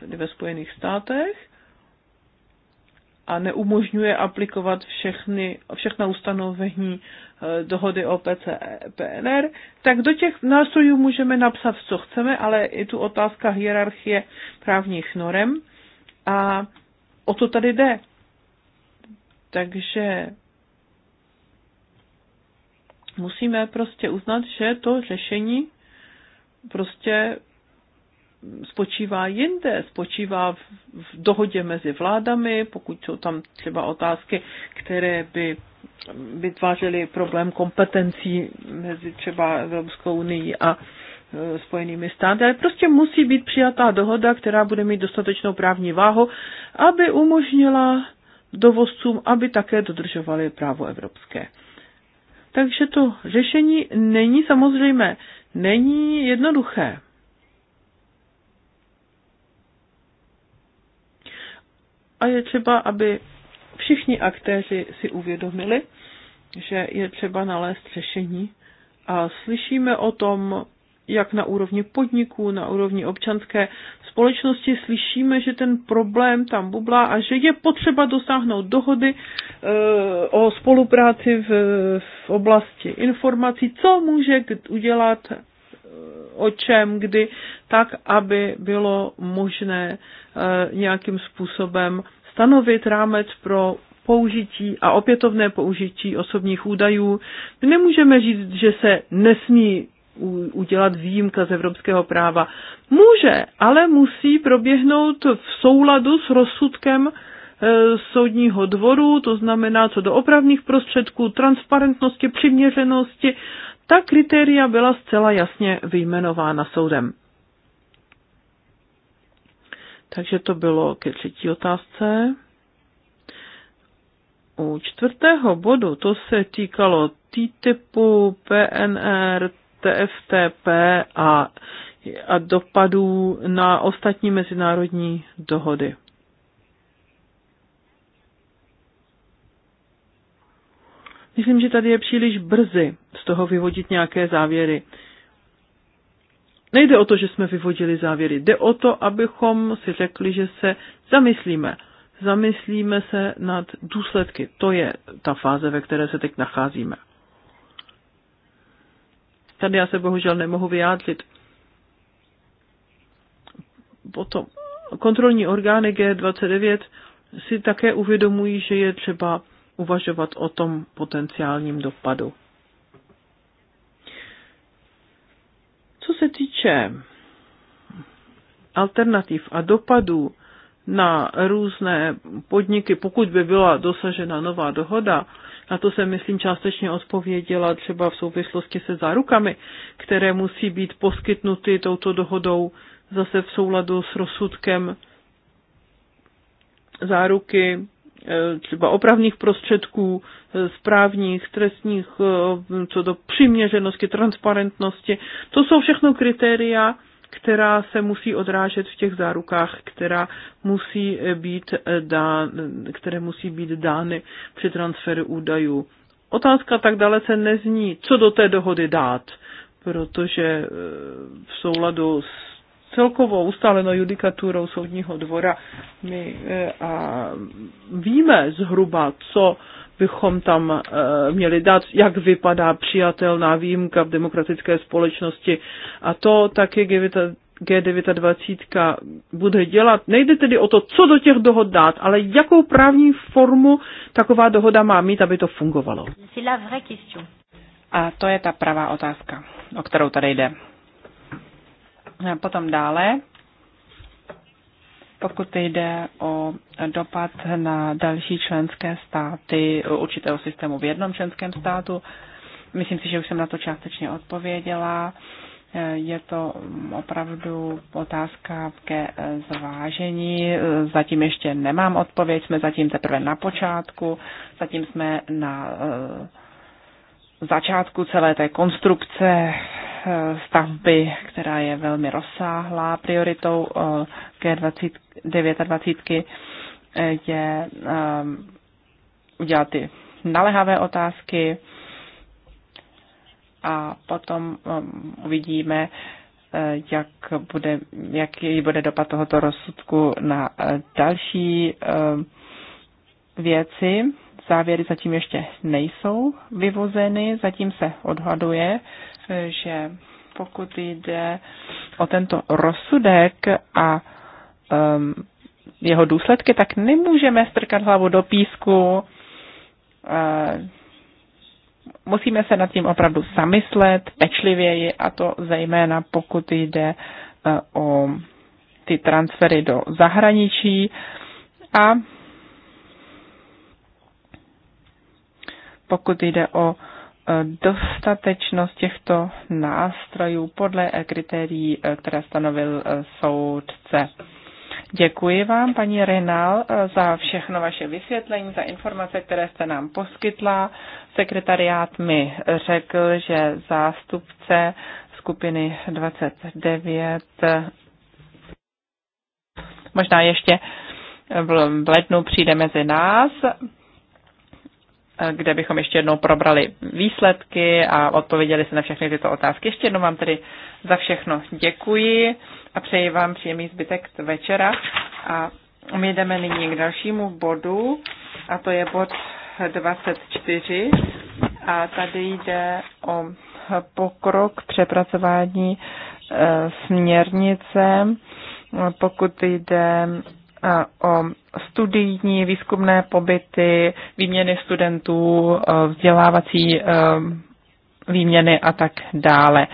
tedy ve Spojených státech, a neumožňuje aplikovat všechny, všechna ustanovení e, dohody o pnr tak do těch nástrojů můžeme napsat, co chceme, ale je tu otázka hierarchie právních norem a o to tady jde. Takže musíme prostě uznat, že to řešení prostě spočívá jinde, spočívá v, v dohodě mezi vládami, pokud jsou tam třeba otázky, které by vytvářely problém kompetencí mezi třeba Evropskou unii a e, Spojenými státy, ale prostě musí být přijatá dohoda, která bude mít dostatečnou právní váhu, aby umožnila dovozcům, aby také dodržovali právo evropské. Takže to řešení není samozřejmé, není jednoduché. A je třeba, aby všichni aktéři si uvědomili, že je třeba nalézt řešení. A slyšíme o tom, jak na úrovni podniků, na úrovni občanské společnosti slyšíme, že ten problém tam bublá a že je potřeba dosáhnout dohody e, o spolupráci v, v oblasti informací, co může udělat o čem, kdy, tak, aby bylo možné eh, nějakým způsobem stanovit rámec pro použití a opětovné použití osobních údajů. My nemůžeme říct, že se nesmí udělat výjimka z evropského práva. Může, ale musí proběhnout v souladu s rozsudkem eh, soudního dvoru, to znamená co do opravných prostředků, transparentnosti, přiměřenosti, ta kritéria byla zcela jasně vyjmenována soudem. Takže to bylo ke třetí otázce. U čtvrtého bodu to se týkalo T-typu, PNR, TFTP a, a dopadů na ostatní mezinárodní dohody. Myslím, že tady je příliš brzy z toho vyvodit nějaké závěry. Nejde o to, že jsme vyvodili závěry, jde o to, abychom si řekli, že se zamyslíme. Zamyslíme se nad důsledky. To je ta fáze, ve které se teď nacházíme. Tady já se bohužel nemohu vyjádřit. Potom kontrolní orgány G29 si také uvědomují, že je třeba uvažovat o tom potenciálním dopadu. Co se týče alternativ a dopadů na různé podniky, pokud by byla dosažena nová dohoda, na to se, myslím, částečně odpověděla třeba v souvislosti se zárukami, které musí být poskytnuty touto dohodou zase v souladu s rozsudkem záruky třeba opravných prostředků, eh, správních, trestních, eh, co do přiměřenosti, transparentnosti. To jsou všechno kritéria, která se musí odrážet v těch zárukách, která musí být eh, dán, které musí být dány při transferu údajů. Otázka tak dalece nezní, co do té dohody dát, protože v souladu s celkovou ustálenou judikaturou soudního dvora. My eh, a víme zhruba, co bychom tam eh, měli dát, jak vypadá přijatelná výjimka v demokratické společnosti. A to taky G29 bude dělat. Nejde tedy o to, co do těch dohod dát, ale jakou právní formu taková dohoda má mít, aby to fungovalo. A to je ta pravá otázka, o kterou tady jde. Eh, potom dále, pokud jde o dopad na další členské státy určitého systému v jednom členském státu, myslím si, že už jsem na to částečně odpověděla. Eh, je to opravdu otázka ke eh, zvážení. Zatím ještě nemám odpověď, jsme zatím teprve na počátku, zatím jsme na začátku celé té konstrukce eh, stavby, která je velmi rozsáhlá prioritou eh, G29 eh, je udělat ty nalehavé otázky a potom uvidíme, jak bude, jaký bude dopad tohoto rozsudku na další věci. Závěry zatím ještě nejsou vyvozeny, zatím se odhaduje, že pokud jde o tento rozsudek a um, jeho důsledky, tak nemůžeme strkat hlavu do písku. Uh, musíme se nad tím opravdu zamyslet pečlivěji a to zejména pokud jde uh, o ty transfery do zahraničí a pokud jde o e, dostatečnost těchto nástrojů podle e, kritérií, e, které stanovil soudce. Děkuji vám, paní Renal, za všechno vaše vysvětlení, za informace, které jste nám poskytla. Sekretariát mi řekl, že zástupce skupiny 29 možná ještě v lednu přijde mezi nás kde bychom ještě jednou probrali výsledky a odpověděli se na všechny tyto otázky. Ještě jednou vám tedy za všechno děkuji a přeji vám příjemný zbytek večera. A my jdeme nyní k dalšímu bodu a to je bod 24 a tady jde o pokrok přepracování eh, směrnice, pokud jde o studijní výzkumné pobyty, výměny studentů, vzdělávací výměny a tak dále.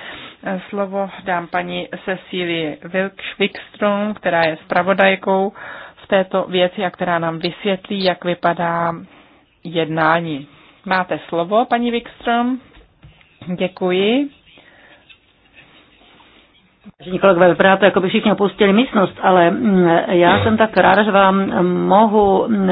Slovo dám paní Cecílii Wilkšvikström, která je zpravodajkou v této věci a která nám vysvětlí, jak vypadá jednání. Máte slovo, paní Wikström. Děkuji. Vážení kolegové, vypadá to, jako by všichni opustili místnost, ale mm, já jsem tak ráda, že vám mohu mm,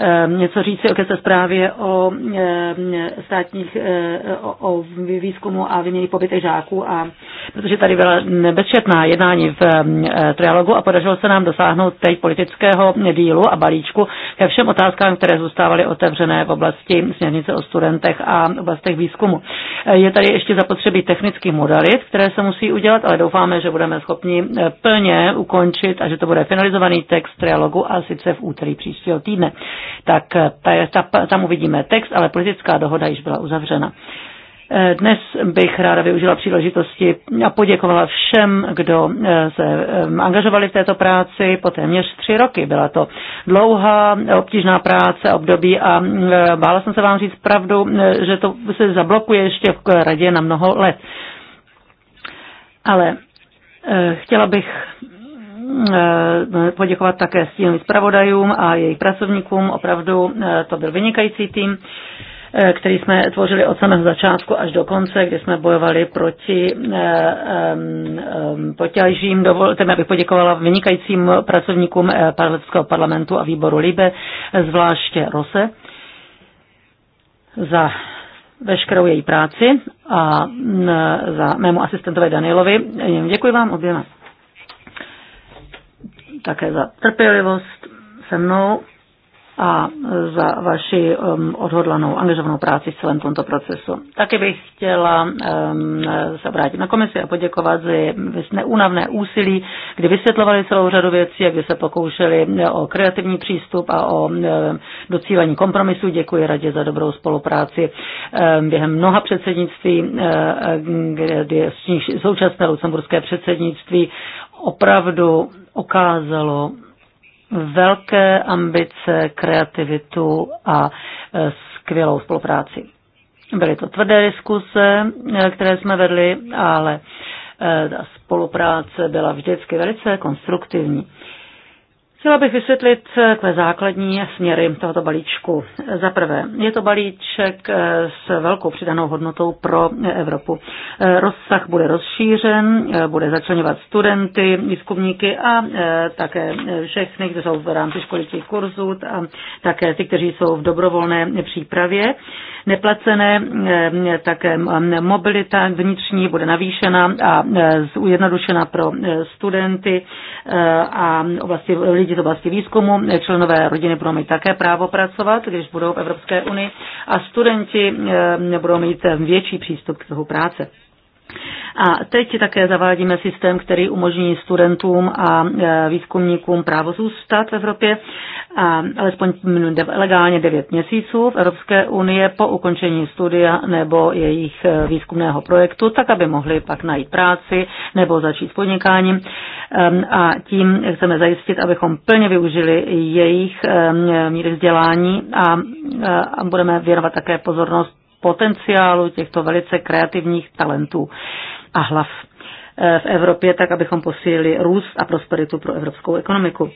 Ehm, něco říci o ke zprávě o ehm, státních ehm, o, o výzkumu a vymění pobyty žáků, a, protože tady byla bezčetná jednání v eh, trialogu a podařilo se nám dosáhnout teď politického dílu a balíčku ke všem otázkám, které zůstávaly otevřené v oblasti směrnice o studentech a oblastech výzkumu. Eh, je tady ještě zapotřebí technický modalit, které se musí udělat, ale doufáme, že budeme schopni eh, plně ukončit a že to bude finalizovaný text trialogu a sice v úterý příštího týdne tak eh, tam uvidíme text, ale politická dohoda již byla uzavřena. Eh, dnes bych ráda využila příležitosti a poděkovala všem, kdo eh, se angažovali v této práci po téměř tři roky. Byla to dlouhá, obtížná práce, období a bála jsem se vám říct pravdu, že to se zablokuje ještě v radě na mnoho let. Ale chtěla bych Eh, poděkovat také stínovým zpravodajům a jejich pracovníkům. Opravdu eh, to byl vynikající tým eh, který jsme tvořili od samého začátku až do konce, kdy jsme bojovali proti potěžím. Dovolte mi, abych poděkovala vynikajícím pracovníkům Evropského parlamentu a výboru LIBE, zvláště Rose, za veškerou její práci a za mému asistentovi Danielovi. Děkuji vám oběma také za trpělivost se mnou a za vaši um, odhodlanou, angažovanou práci v celém tomto procesu. Taky bych chtěla um, se obrátit na komisi a poděkovat za neúnavné úsilí, kdy vysvětlovali celou řadu věcí a kdy se pokoušeli o kreativní přístup a o um, docílení kompromisu. Děkuji radě za dobrou spolupráci během mnoha předsednictví, uh, kdy současné lucemburské předsednictví opravdu okázalo velké ambice, kreativitu a e, skvělou spolupráci. Byly to tvrdé diskuse, e, které jsme vedli, ale e, ta spolupráce byla vždycky velice konstruktivní. Chtěla bych vysvětlit eh, takové základní směry tohoto balíčku. Za prvé, je to balíček eh, s velkou přidanou hodnotou pro Evropu. Eh, rozsah bude rozšířen, bude začlenovat studenty, výzkumníky a také všechny, kteří jsou v rámci školitých kurzů a také ty, kteří jsou v dobrovolné přípravě neplacené, eh, také eh, mobilita vnitřní bude navýšena a eh, ujednodušena pro studenty a oblasti, lidi z oblasti výzkumu. Členové rodiny budou mít také právo pracovat, když budou v Evropské unii a studenti budou mít větší přístup k trhu práce. A teď také zavádíme systém, který umožní studentům a e, výzkumníkům právo zůstat v Evropě a alespoň mm, legálně 9 měsíců v Evropské unie po ukončení studia nebo jejich e, výzkumného projektu, tak aby mohli pak najít práci nebo začít s podnikáním. A tím chceme zajistit, abychom plně využili jejich míry vzdělání e, a budeme věnovat také pozornost potenciálu těchto velice kreativních talentů a hlav eh, v Evropě, tak abychom posílili růst a prosperitu pro evropskou ekonomiku.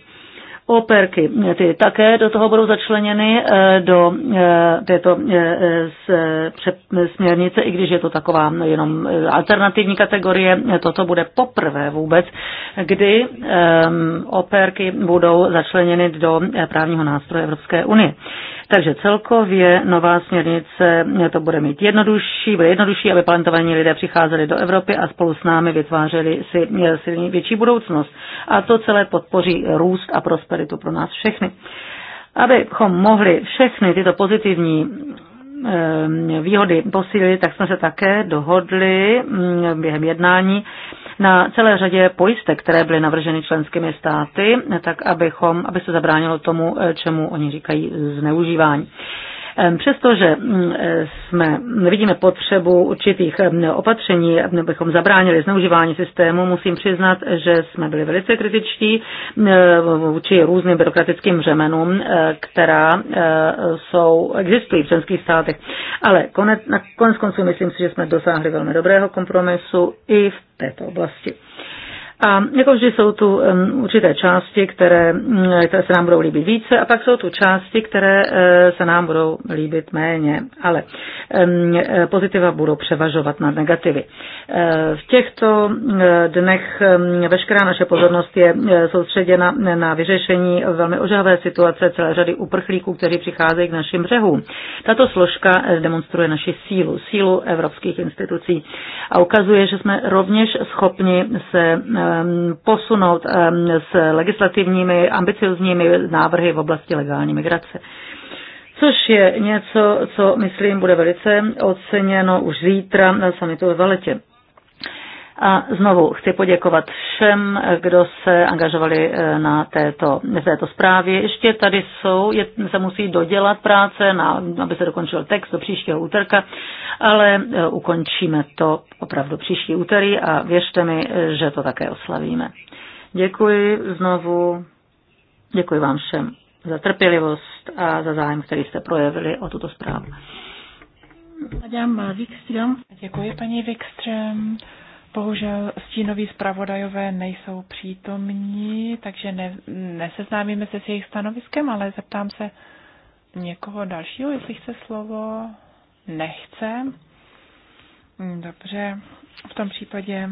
Operky, ty také do toho budou začleněny eh, do eh, této směrnice, i když je to taková jenom alternativní kategorie. Toto bude poprvé vůbec, kdy operky budou začleněny do právního nástroje Evropské unie. Takže celkově nová směrnice to bude mít jednodušší, bude jednodušší, aby plantovaní lidé přicházeli do Evropy a spolu s námi vytvářeli si, eh, si větší budoucnost. A to celé podpoří růst a prosperitu pro nás všechny. Abychom mohli všechny tyto pozitivní eh, výhody posílili, tak jsme se také dohodli mm, během jednání na celé řadě pojistek, které byly navrženy členskými státy, tak abychom, aby se zabránilo tomu, eh, čemu oni říkají zneužívání. Přestože mm, e, jsme, vidíme potřebu určitých opatření, abychom zabránili zneužívání systému, musím přiznat, že jsme byli velice kritičtí e, vůči různým byrokratickým řemenům, e, která jsou, existují v členských státech. Ale konec, na konec konců myslím si, že jsme dosáhli velmi dobrého kompromisu i v této oblasti. A jako vždy jsou tu určité části, které, mm, které se nám budou líbit více a pak jsou tu části, které eh, se nám budou líbit méně. Ale pozitiva budou převažovat nad negativy. Eh, v těchto eh, dnech veškerá naše pozornost je soustředěna na vyřešení velmi ožavé situace celé řady uprchlíků, kteří přicházejí k našim břehům. Tato složka demonstruje naši sílu, sílu evropských institucí a ukazuje, že jsme rovněž schopni se Um, posunout um, s legislativními ambiciozními návrhy v oblasti legální migrace což je něco, co myslím bude velice oceněno už zítra na samitu ve Valetě. A znovu chci poděkovat všem, kdo se angažovali eh, na této, v této zprávě. Ještě tady jsou, je, se musí dodělat práce, na, aby se dokončil text do příštího úterka, ale eh, ukončíme to opravdu příští úterý a věřte mi, eh, že to také oslavíme. Děkuji znovu, děkuji vám všem za trpělivost a za zájem, který jste projevili o tuto zprávu. Děkuji paní Wikström. Bohužel stínoví zpravodajové nejsou přítomní, takže ne, neseznámíme se s jejich stanoviskem, ale zeptám se někoho dalšího, jestli chce slovo. Nechce. Dobře, v tom případě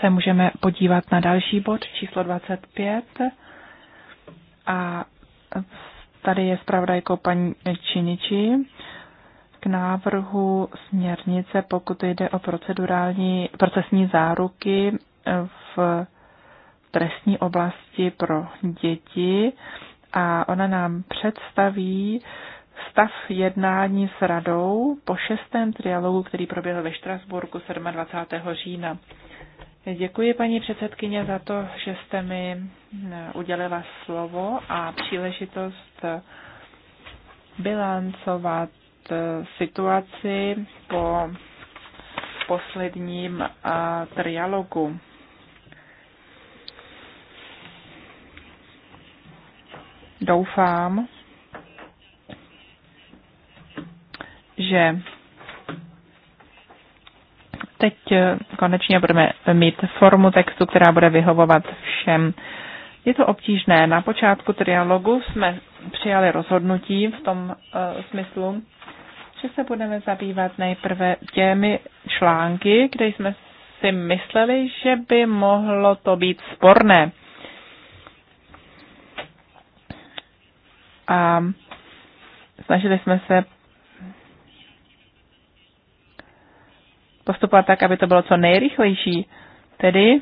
se můžeme podívat na další bod, číslo 25. A tady je zpravodajkou paní Činiči k návrhu směrnice, pokud jde o procedurální, procesní záruky v trestní oblasti pro děti a ona nám představí stav jednání s radou po šestém trialogu, který proběhl ve Štrasburku 27. října. Děkuji paní předsedkyně za to, že jste mi eh, udělila slovo a příležitost eh, bilancovat Eh, situaci po posledním eh, trialogu. Doufám, že teď eh, konečně budeme mít formu textu, která bude vyhovovat všem. Je to obtížné. Na počátku trialogu jsme přijali rozhodnutí v tom uh, smyslu, takže se budeme zabývat nejprve těmi články, kde jsme si mysleli, že by mohlo to být sporné. A snažili jsme se postupovat tak, aby to bylo co nejrychlejší. Tedy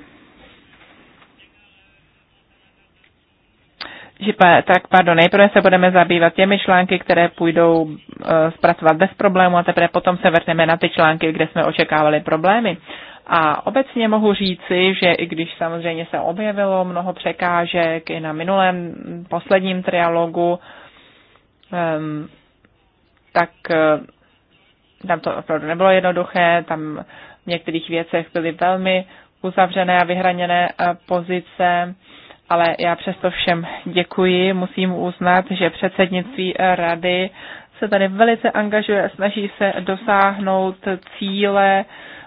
tak pardon, nejprve se budeme zabývat těmi články, které půjdou e, zpracovat bez problému a teprve potom se vrhneme na ty články, kde jsme očekávali problémy. A obecně mohu říci, že i když samozřejmě se objevilo mnoho překážek i na minulém posledním trialogu, tak e, tam to opravdu nebylo jednoduché, tam v některých věcech byly velmi uzavřené a vyhraněné e, pozice ale já přesto všem děkuji. Musím uznat, že předsednictví rady se tady velice angažuje, snaží se dosáhnout cíle,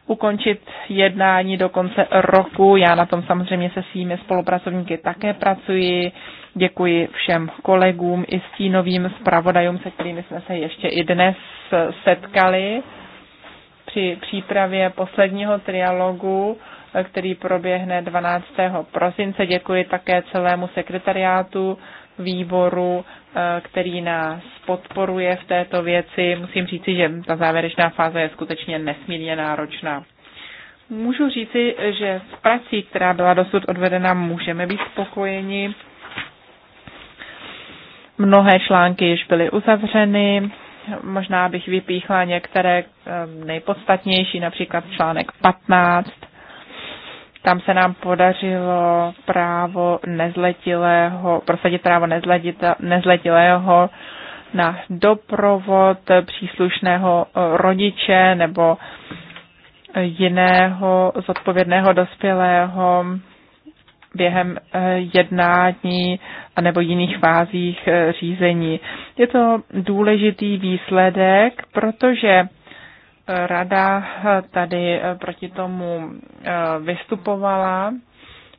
ukončit jednání do konce roku. Já na tom samozřejmě se svými spolupracovníky také pracuji. Děkuji všem kolegům i stínovým zpravodajům, se kterými jsme se ještě i dnes setkali při přípravě posledního trialogu který proběhne 12. prosince. Děkuji také celému sekretariátu výboru, eh, který nás podporuje v této věci. Musím říci, že ta závěrečná fáze je skutečně nesmírně náročná. Můžu říci, že s prací, která byla dosud odvedena, můžeme být spokojeni. Mnohé články již byly uzavřeny, možná bych vypíchla některé eh, nejpodstatnější, například článek 15, tam se nám podařilo právo nezletilého, prosadit právo nezletilého na doprovod příslušného eh, rodiče nebo jiného zodpovědného dospělého během eh, jednání a nebo jiných fázích eh, řízení. Je to důležitý výsledek, protože Rada eh, tady eh, proti tomu eh, vystupovala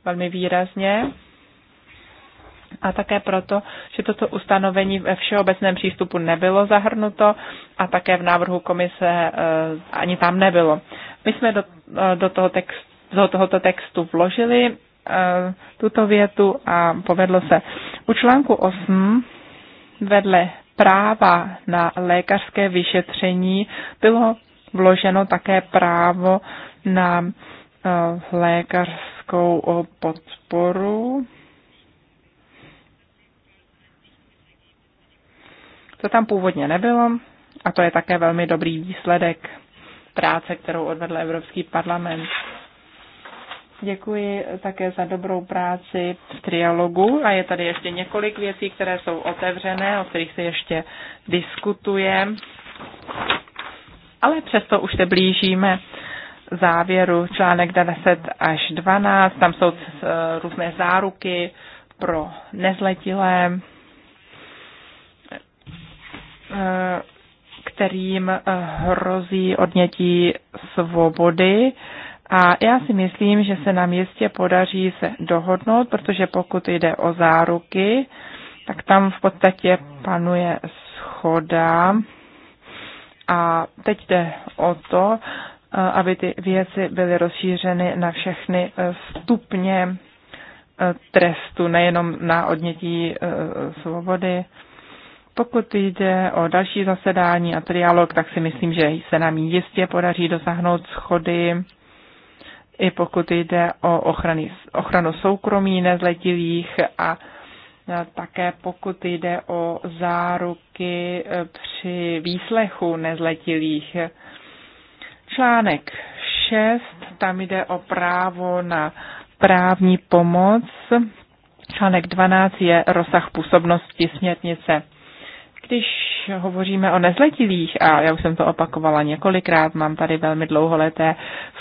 velmi výrazně a také proto, že toto ustanovení ve všeobecném přístupu nebylo zahrnuto a také v návrhu komise ani tam nebylo. My jsme do, do, toho text, do tohoto textu vložili tuto větu a povedlo se. U článku 8 vedle práva na lékařské vyšetření bylo vloženo také právo na eh, lékařskou eh, podporu. To tam původně nebylo a to je také velmi dobrý výsledek práce, kterou odvedl Evropský parlament. Děkuji také za dobrou práci v trialogu a je tady ještě několik věcí, které jsou otevřené, o kterých se ještě diskutuje ale přesto už se blížíme závěru článek 10 až 12. Tam jsou eh, různé záruky pro nezletilé, eh, kterým eh, hrozí odnětí svobody. A já si myslím, že se nám jistě podaří se dohodnout, protože pokud jde o záruky, tak tam v podstatě panuje schoda a teď jde o to, eh, aby ty věci byly rozšířeny na všechny eh, stupně eh, trestu, nejenom na odnětí svobody. Pokud jde o další zasedání a trialog, tak si myslím, že se nám jistě podaří dosáhnout schody, i pokud jde o ochrany, ochranu soukromí nezletilých a E, také pokud jde o záruky e, při výslechu nezletilých. Článek 6, tam jde o právo na právní pomoc. Článek 12 je rozsah působnosti směrnice. Když hovoříme o nezletilých, a já už jsem to opakovala několikrát, mám tady velmi dlouholeté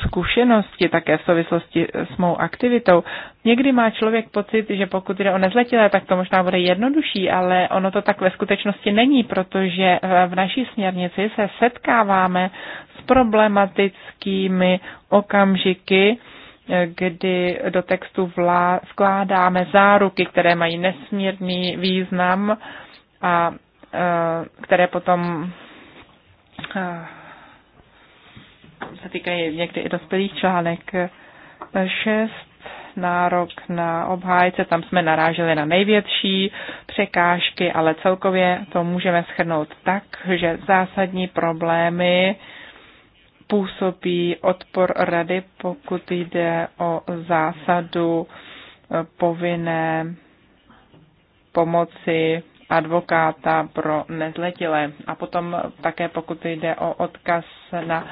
zkušenosti také v souvislosti s mou aktivitou, někdy má člověk pocit, že pokud jde o nezletilé, tak to možná bude jednodušší, ale ono to tak ve skutečnosti není, protože v naší směrnici se setkáváme s problematickými okamžiky, kdy do textu vkládáme záruky, které mají nesmírný význam a Eh, které potom eh, se týkají někdy i dospělých článek. Eh, šest nárok na obhájce, tam jsme naráželi na největší překážky, ale celkově to můžeme schrnout tak, že zásadní problémy působí odpor rady, pokud jde o zásadu povinné pomoci advokáta pro nezletilé. A potom také, pokud jde o odkaz na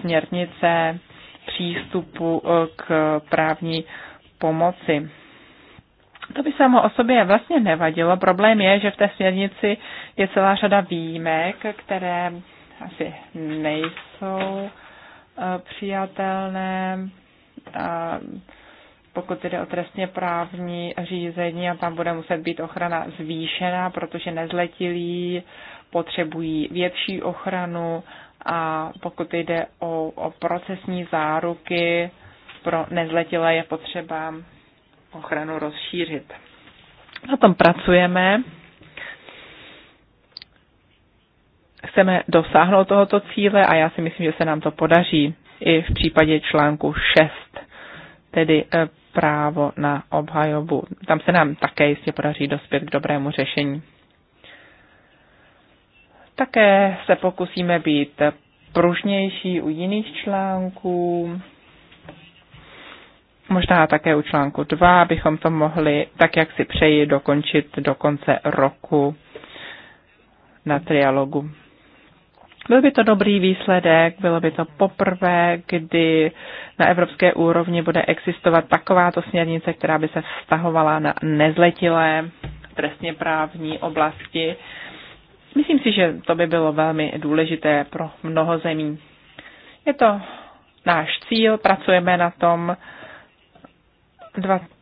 směrnice přístupu eh, k právní pomoci. To by samo o sobě vlastně nevadilo. Problém je, že v té směrnici je celá řada výjimek, které asi nejsou eh, přijatelné. A pokud jde o trestně právní řízení a tam bude muset být ochrana zvýšená, protože nezletilí potřebují větší ochranu a pokud jde o, o procesní záruky pro nezletilé je potřeba ochranu rozšířit. Na tom pracujeme. Chceme dosáhnout tohoto cíle a já si myslím, že se nám to podaří i v případě článku 6, tedy eh, právo na obhajobu. Tam se nám také jistě podaří dospět k dobrému řešení. Také se pokusíme být pružnější u jiných článků, možná také u článku 2, abychom to mohli, tak jak si přeji, dokončit do konce roku na trialogu. Byl by to dobrý výsledek, bylo by to poprvé, kdy na evropské úrovni bude existovat takováto směrnice, která by se vztahovala na nezletilé trestně právní oblasti. Myslím si, že to by bylo velmi důležité pro mnoho zemí. Je to náš cíl, pracujeme na tom.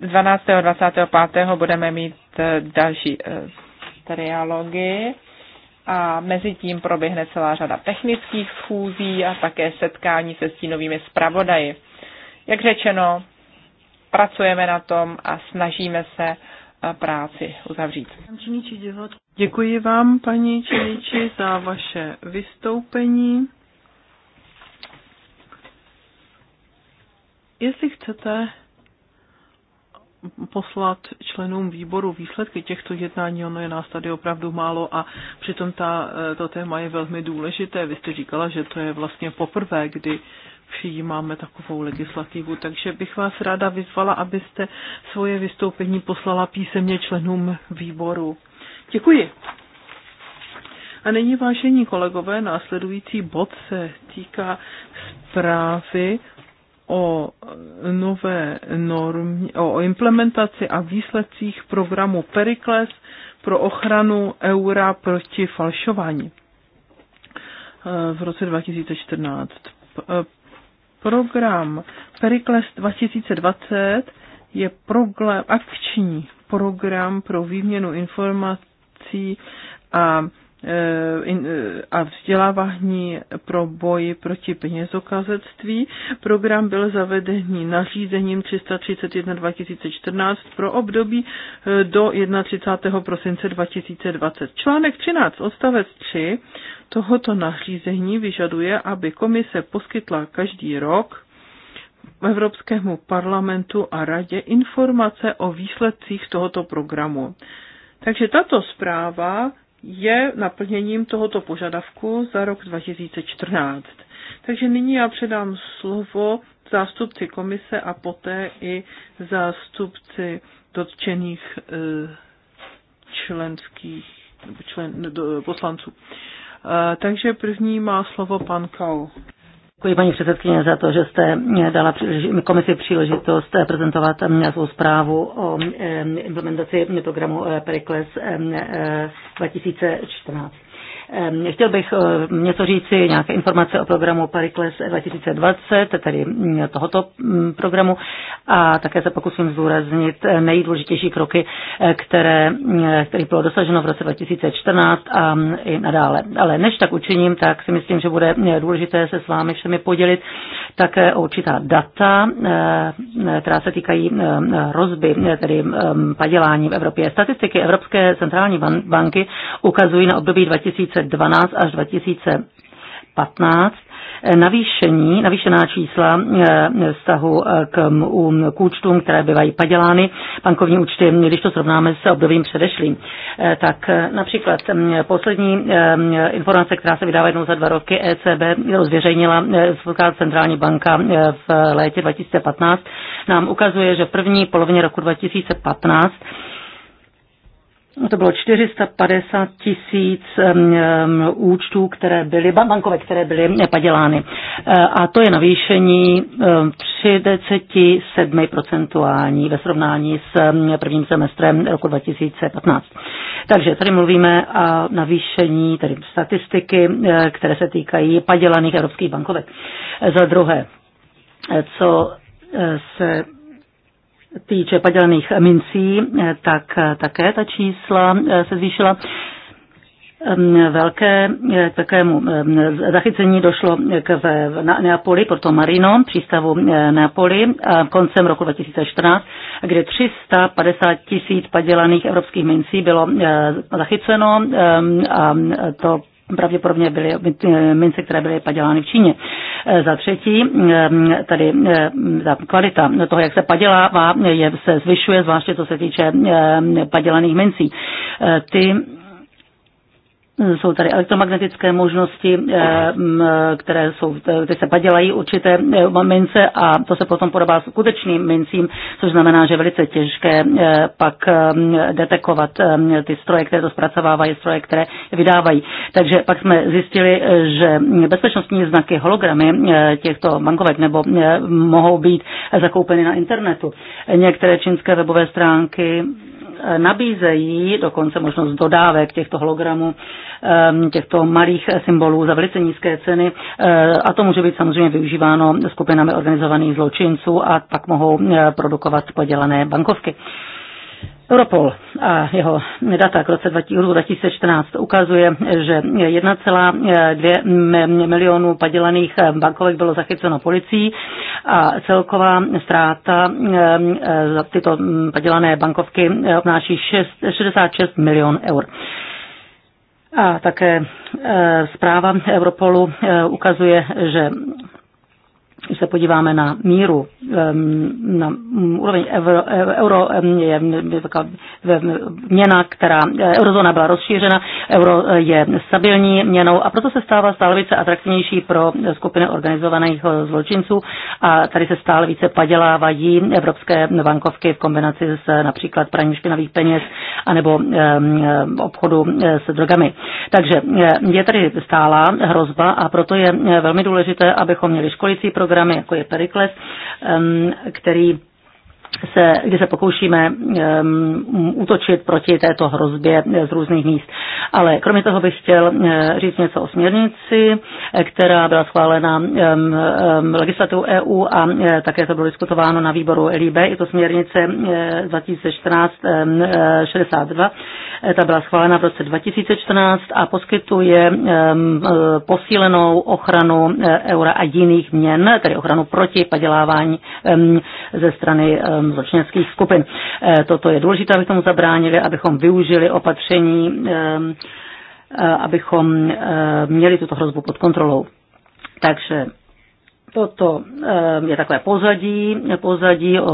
12. a 25. budeme mít eh, další eh, triálogy a mezi tím proběhne celá řada technických schůzí a také setkání se stínovými zpravodaji. Jak řečeno, pracujeme na tom a snažíme se práci uzavřít. Děkuji vám, paní Čiliči, za vaše vystoupení. Jestli chcete, poslat členům výboru výsledky těchto jednání, ono je nás tady opravdu málo a přitom ta, eh, to téma je velmi důležité. Vy jste říkala, že to je vlastně poprvé, kdy přijímáme takovou legislativu, takže bych vás ráda vyzvala, abyste svoje vystoupení poslala písemně členům výboru. Děkuji. A nyní, vážení kolegové, následující bod se týká zprávy o nové normě, o implementaci a výsledcích programu Perikles pro ochranu eura proti falšování eh, v roce 2014. Eh, program Perikles 2020 je program, akční program pro výměnu informací a Eh, eh, a vzdělávání pro boj proti penězokazectví. Program byl zavedený nařízením 331 2014 pro období eh, do 31. prosince 2020. Článek 13 odstavec 3 tohoto nařízení vyžaduje, aby komise poskytla každý rok Evropskému parlamentu a radě informace o výsledcích tohoto programu. Takže tato zpráva je naplněním tohoto požadavku za rok 2014. Takže nyní já předám slovo zástupci komise a poté i zástupci dotčených e, členských člen, poslanců. E, takže první má slovo pan Kau. Děkuji paní předsedkyně za to, že jste dala komisi příležitost eh, prezentovat eh, svou zprávu o eh, implementaci programu Perikles 2014. Chtěl bych eh, něco říci, nějaké informace o programu Parikles 2020, tedy mm, tohoto mm, programu, a také se pokusím zdůraznit eh, nejdůležitější kroky, eh, které, mm, které bylo dosaženo v roce 2014 a i nadále. Ale než tak učiním, tak si myslím, že bude důležité se s vámi všemi podělit také o určitá data, která se týkají rozby, tedy padělání v Evropě. Statistiky Evropské centrální banky ukazují na období 2000 2012 až 2015 navýšení, navýšená čísla eh, vztahu eh, k, k účtům, které bývají padělány, bankovní účty, když to srovnáme s obdobím předešlým. Eh, tak například poslední informace, která se vydává jednou za dva roky, ECB rozvěřejnila Svobodná centrální banka v létě 2015, nám ukazuje, že v první polovině roku 2015 No to bylo 450 tisíc um, účtů, které byly, bankové, které byly eh, padělány. Eh, a to je navýšení 37 procentuální ve srovnání s prvním semestrem roku 2015. Takže tady mluvíme o navýšení tedy statistiky, eh, které se týkají padělaných evropských bankovek. Za druhé, co se týče padělených mincí, tak také ta čísla eh, se zvýšila ehm, velké eh, takému ehm, zachycení došlo k v Neapoli, proto Marino, přístavu eh, Neapoli koncem roku 2014, kde 350 tisíc padělaných evropských mincí bylo zachyceno ehm, a to pravděpodobně byly eh, mince, které byly padělány v Číně. Eh, za třetí, eh, tady ta kvalita toho, jak se padělává, je, se zvyšuje, zvláště co se týče padělaných mincí. Ty Hm, jsou tady elektromagnetické možnosti, eh, hm, které jsou, které eh, se padělají určité eh, mince a to se potom podobá skutečným mincím, což znamená, že je velice těžké pak hm, detekovat ty stroje, které to zpracovávají, stroje, které vydávají. Takže pak jsme zjistili, že bezpečnostní znaky hologramy těchto bankovek nebo mohou být zakoupeny na internetu. Některé čínské webové stránky nabízejí dokonce možnost dodávek těchto hologramů, těchto malých symbolů za velice nízké ceny e, a to může být samozřejmě využíváno skupinami organizovaných zločinců a pak mohou e, produkovat podělané bankovky. Europol a jeho data k roce 2014 ukazuje, že 1,2 milionů padělaných eh, bankovek bylo zachyceno policií a celková ztráta eh, eh, za tyto padělané bankovky obnáší 66 milion eur. A také zpráva Europolu ukazuje, že když se podíváme na míru, na úroveň euro, euro je měna, která e, eurozóna byla rozšířena, euro e, je stabilní měnou a proto se stává stále více atraktivnější pro skupiny organizovaných e, zločinců a tady se stále více padělávají evropské bankovky v kombinaci s například praním špinavých peněz anebo obchodu s drogami. Takže je tady stálá hrozba a proto je velmi důležité, abychom měli školící program, programy, jako je Perikles, který se, kdy se pokoušíme um, útočit proti této hrozbě z různých míst. Ale kromě toho bych chtěl eh, říct něco o směrnici, eh, která byla schválena um, um, legislativou EU a um, také to bylo diskutováno na výboru LIB. Je to směrnice um, 2014-62. Ta byla schválena v roce 2014 a poskytuje um, posílenou ochranu eura a jiných měn, tedy ochranu proti padělávání um, ze strany um, Um, zločineckých skupin. Eh, toto je důležité, abychom zabránili, abychom využili opatření, um, eh, abychom eh, měli tuto hrozbu pod kontrolou. Takže Toto ehm, je takové pozadí, pozadí o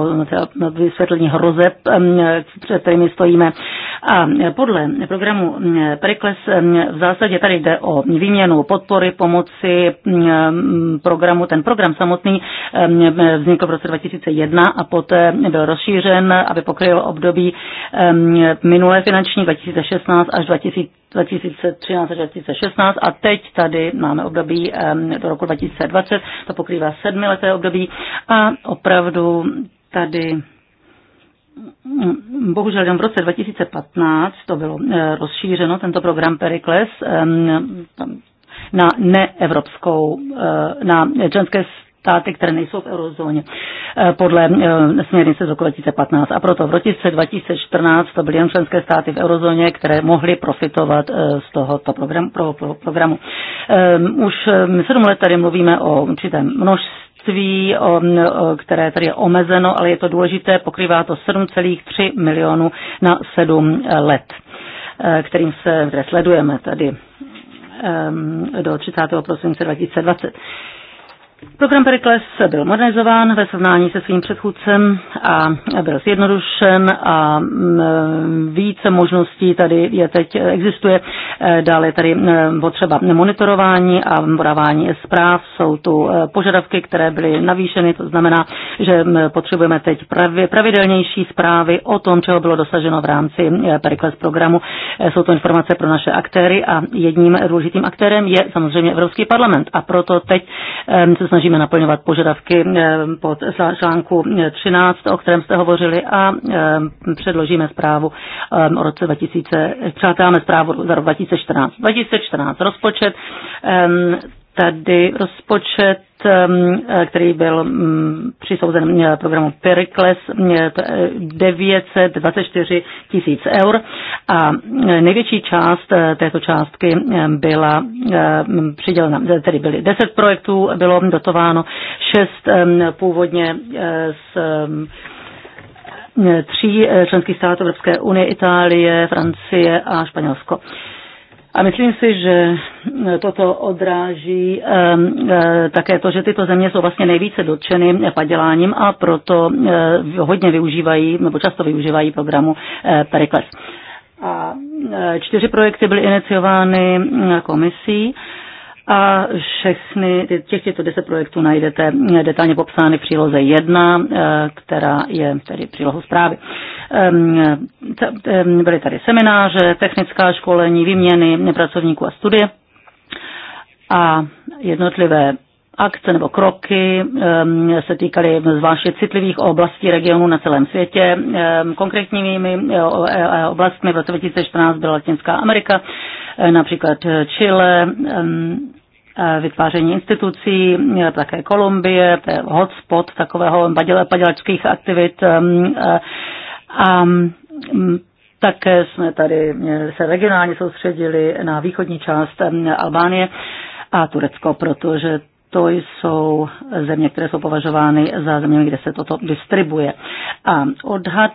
vysvětlení hrozeb, ehm, před kterými stojíme. A podle programu ehm, Prekles v zásadě tady jde o výměnu podpory, pomoci programu. Ten program samotný vznikl v roce 2001 a poté byl rozšířen, aby pokryl období minulé finanční 2016 až 2020 2013 2016 a teď tady máme období do roku 2020, to pokrývá sedmileté období a opravdu tady mm, bohužel jenom v roce 2015 to bylo eh, rozšířeno, tento program Pericles na neevropskou, eh, na členské státy, které nejsou v eurozóně eh, podle eh, směrnice z roku 2015. A proto v roce 2014 to byly jen členské státy v eurozóně, které mohly profitovat eh, z tohoto programu. Pro, pro, programu. Už sedm let tady mluvíme o určitém množství které tady je omezeno, ale je to důležité, pokrývá to 7,3 milionů na 7 let, kterým se sledujeme tady do 30. prosince 2020. Program Perikles byl modernizován ve srovnání se svým předchůdcem a byl zjednodušen a mm, více možností tady je teď existuje. Dále tady mm, potřeba monitorování a podávání zpráv. Jsou tu e, požadavky, které byly navýšeny, to znamená, že mm, potřebujeme teď pravidelnější zprávy o tom, čeho bylo dosaženo v rámci e, Perikles programu. E, jsou to informace pro naše aktéry a jedním důležitým aktérem je samozřejmě Evropský parlament a proto teď se snažíme naplňovat požadavky eh, pod článku 13, eh, o kterém jste hovořili, a eh, předložíme zprávu o roce 2000, předáme zprávu za rok 2014. 2014 rozpočet, tady rozpočet, který byl přisouzen programu Pericles, 924 tisíc eur a největší část eh, této částky byla přidělena, eh, tedy byly 10 projektů, bylo dotováno 6 původně eh, z tří členských států Evropské unie, Itálie, Francie a Španělsko. A myslím si, že eh, toto odráží ehm, eh, také to, že tyto země jsou vlastně nejvíce dotčeny paděláním a proto eh, hodně využívají, nebo často využívají programu Perikles. A čtyři projekty byly iniciovány mm, komisí a všechny těch těchto deset projektů najdete eh, detailně popsány v příloze 1, eh, která je tedy přílohou zprávy. Ehm, ehm, byly tady semináře, technická školení, výměny pracovníků a studie a jednotlivé akce nebo kroky ehm, se týkaly zvláště citlivých oblastí regionů na celém světě. Konkrétními eh, oblastmi v roce 2014 byla Latinská Amerika, například Chile, Eh, vytváření institucí, také Kolumbie, to je hotspot takového padělačských aktivit. Eh, eh, a mm, také jsme tady se regionálně soustředili na východní část Albánie a Turecko, protože to jsou země, které jsou považovány za země, kde se toto distribuje. A odhad,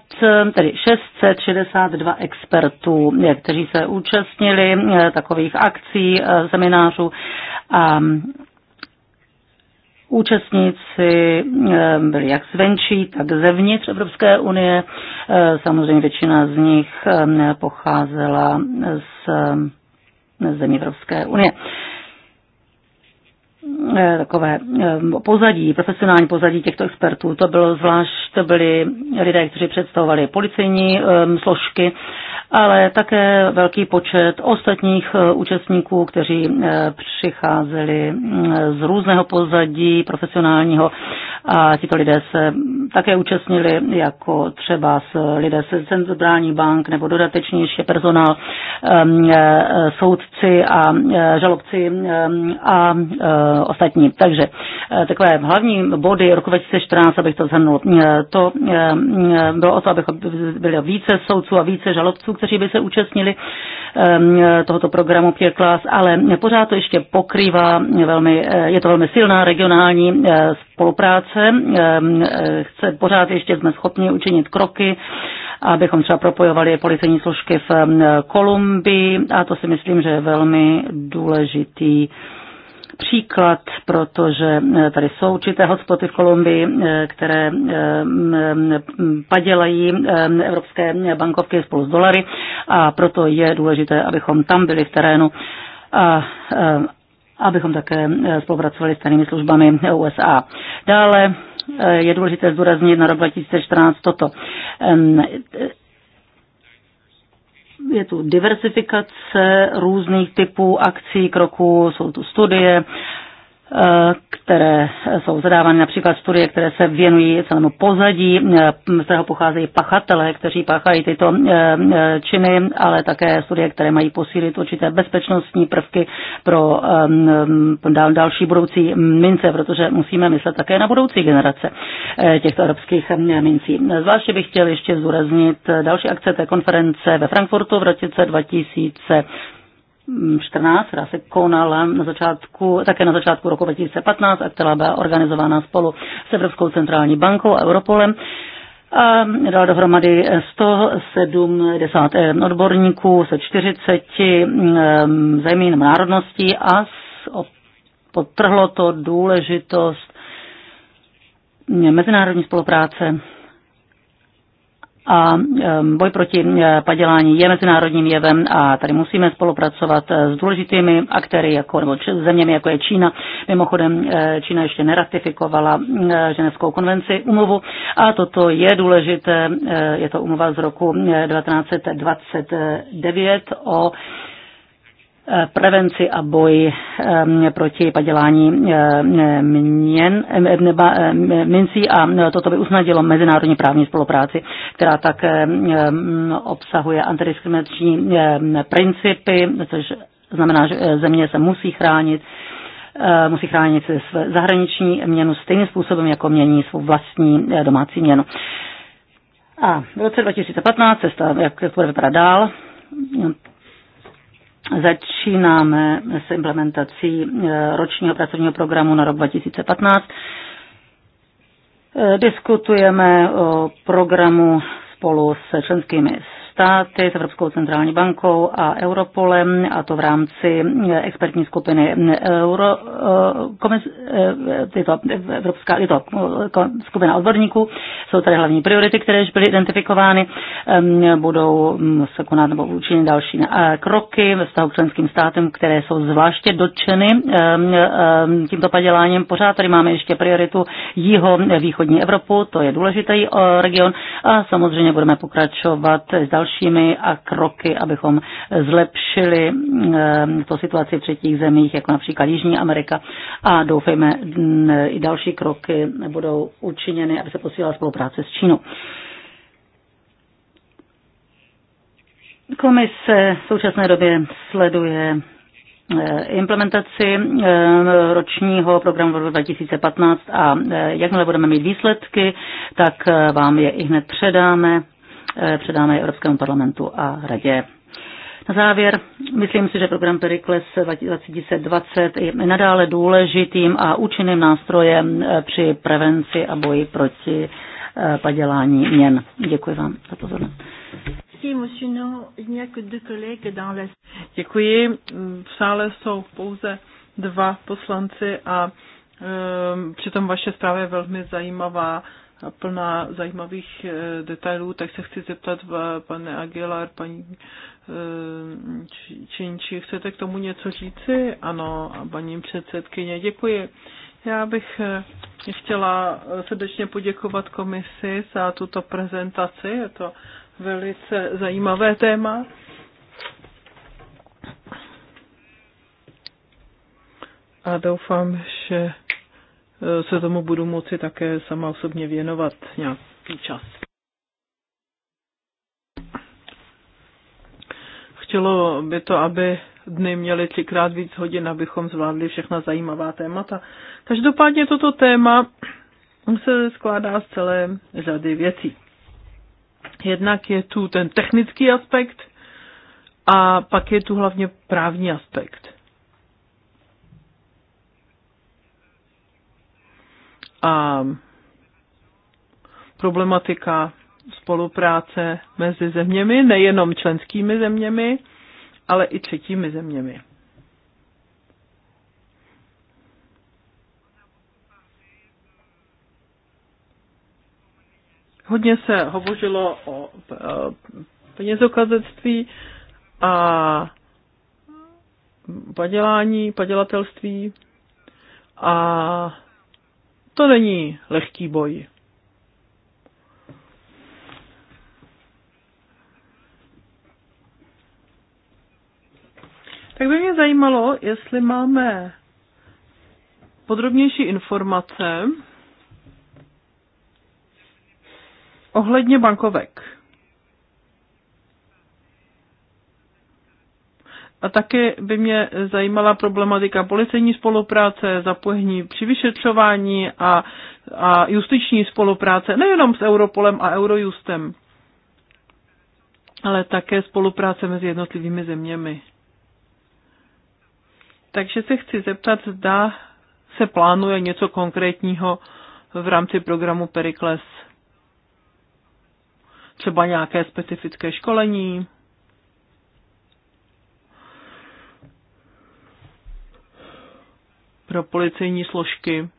tedy 662 expertů, kteří se účastnili eh, takových akcí, eh, seminářů a Účastníci eh, byli jak zvenčí, tak zevnitř Evropské unie. Samozřejmě většina z nich pocházela z zemí Evropské unie. Eh, takové eh, pozadí, profesionální pozadí těchto expertů. To bylo zvlášť, to byli lidé, kteří představovali policejní eh, složky ale také velký počet ostatních eh, účastníků, kteří eh, přicházeli mm, z různého pozadí profesionálního a tito lidé se také účastnili jako třeba lidé se centrální bank nebo dodatečně ještě personál, ehm, eh, soudci a žalobci ehm, a ostatní. Takže takové hlavní body roku 2014, abych to zhrnul, to ehm, bylo o to, abychom bylo více soudců a více žalobců, kteří by se účastnili ehm, tohoto programu Peer Class, ale pořád to ještě pokrývá, velmi, eh, je to velmi silná regionální eh, spolupráce. Ehm, eh, chce, pořád ještě jsme schopni učinit kroky, abychom třeba propojovali policejní složky v ehm, Kolumbii a to si myslím, že je velmi důležitý příklad, protože eh, tady jsou určité hotspoty v Kolumbii, eh, které eh, mm, padělají evropské bankovky spolu s dolary a proto je důležité, abychom tam byli v terénu. A, abychom také spolupracovali s tajnými službami USA. Dále je důležité zdůraznit na rok 2014 toto je tu diversifikace různých typů akcí, kroků, jsou tu studie, Eh, které jsou zadávány například studie, které se věnují celému pozadí, eh, z kterého pocházejí pachatele, kteří páchají tyto eh, činy, ale také studie, které mají posílit určité bezpečnostní prvky pro další budoucí mince, protože musíme myslet také na budoucí generace těchto evropských mincí. Zvláště bych chtěl ještě zúraznit další akce té konference ve Frankfurtu v roce 2000 14, která se konala na začátku, také na začátku roku 2015 a která byla organizována spolu s Evropskou centrální bankou a Europolem a dal dohromady 170 eh, odborníků se 40 ehm, zemí nebo národností a potrhlo to důležitost mezinárodní spolupráce a boj proti padělání je mezinárodním jevem a tady musíme spolupracovat eh, s důležitými aktéry, jako, nebo zeměmi, jako je Čína. Mimochodem, eh, Čína ještě neratifikovala eh, ženevskou konvenci, umluvu a toto je důležité, je to umluva z roku 1929 o prevenci a boj eh, proti padělání eh, měn, eh, mincí a toto by usnadilo mezinárodní právní spolupráci, která tak obsahuje antidiskriminační principy, což znamená, že země se musí chránit musí chránit své zahraniční měnu stejným způsobem, jako mění svou vlastní domácí měnu. A v roce 2015 cesta, jak to bude vypadat dál, Začínáme s implementací eh, ročního pracovního programu na rok 2015. Eh, diskutujeme o programu spolu s členskými státy, s Evropskou centrální bankou a Europolem, a to v rámci eh, expertní skupiny eh, Euro, eh, komis, tyto, Evropská, tyto skupina odborníků. Jsou tady hlavní priority, které už byly identifikovány. Budou mm, se konat nebo učinit další kroky ve vztahu k členským státům, které jsou zvláště dotčeny tímto paděláním. Pořád tady máme ještě prioritu jího východní Evropu, to je důležitý region a samozřejmě budeme pokračovat s další dalšími a kroky, abychom zlepšili eh, to situaci v třetích zemích, jako například Jižní Amerika a doufejme mm, i další kroky budou učiněny, aby se posílila spolupráce s Čínou. Komise v současné době sleduje eh, implementaci eh, ročního programu v roce 2015 a jakmile budeme mít výsledky, tak vám je i hned předáme Eh, předáme Evropskému parlamentu a radě. Na závěr, myslím si, že program Perikles 2020 je nadále důležitým a účinným nástrojem eh, při prevenci a boji proti eh, padělání měn. Děkuji vám za pozornost. Děkuji. V sále jsou pouze dva poslanci a přitom vaše zpráva je velmi zajímavá plná zajímavých eh, detailů, tak se chci zeptat, pane Aguilar, paní eh, Činči, chcete k tomu něco říci? Ano, a paní předsedkyně, děkuji. Já bych eh, chtěla srdečně poděkovat komisi za tuto prezentaci. Je to velice zajímavé téma. A doufám, že Eh, se tomu budu moci také sama osobně věnovat nějaký čas. Chtělo by to, aby dny měly třikrát víc hodin, abychom zvládli všechna zajímavá témata. Každopádně toto téma se skládá z celé řady věcí. Jednak je tu ten technický aspekt a pak je tu hlavně právní aspekt. a problematika spolupráce mezi zeměmi, nejenom členskými zeměmi, ale i třetími zeměmi. Hodně se hovořilo o eh, penězokazectví a padělání, padělatelství a to není lehký boj. Tak by mě zajímalo, jestli máme podrobnější informace ohledně bankovek. A také by mě zajímala problematika policejní spolupráce, zapojení při vyšetřování a, a justiční spolupráce, nejenom s Europolem a Eurojustem, ale také spolupráce mezi jednotlivými zeměmi. Takže se chci zeptat, zda se plánuje něco konkrétního v rámci programu Perikles. Třeba nějaké specifické školení, pro policejní složky.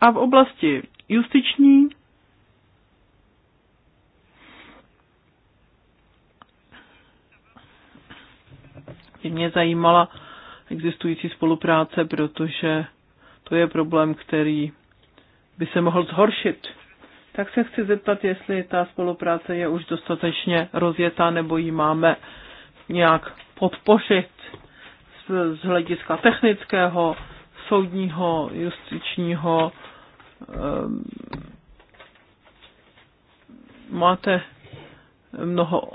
A v oblasti justiční by mě zajímala existující spolupráce, protože to je problém, který by se mohl zhoršit. Tak se chci zeptat, jestli ta spolupráce je už dostatečně rozjetá, nebo ji máme nějak podpořit z, z hlediska technického, soudního, justičního. Ehm, máte mnoho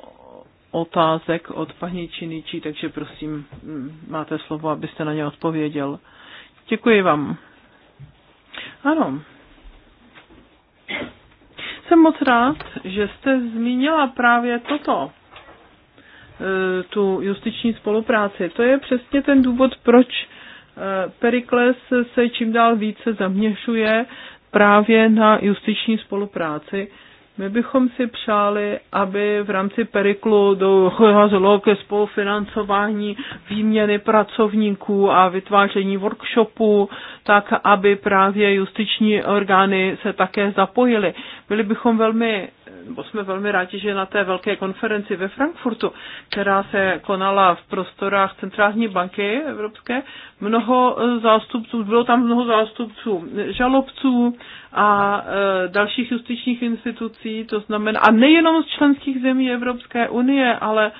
otázek od paní Činičí, takže prosím, mm, máte slovo, abyste na ně odpověděl. Děkuji vám. Ano. Jsem moc rád, že jste zmínila právě toto. Eh, tu justiční spolupráci. To je přesně ten důvod, proč eh, Perikles se čím dál více zaměšuje právě na justiční spolupráci. My bychom si přáli, aby v rámci Periklu docházelo ke spolufinancování výměny pracovníků a vytváření workshopů, tak aby právě justiční orgány se také zapojily. Byli bychom velmi nebo jsme velmi rádi, že na té velké konferenci ve Frankfurtu, která se konala v prostorách Centrální banky Evropské, mnoho e, zástupců, bylo tam mnoho zástupců žalobců a e, dalších justičních institucí, to znamená, a nejenom z členských zemí Evropské unie, ale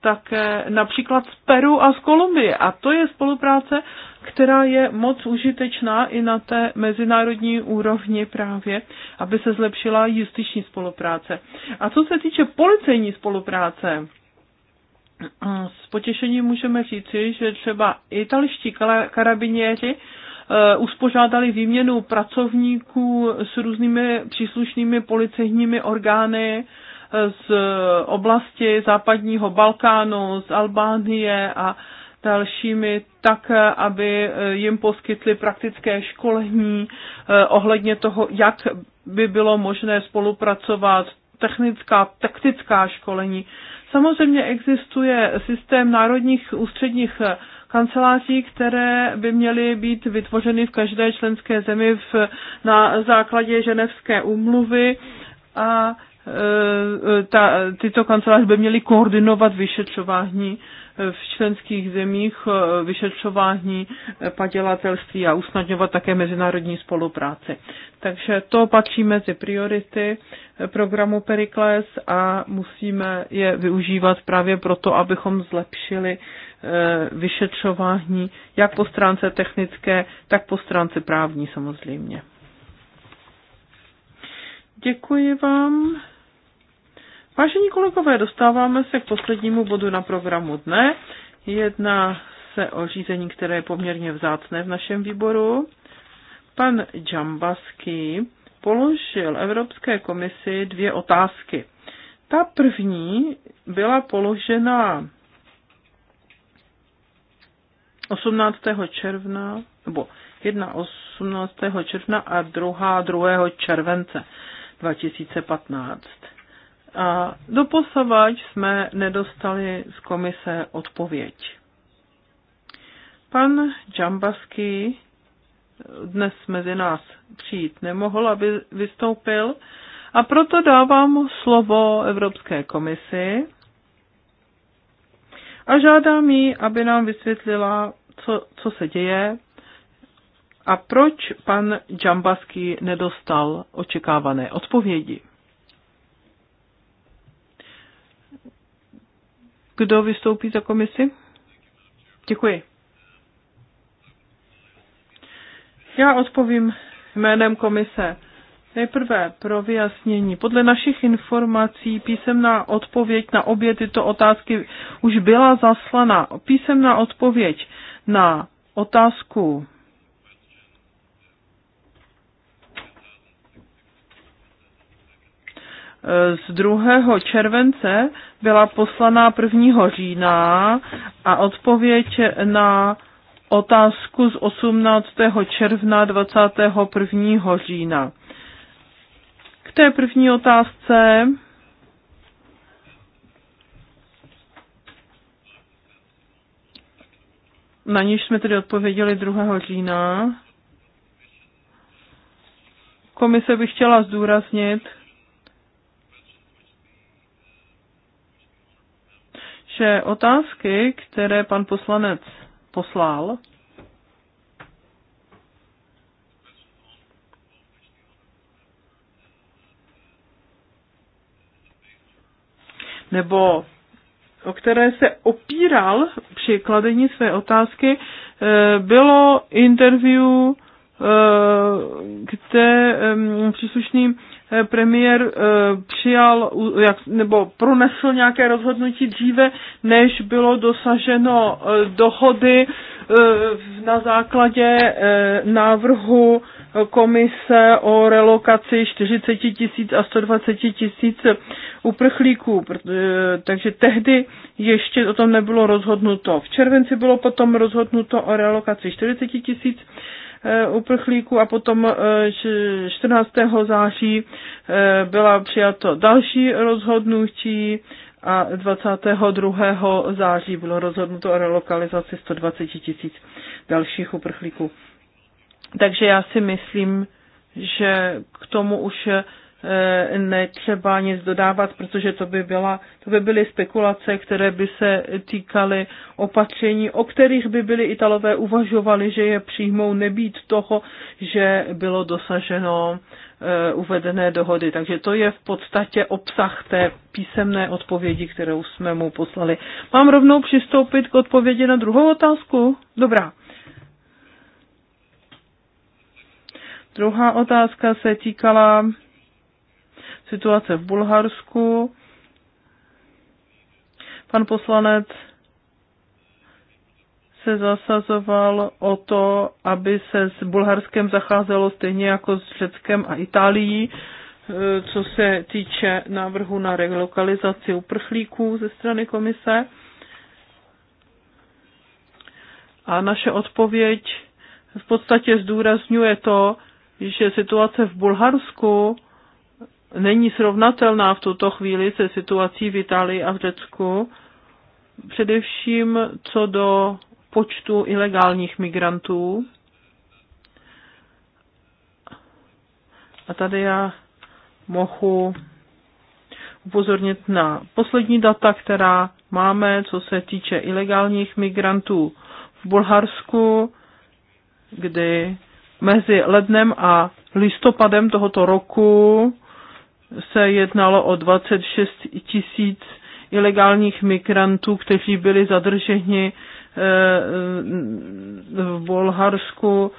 také například z Peru a z Kolumbie. A to je spolupráce, která je moc užitečná i na té mezinárodní úrovni právě, aby se zlepšila justiční spolupráce. A co se týče policejní spolupráce, mm, s potěšením můžeme říci, že třeba italští karabiněři e, uspořádali výměnu pracovníků s různými příslušnými policejními orgány e, z oblasti západního Balkánu, z Albánie a dalšími, tak eh, aby eh, jim poskytli praktické školení eh, ohledně toho, jak by bylo možné spolupracovat, technická, taktická školení. Samozřejmě existuje systém národních ústředních kanceláří, které by měly být vytvořeny v každé členské zemi v, na základě ženevské úmluvy a ta, tyto kanceláře by měly koordinovat vyšetřování v členských zemích eh, vyšetřování eh, padělatelství a usnadňovat také mezinárodní spolupráci. Takže to patří mezi priority eh, programu Perikles a musíme je využívat právě proto, abychom zlepšili vyšetřování jak po stránce technické, tak po stránce právní samozřejmě. Děkuji vám. Vážení kolegové, dostáváme se k poslednímu bodu na programu dne. Jedná se o řízení, které je poměrně vzácné v našem výboru. Pan Džambasky položil Evropské komisi dvě otázky. Ta první byla položena 18. června, nebo jedna 18. června a druhá 2. července 2015. A doposavať jsme nedostali z komise odpověď. Pan Džambasky dnes mezi nás přijít nemohl, aby vystoupil, a proto dávám slovo Evropské komisi a žádám ji, aby nám vysvětlila, co, co se děje a proč pan Džambasky nedostal očekávané odpovědi. Kdo vystoupí za komisi? Děkuji. Já odpovím jménem komise. Nejprve pro vyjasnění. Podle našich informací písemná odpověď na obě tyto otázky už byla zaslana. Písemná odpověď na otázku z 2. července byla poslaná 1. října a odpověď na otázku z 18. června 21. října. K té první otázce na níž jsme tedy odpověděli 2. října. Komise by chtěla zdůraznit, že otázky, které pan poslanec poslal, nebo o které se opíral při kladení své otázky, eh, bylo interview eh, kde příslušným Eh, premiér eh, přijal nebo pronesl nějaké rozhodnutí dříve, než bylo dosaženo eh, dohody na základě návrhu komise o relokaci 40 tisíc a 120 tisíc uprchlíků. Takže tehdy ještě o tom nebylo rozhodnuto. V červenci bylo potom rozhodnuto o relokaci 40 tisíc Eh, uprchlíků a potom 14. Eh, září eh, byla přijato další rozhodnutí a 22. září bylo rozhodnuto o relokalizaci 120 tisíc dalších uprchlíků. Takže já si myslím, že k tomu už E, netřeba nic dodávat, protože to by, byla, to by byly spekulace, které by se týkaly opatření, o kterých by byli Italové uvažovali, že je přijmou nebýt toho, že bylo dosaženo e, uvedené dohody. Takže to je v podstatě obsah té písemné odpovědi, kterou jsme mu poslali. Mám rovnou přistoupit k odpovědi na druhou otázku? Dobrá. Druhá otázka se týkala situace v Bulharsku. Pan poslanec se zasazoval o to, aby se s Bulharskem zacházelo stejně jako s Řeckem a Itálií, eh, co se týče návrhu na relokalizaci uprchlíků ze strany komise. A naše odpověď v podstatě zdůrazňuje to, že situace v Bulharsku není srovnatelná v tuto chvíli se situací v Itálii a v Řecku, především co do počtu ilegálních migrantů. A tady já mohu upozornit na poslední data, která máme, co se týče ilegálních migrantů v Bulharsku, kdy mezi lednem a listopadem tohoto roku se jednalo o 26 tisíc ilegálních migrantů, kteří byli zadrženi eh, v Bulharsku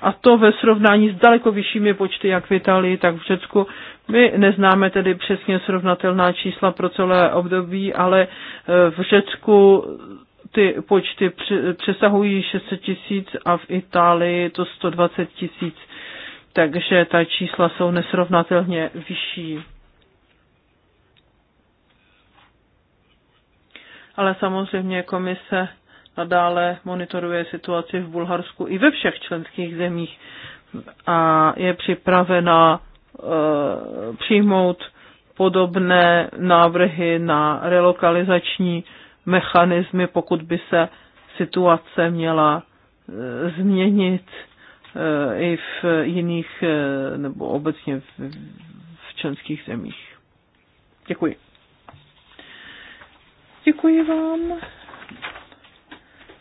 a to ve srovnání s daleko vyššími počty jak v Itálii, tak v Řecku. My neznáme tedy přesně srovnatelná čísla pro celé období, ale eh, v Řecku ty počty přesahují 600 tisíc a v Itálii to 120 tisíc takže ta čísla jsou nesrovnatelně vyšší. Ale samozřejmě komise nadále monitoruje situaci v Bulharsku i ve všech členských zemích a je připravena e, přijmout podobné návrhy na relokalizační mechanismy, pokud by se situace měla e, změnit Eh, i v jiných eh, nebo obecně v, v členských zemích. Děkuji. Děkuji vám.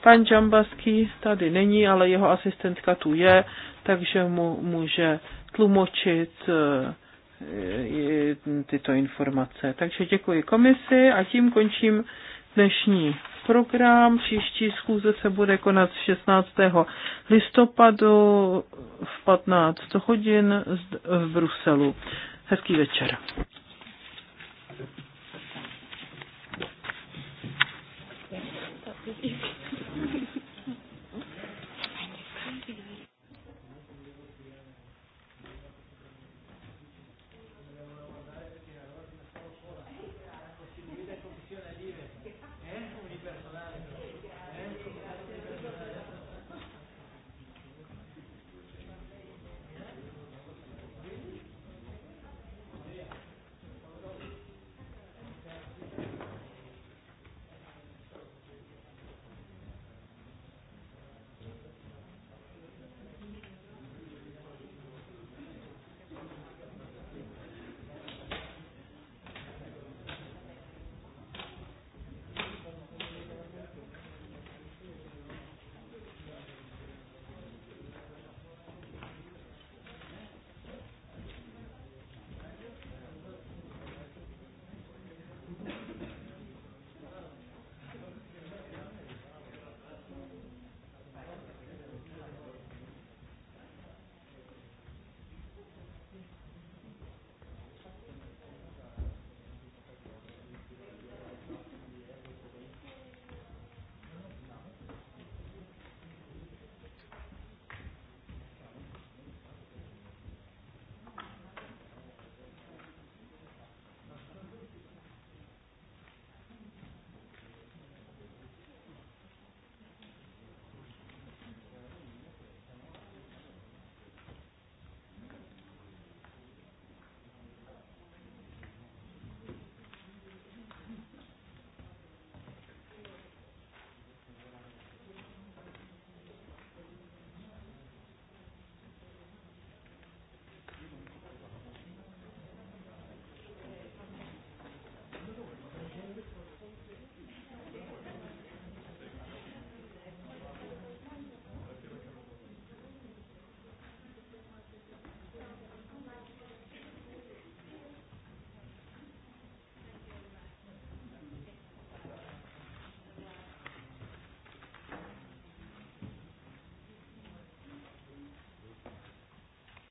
Pan Džambaský tady není, ale jeho asistentka tu je, takže mu může tlumočit eh, tyto informace. Takže děkuji komisi a tím končím dnešní program. Příští schůze se bude konat 16. listopadu v 15 hodin v Bruselu. Hezký večer. you.